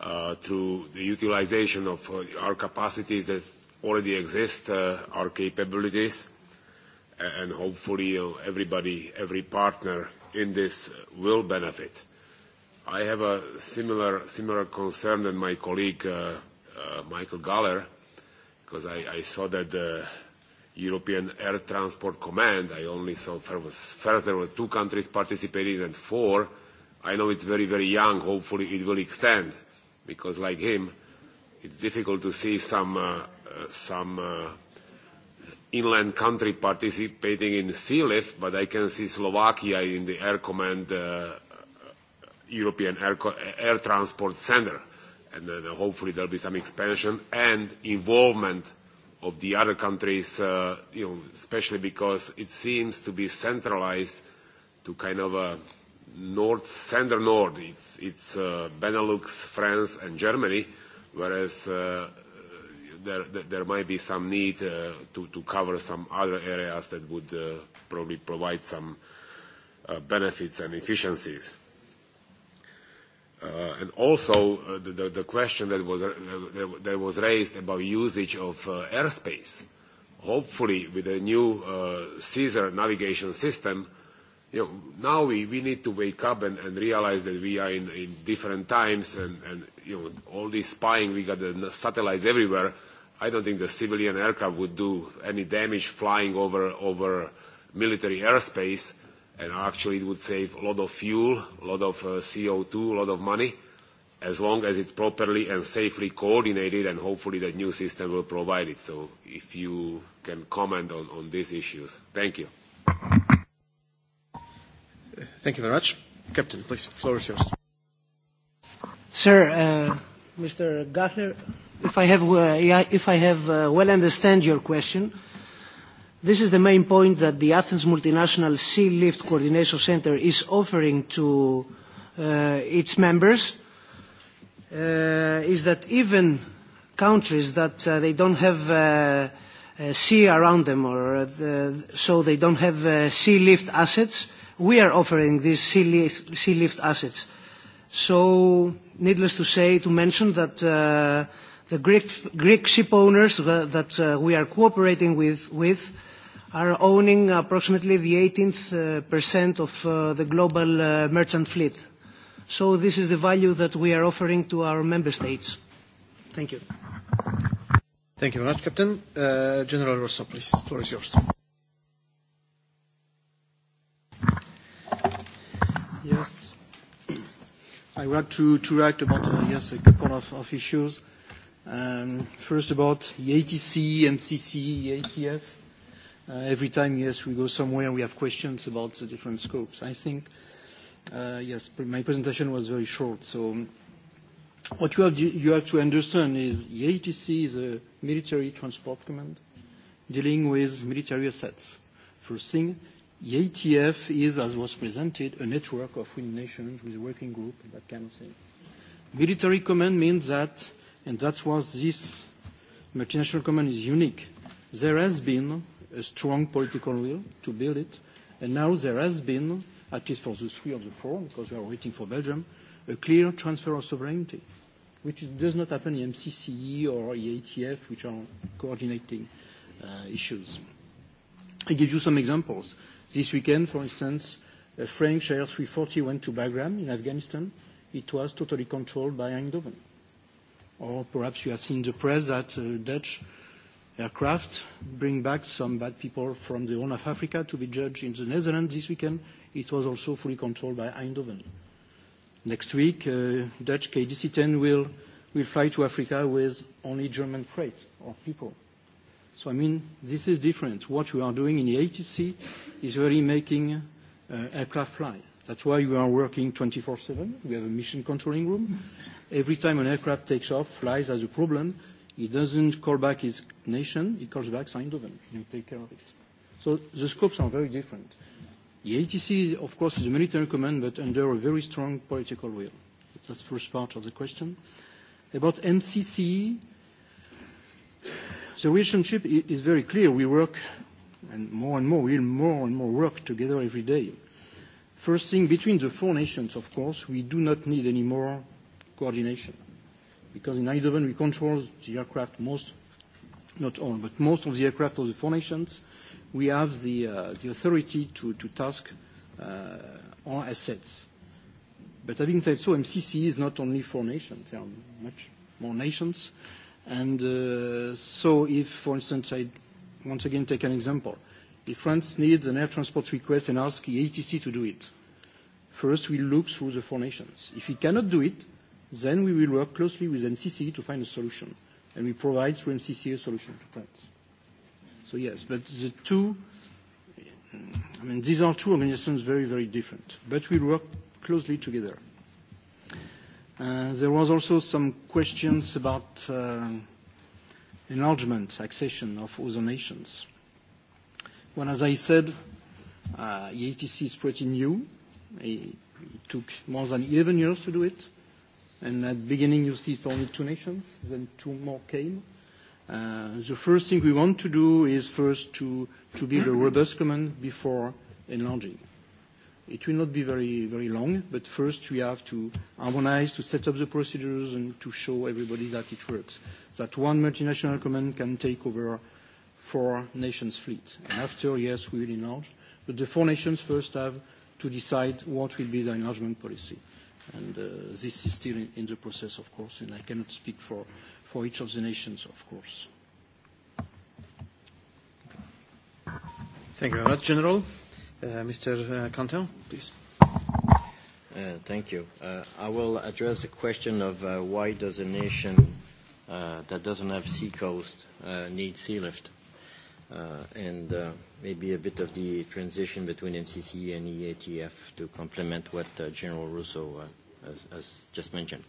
uh, through the utilization of uh, our capacities that already exist, uh, our capabilities, and hopefully, you know, everybody, every partner in this will benefit. Uh, I have a similar, similar concern than my colleague uh, uh, Michael Galler, because I, I saw that the European Air Transport Command, I only saw first, first there were two countries participating and four. I know it's very, very young. Hopefully it will extend, because like him, it's difficult to see some, uh, uh, some uh, inland country participating in sea lift, but I can see Slovakia in the air command uh, European Air, Air Transport Center. And then uh, hopefully there'll be some expansion and involvement of the other countries, uh, you know, especially because it seems to be centralized to kind of a uh, north, center north. It's, it's uh, Benelux, France, and Germany, whereas uh, there, there might be some need uh, to, to cover some other areas that would uh, probably provide some uh, benefits and efficiencies. Uh, and also uh, the, the, the question that was, uh, that was raised about usage of uh, airspace. Hopefully, with the new SESAR uh, navigation system, you know, now we, we need to wake up and, and realize that we are in, in different times and, and you know, all this spying, we got the satellites everywhere. I don't think the civilian aircraft would do any damage flying over, over military airspace and actually it would save a lot of fuel, a lot of uh, CO2, a lot of money, as long as it's properly and safely coordinated, and hopefully that new system will provide it. So if you can comment on, on these issues. Thank you. Thank you very much. Captain, please, floor is yours. Sir, uh, Mr. Gachler, if I have, uh, if I have uh, well understand your question, This is the main point that the Athens Multinational Sea Lift Coordination Center is offering to uh, its members, uh, is that even countries that uh, they don't have uh, uh, sea around them, or uh, the, so they don't have uh, sea lift assets, we are offering these sea lift, sea lift assets. So, needless to say, to mention that uh, the Greek, Greek ship owners that, that uh, we are cooperating with, with uh, are owning approximately the 18th uh, percent of uh, the global uh, merchant fleet. So this is the value that we are offering to our member states. Thank you. Thank you very much, Captain. Uh, General Rosso, please. The floor is yours. Yes. I would like to, to react about, uh, yes, a couple of, of issues. Um, first, about EATC, MCC, ATF. Uh, every time, yes, we go somewhere, we have questions about the different scopes. I think, uh, yes, my presentation was very short. So what you have, you have to understand is the ATC is a military transport command dealing with military assets. First thing, the ATF is, as was presented, a network of winning nations with a working group and that kind of things. Military command means that, and that's why this multinational command is unique, there has been a strong political will to build it. And now there has been, at least for the three of the four, because we are waiting for Belgium, a clear transfer of sovereignty, which does not happen in MCCE or EATF, which are coordinating uh, issues. I give you some examples. This weekend, for instance, a French Air 340 went to Bagram in Afghanistan. It was totally controlled by Eindhoven. Or perhaps you have seen the press that uh, Dutch uh, aircraft, bring back some bad people from the Horn of Africa to be judged in the Netherlands this weekend. It was also fully controlled by Eindhoven. Next week, uh, Dutch KDC-10 will, will fly to Africa with only German freight or people. So, I mean, this is different. What we are doing in the ATC is really making uh, aircraft fly. That's why we are working 24/7. We have a mission controlling room. Every time an aircraft takes off, flies, has a problem, He doesn't call back his nation, he calls back Eindhoven and take care of it. So the scopes are very different. The ATC, is, of course, is a military command, but under a very strong political will. That's the first part of the question. About MCCE, the relationship is very clear. We work, and more and more, we'll more and more work together every day. First thing, between the four nations, of course, we do not need any more coordination because in Eindhoven we control the aircraft most, not all, but most of the aircraft of the four nations. We have the, uh, the authority to, to task uh, on assets. But having said so, MCC is not only four nations, there are much more nations. And uh, so if, for instance, I once again take an example. If France needs an air transport request and asks the ATC to do it, first we look through the four nations. If we cannot do it, Then we will work closely with MCC to find a solution, and we provide through MCC a solution to that. So yes, but the two, I mean, these are two organizations very, very different, but we work closely together. Uh, there was also some questions about uh, enlargement, accession of other nations. Well, as I said, uh, EATC is pretty new. It, it took more than 11 years to do it. And at the beginning, you see it's only two nations, then two more came. Uh, the first thing we want to do is first to, to build a robust common before enlarging. It will not be very, very long, but first we have to harmonize, to set up the procedures, and to show everybody that it works. That one multinational common can take over four nations' fleet. And after, yes, we will enlarge, but the four nations first have to decide what will be the enlargement policy. Uh, And uh, this is still in, in the process, of course, and I cannot speak for, for each of the nations, of course. Thank you very much, General. Uh, Mr. Cantin, uh, please. Uh, thank you. Uh, I will address the question of uh, why does a nation uh, that doesn't have sea coast uh, need sea lift uh, and uh, maybe a bit of the transition between MCC and EATF to complement what uh, General Russo uh, has, has just mentioned.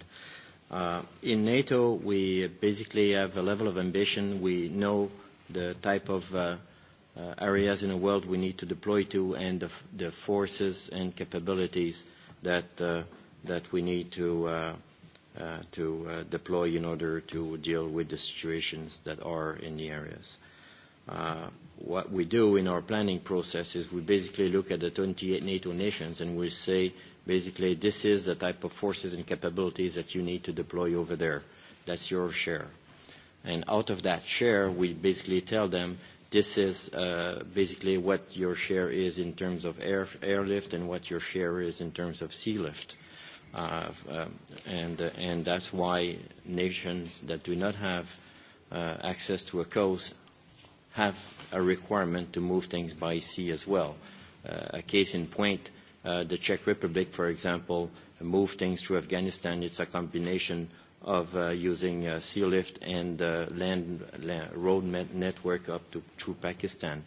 Uh, in NATO, we basically have a level of ambition. We know the type of uh, uh, areas in the world we need to deploy to and the, the forces and capabilities that, uh, that we need to, uh, uh, to uh, deploy in order to deal with the situations that are in the areas. Uh, uh, what we do in our planning process is we basically look at the 28 NATO nations and we say, basically, this is the type of forces and capabilities that you need to deploy over there. That's your share. And out of that share, we basically tell them, this is uh, basically what your share is in terms of air, airlift and what your share is in terms of sea lift. Uh, um, and, uh, and that's why nations that do not have uh, access to a coast have a requirement to move things by sea as well. Uh, a case in point, uh, the Czech Republic, for example, moved things through Afghanistan. It's a combination of uh, using uh, sea lift and uh, land, land road net network up to through Pakistan.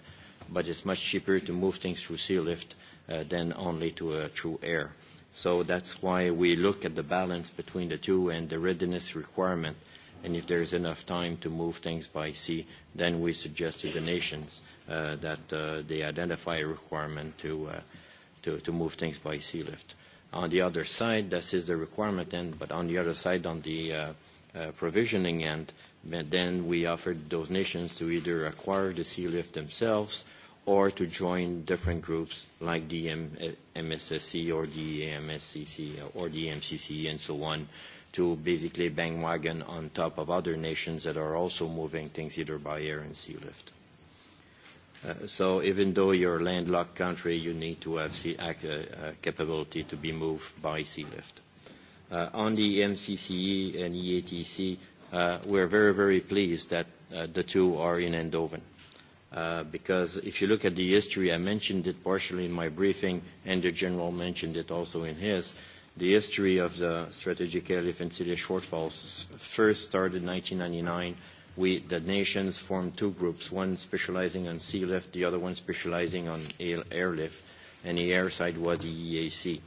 But it's much cheaper to move things through sea lift uh, than only to uh, through air. So that's why we look at the balance between the two and the readiness requirement uh, and if there is enough time to move things by sea, then we suggest to the nations uh, that uh, they identify a requirement to, uh, to, to move things by sea lift. On the other side, this is the requirement end, but on the other side, on the uh, uh, provisioning end, then we offer those nations to either acquire the sea lift themselves or to join different groups like the M- MSSC or the AMSCC or the MCC and so on uh, to basically bandwagon on top of other nations that are also moving things either by air and sea lift. Uh, so even though you're a landlocked country, you need to have sea, uh, uh, capability to be moved by sea lift. Uh, on the MCCE and EATC, uh, we're very, very pleased that uh, the two are in Eindhoven. Uh, because if you look at the history, I mentioned it partially in my briefing, and the general mentioned it also in his. Uh, The history of the strategic air defensive shortfalls first started in 1999 we, the nations formed two groups, one specializing on sea lift, the other one specializing on airlift, and the air side was the EAC.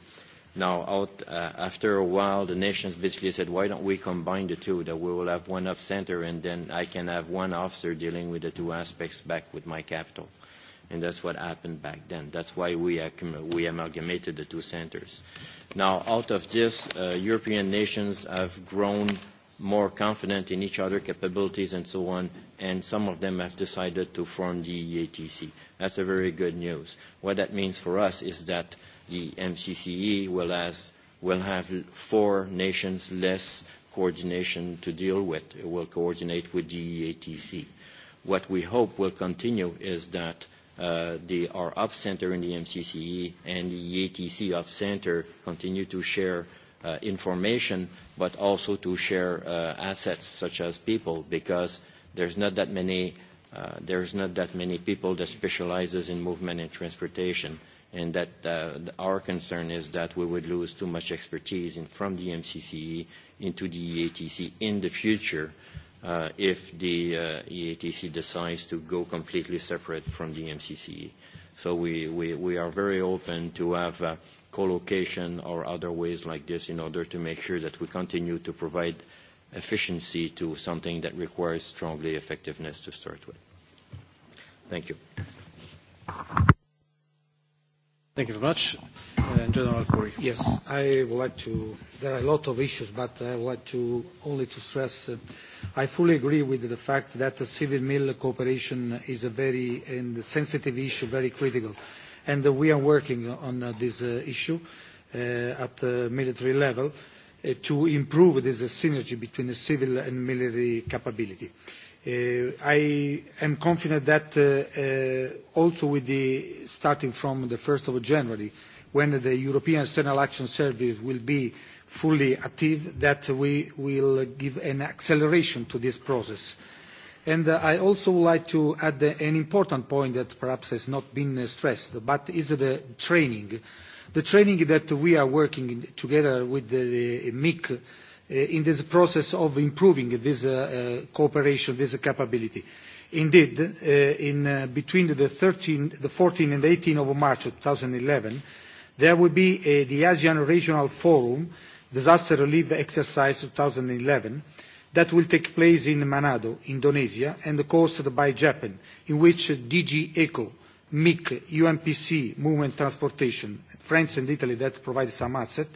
Now, out, uh, after a while, the nations basically said, why don't we combine the two, that we will have one off center, and then I can have one officer dealing with the two aspects back with my capital. Uh, and that's what happened back then. That's why we, we amalgamated the two centers. Now, out of this, uh, European nations have grown more confident in each other capabilities and so on, and some of them have decided to form the EATC. That's a very good news. What that means for us is that the MCCE will has, will have four nations less coordination to deal with. It will coordinate with the EATC. What we hope will continue is that Uh, the, our op center in the MCCE and the EATC op center continue to share uh, information, but also to share uh, assets such as people, because there's not that many uh, there's not that many people that specializes in movement and transportation, and that uh, our concern is that we would lose too much expertise in, from the MCCE into the EATC in the future. Uh, uh, if the uh, EATC decides to go completely separate from the MCCE. So we, we, we are very open to have uh, co-location or other ways like this in order to make sure that we continue to provide efficiency to something that requires strongly effectiveness to start with. Thank you. Thank you very much. Uh, General Corey. Yes, I would like to. There are a lot of issues, but I would like to only to stress, uh, I fully agree with the fact that the civil mill cooperation is a very and sensitive issue, very critical. And uh, we are working on uh, this uh, issue uh, at military level to improve this synergy between the civil and military capability. Uh, I am confident that uh, uh, also with the starting from the 1st of January, when the European External Action Service will be fully active, that we will give an acceleration to this process. And uh, I also would like to add an important point that perhaps has not been uh, stressed, but is the training. The training that we are working together with the MIC Uh, in this process of improving this uh, uh, cooperation, this capability. Indeed, in between the 13, the 14 and 18 of March 2011, there will be the ASEAN Regional Forum Disaster Relief Exercise 2011, that will take place in Manado, Indonesia, and hosted by Japan, in which DG ECO, MIC, UNPC, Movement Transportation, France and Italy that provide some asset,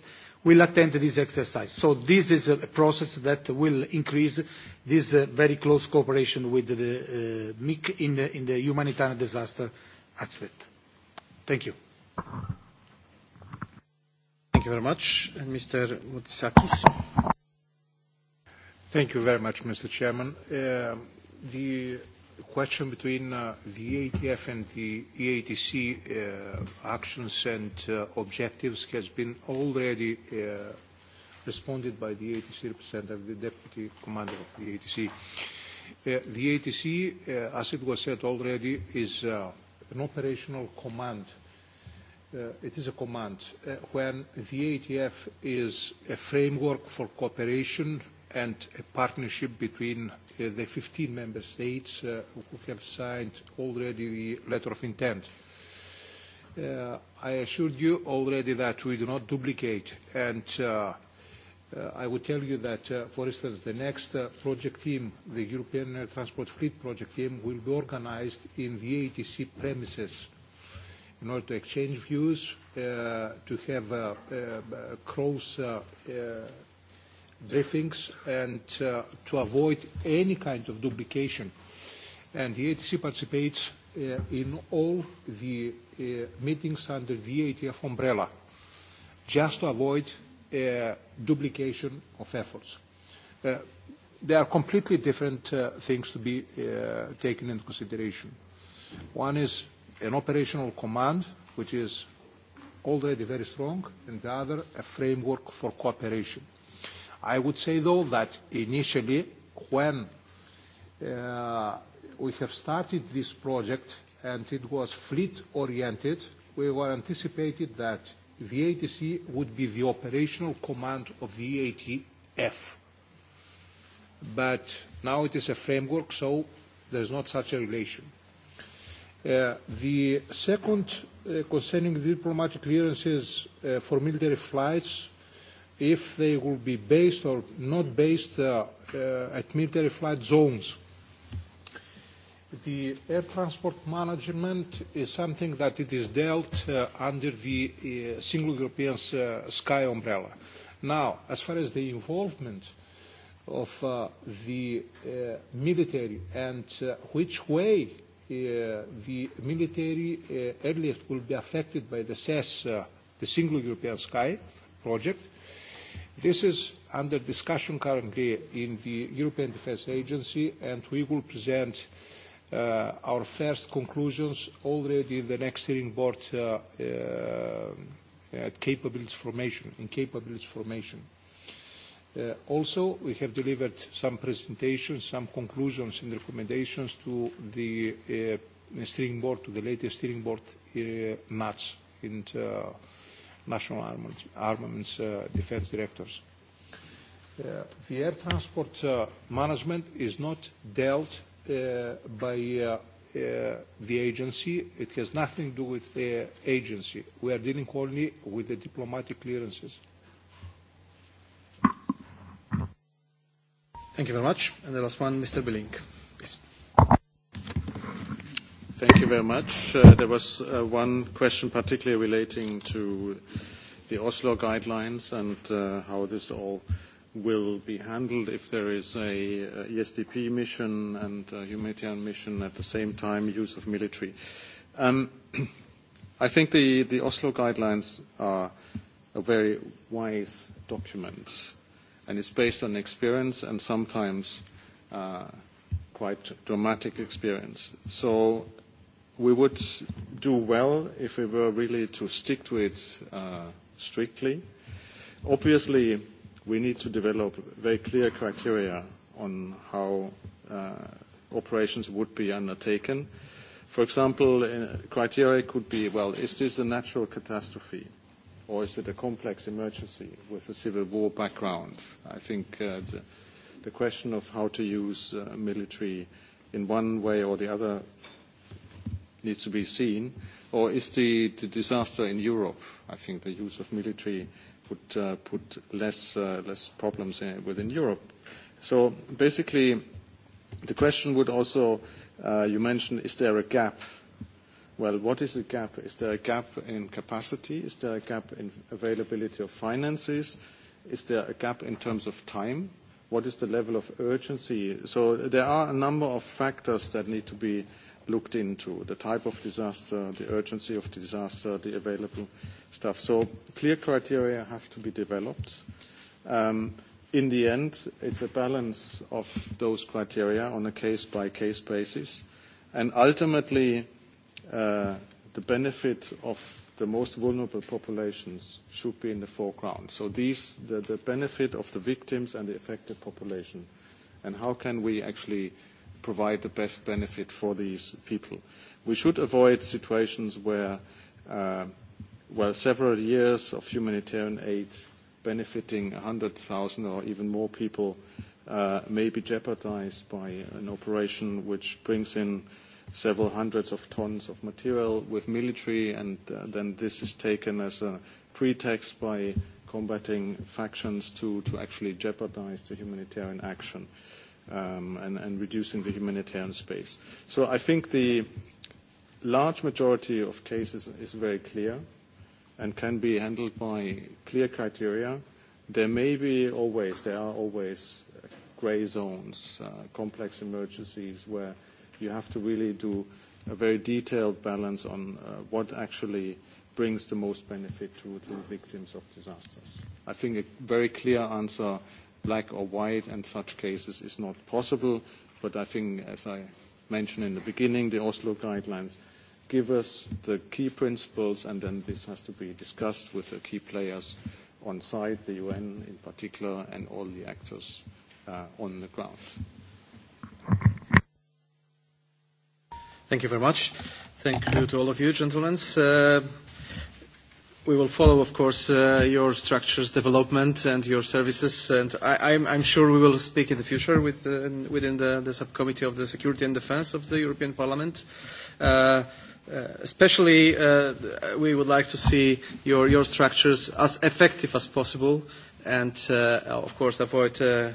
will attend this exercise. So this is a process that will increase this uh, very close cooperation with the uh, MIC in the, in the humanitarian disaster aspect. Thank you. Thank you very much. And Mr. Moutsakis. Thank you very much, Mr. Chairman. Uh, the question between uh, the EATF and the EATC uh, actions and uh, objectives has been already uh, responded by the e ATC representative, the deputy commander of the e ATC. Uh, the e ATC, uh, as it was said already, is uh, an operational command. Uh, it is a command. Uh, when the ATF is a framework for cooperation and a partnership between uh, the 15 member states uh, who have signed already the letter of intent. Uh, I assured you already that we do not duplicate, and uh, uh, I would tell you that, uh, for instance, the next uh, project team, the European Air Transport Fleet project team, will be organized in the ATC premises in order to exchange views, uh, to have uh, uh, cross uh, uh, briefings and uh, to avoid any kind of duplication. And the ATC participates uh, in all the uh, meetings under the ATF umbrella, just to avoid uh, duplication of efforts. Uh, they are completely different uh, things to be uh, taken into consideration. One is an operational command, which is already very strong, and the other, a framework for cooperation. Uh, I would say, though, that initially, when uh, we have started this project and it was fleet-oriented, we were anticipated that VATC would be the operational command of the EATF. But now it is a framework, so there's not such a relation. Uh, the second, uh, concerning diplomatic clearances uh, for military flights, if they will be based or not based uh, uh, at military flight zones. The air transport management is something that it is dealt uh, under the uh, single European uh, sky umbrella. Now, as far as the involvement of uh, the uh, military and uh, which way Uh, the military uh, airlift will be affected by the SES, uh, the Single European Sky project. This is under discussion currently in the European Defence Agency, and we will present uh, our first conclusions already in the next steering board uh, uh, at capability formation, in capability formation. Uh, also, we have delivered some presentations, some conclusions and recommendations to the uh, steering board, to the latest steering board uh, MATS in uh, national armaments, armaments uh, defense directors. Uh, the air transport uh, management is not dealt uh, by uh, uh, the agency. It has nothing to do with the agency. We are dealing only with the diplomatic clearances. Thank you very much. And the last one, Mr. Billing. Thank you very much. Uh, there was uh, one question particularly relating to the Oslo guidelines and uh, how this all will be handled if there is a uh, ESDP mission and a humanitarian mission at the same time, use of military. Um, <clears throat> I think the, the Oslo guidelines are a very wise document, and it's based on experience and sometimes uh, quite dramatic experience. So we would do well if we were really to stick to it uh, strictly. Obviously, we need to develop very clear criteria on how uh, operations would be undertaken. For example, uh, criteria could be, well, is this a natural catastrophe? Or is it a complex emergency with a civil war background? I think uh, the, the question of how to use uh, military in one way or the other needs to be seen, or is the, the disaster in Europe? I think the use of military would uh, put less, uh, less problems in, uh, within Europe. So basically, the question would also, uh, you mentioned, is there a gap? Well, what is the gap? Is there a gap in capacity? Is there a gap in availability of finances? Is there a gap in terms of time? What is the level of urgency? So there are a number of factors that need to be uh, looked into, the type of disaster, the urgency of the disaster, the available stuff. So clear criteria have to be developed. Um, in the end, it's a balance of those criteria on a case-by-case -case basis. And ultimately, uh, the benefit of the most vulnerable populations should be in the foreground. So these, the, the benefit of the victims and the affected population, and how can we actually uh, provide the best benefit for these people. We should avoid situations where, uh, where several years of humanitarian aid benefiting 100,000 or even more people uh, may be jeopardized by an operation which brings in several hundreds of tons of material with military, and uh, then this is taken as a pretext by combating factions to, to actually jeopardize the humanitarian action. Uh, um, and, and reducing the humanitarian space. So I think the large majority of cases is very clear and can be handled by clear criteria. There may be always, there are always gray zones, uh, complex emergencies where you have to really do a very detailed balance on uh, what actually brings the most benefit to the victims of disasters. I think a very clear answer black or white, and such cases is not possible. But I think, as I mentioned in the beginning, the Oslo guidelines give us the key principles, and then this has to be discussed with the key players on site, the UN in particular, and all the actors uh, on the ground. Thank you very much. Thank you to all of you, gentlemen. Uh, we will follow, of course, uh, your structure's development and your services, and I, I'm, I'm sure we will speak in the future with, uh, within the, the subcommittee of the Security and Defense of the European Parliament. Uh, Uh, especially, uh, we would like to see your, your structures as effective as possible and, uh, of course, avoid uh,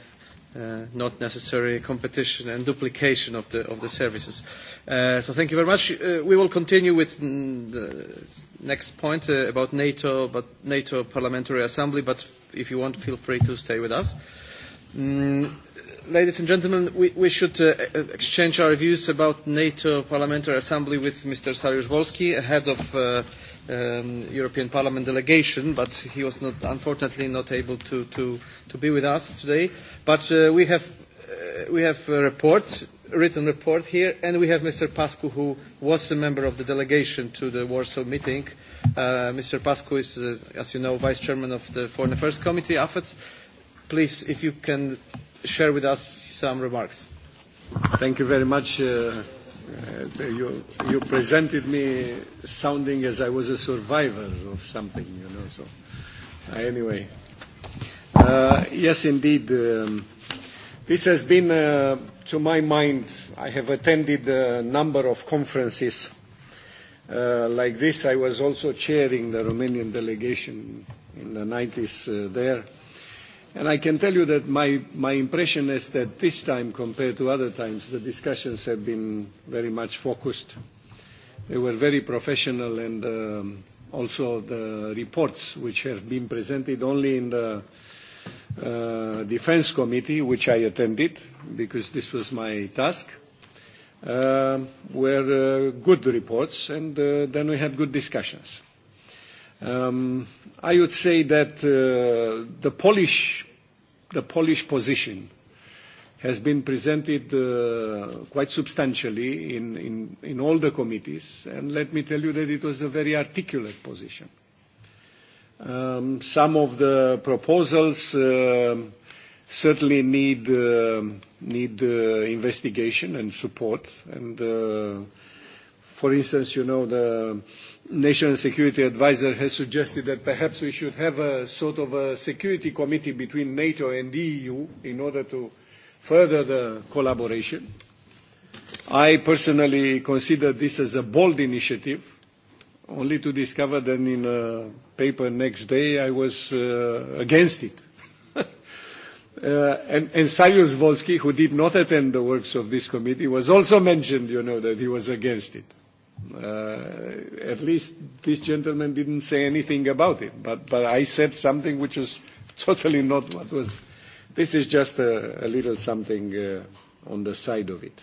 uh, not necessary competition and duplication of the, of the services. Uh, so thank you very much. Uh, we will continue with the next point uh, about NATO, but NATO Parliamentary Assembly, but if you want, feel free to stay with us. Mm ladies and gentlemen, we, we should uh, exchange our views about NATO Parliamentary Assembly with Mr. Sariusz Wolski, head of uh, um, European Parliament delegation, but he was not, unfortunately not able to, to, to be with us today. But uh, we have uh, we have a report, a written report here, and we have Mr. Pascu, who was a member of the delegation to the Warsaw meeting. Uh, Mr. Pascu is, uh, as you know, vice chairman of the Foreign Affairs Committee, AFET. Please, if you can share with us some remarks. Thank you very much. Uh, uh, you, you presented me sounding as I was a survivor of something, you know. So, uh, anyway, uh, yes, indeed, um, this has been, uh, to my mind, I have attended a number of conferences uh, like this. I was also chairing the Romanian delegation in the 90s uh, there. Uh, And I can tell you that my, my impression is that this time, compared to other times, the discussions have been very much focused. They were very professional, and um, also the reports which have been presented only in the uh, Defense Committee, which I attended because this was my task, uh, were uh, good reports, and uh, then we had good discussions. Um, I would say that uh, the Polish the Polish position has been presented uh, quite substantially in, in, in all the committees, and let me tell you that it was a very articulate position. Um, some of the proposals uh, certainly need, uh, need uh, investigation and support. And, uh, for instance, you know, the uh, National Security Advisor has suggested that perhaps we should have a sort of a security committee between NATO and the EU in order to further the collaboration. I personally consider this as a bold initiative, only to discover that in a paper next day I was uh, against it. <laughs> uh, and, and Cyrus Volsky, who did not attend the works of this committee, was also mentioned, you know, that he was against it. Uh, Uh, at least this gentleman didn't say anything about it, but, but I said something which was <laughs> totally not what was. This is just a, a little something uh, on the side of it.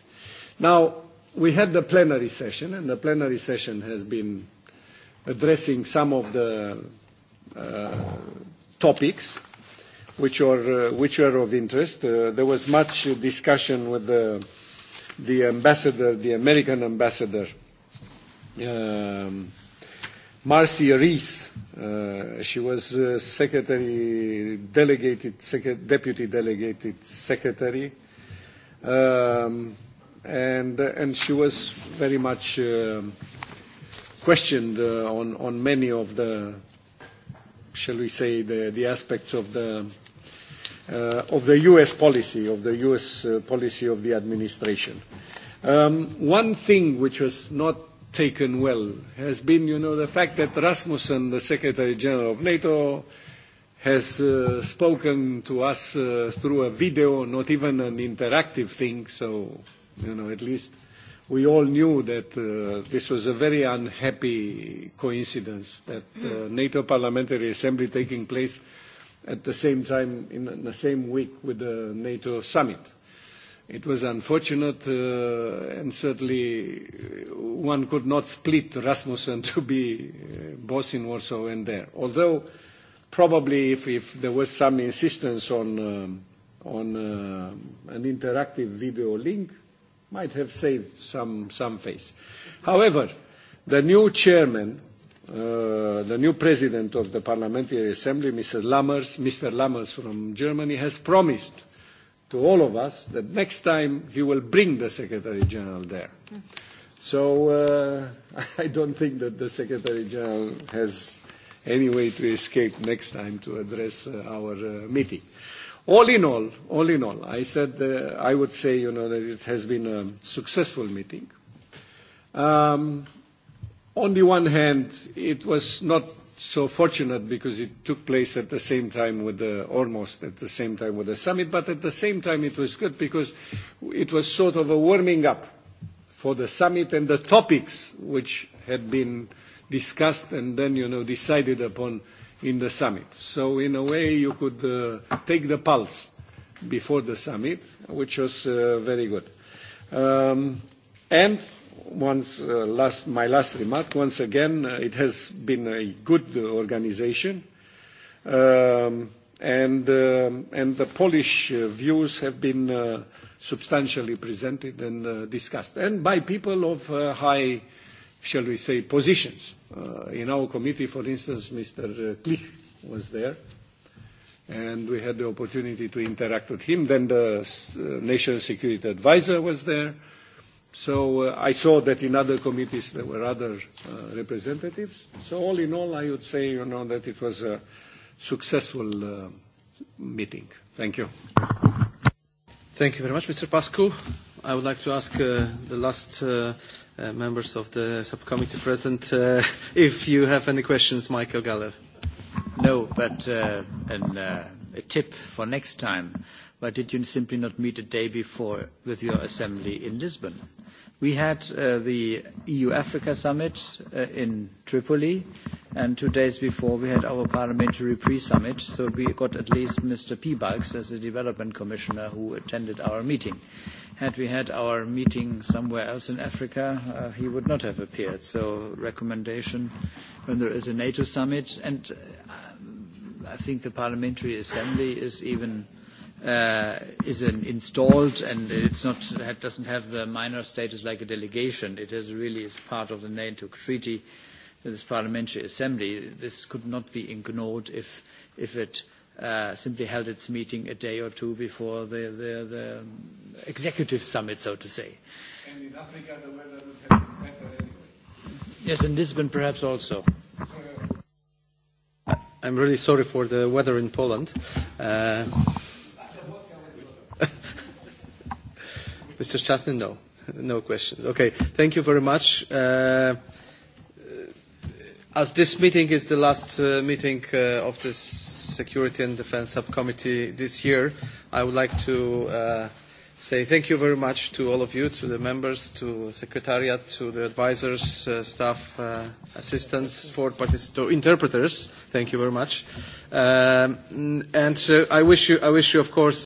Now, we had the plenary session, and the plenary session has been addressing some of the uh, topics which are, uh, which are of interest. Uh, there was much discussion with the, the ambassador, the American ambassador, uh, um, Marcia Rees. Uh, she was uh, secretary, delegated, sec- deputy delegated secretary, um, and uh, and she was very much uh, questioned uh, on on many of the, shall we say, the the aspects of the. Uh, of the U.S. policy, of the U.S. Uh, policy of the administration. Um, one thing which was not taken well has been, you know, the fact that Rasmussen, the Secretary General of NATO, has uh, spoken to us uh, through a video, not even an interactive thing, so, you know, at least we all knew that uh, this was a very unhappy coincidence that uh, hmm. NATO Parliamentary Assembly taking place at the same time in the same week with the NATO summit. It was unfortunate, uh, and certainly uh, one could not split Rasmussen <laughs> to be uh, both in Warsaw and there. Although probably if, if there was some insistence on, um, on uh, an interactive video link, might have saved some, some face. However, the new chairman, uh, the new president of the Parliamentary Assembly, Mrs. Lammers, Mr. Lammers from Germany, has promised to all of us that next time he will bring the Secretary General there. So uh, <laughs> I don't think that the Secretary General has any way to escape next time to address uh, our uh, meeting. All in all, all in all, I said uh, I would say you know that it has been a successful meeting. Um, on the one hand, it was not so fortunate because it took place at the same time with the, almost at the same time with the summit, but at the same time it was good because it was sort of a warming up for the summit and the topics which had been discussed and then, you know, decided upon in the summit. So in a way you could uh, take the pulse before the summit, which was uh, very good. Um, and once, uh, last, my last remark. Once again, uh, it has been a good organization. Um, and, um, and the Polish uh, views have been uh, substantially presented and uh, discussed, and by people of uh, high, shall we say, positions. Uh, in our committee, for instance, Mr. Uh, Klich was there, and we had the opportunity to interact with him. Then the uh, National Security Advisor was there. Uh, So uh, I saw that in other committees there were other uh, representatives. So all in all, I would say, you know, that it was a successful uh, meeting. Thank you. Thank you very much, Mr. Pascu. I would like to ask uh, the last uh, uh, members of the subcommittee present uh, <laughs> if you have any questions, Michael Galler. No, but uh, an, uh, a tip for next time. Uh, Why did you simply not meet a day before with your assembly in Lisbon? We had uh, the EU-Africa summit uh, in Tripoli, and two days before we had our parliamentary pre-summit, so we got at least Mr. Piebalgs as the development commissioner who attended our meeting. Had we had our meeting somewhere else in Africa, uh, he would not have appeared. So recommendation when there is a NATO summit, and uh, I think the parliamentary assembly is even – uh, is an installed and it's not it doesn't have the minor status like a delegation. It is really is part of the NATO treaty, this parliamentary assembly. This could not be ignored if if it uh, simply held its meeting a day or two before the, the, the executive summit, so to say. And in Africa, the weather would have been better anyway. Yes, in Lisbon perhaps also. I'm really sorry for the weather in Poland. Uh, <laughs> Mr. Chastin, no. No questions. Okay. Thank you very much. Uh, as this meeting is the last uh, meeting uh, of the Security and Defense Subcommittee this year, I would like to uh, say thank you very much to all of you, to the members, to Secretariat, to the advisors, uh, staff, uh, assistants, for particip- interpreters. Thank you very much. Um, and uh, I, wish you, I wish you, of course,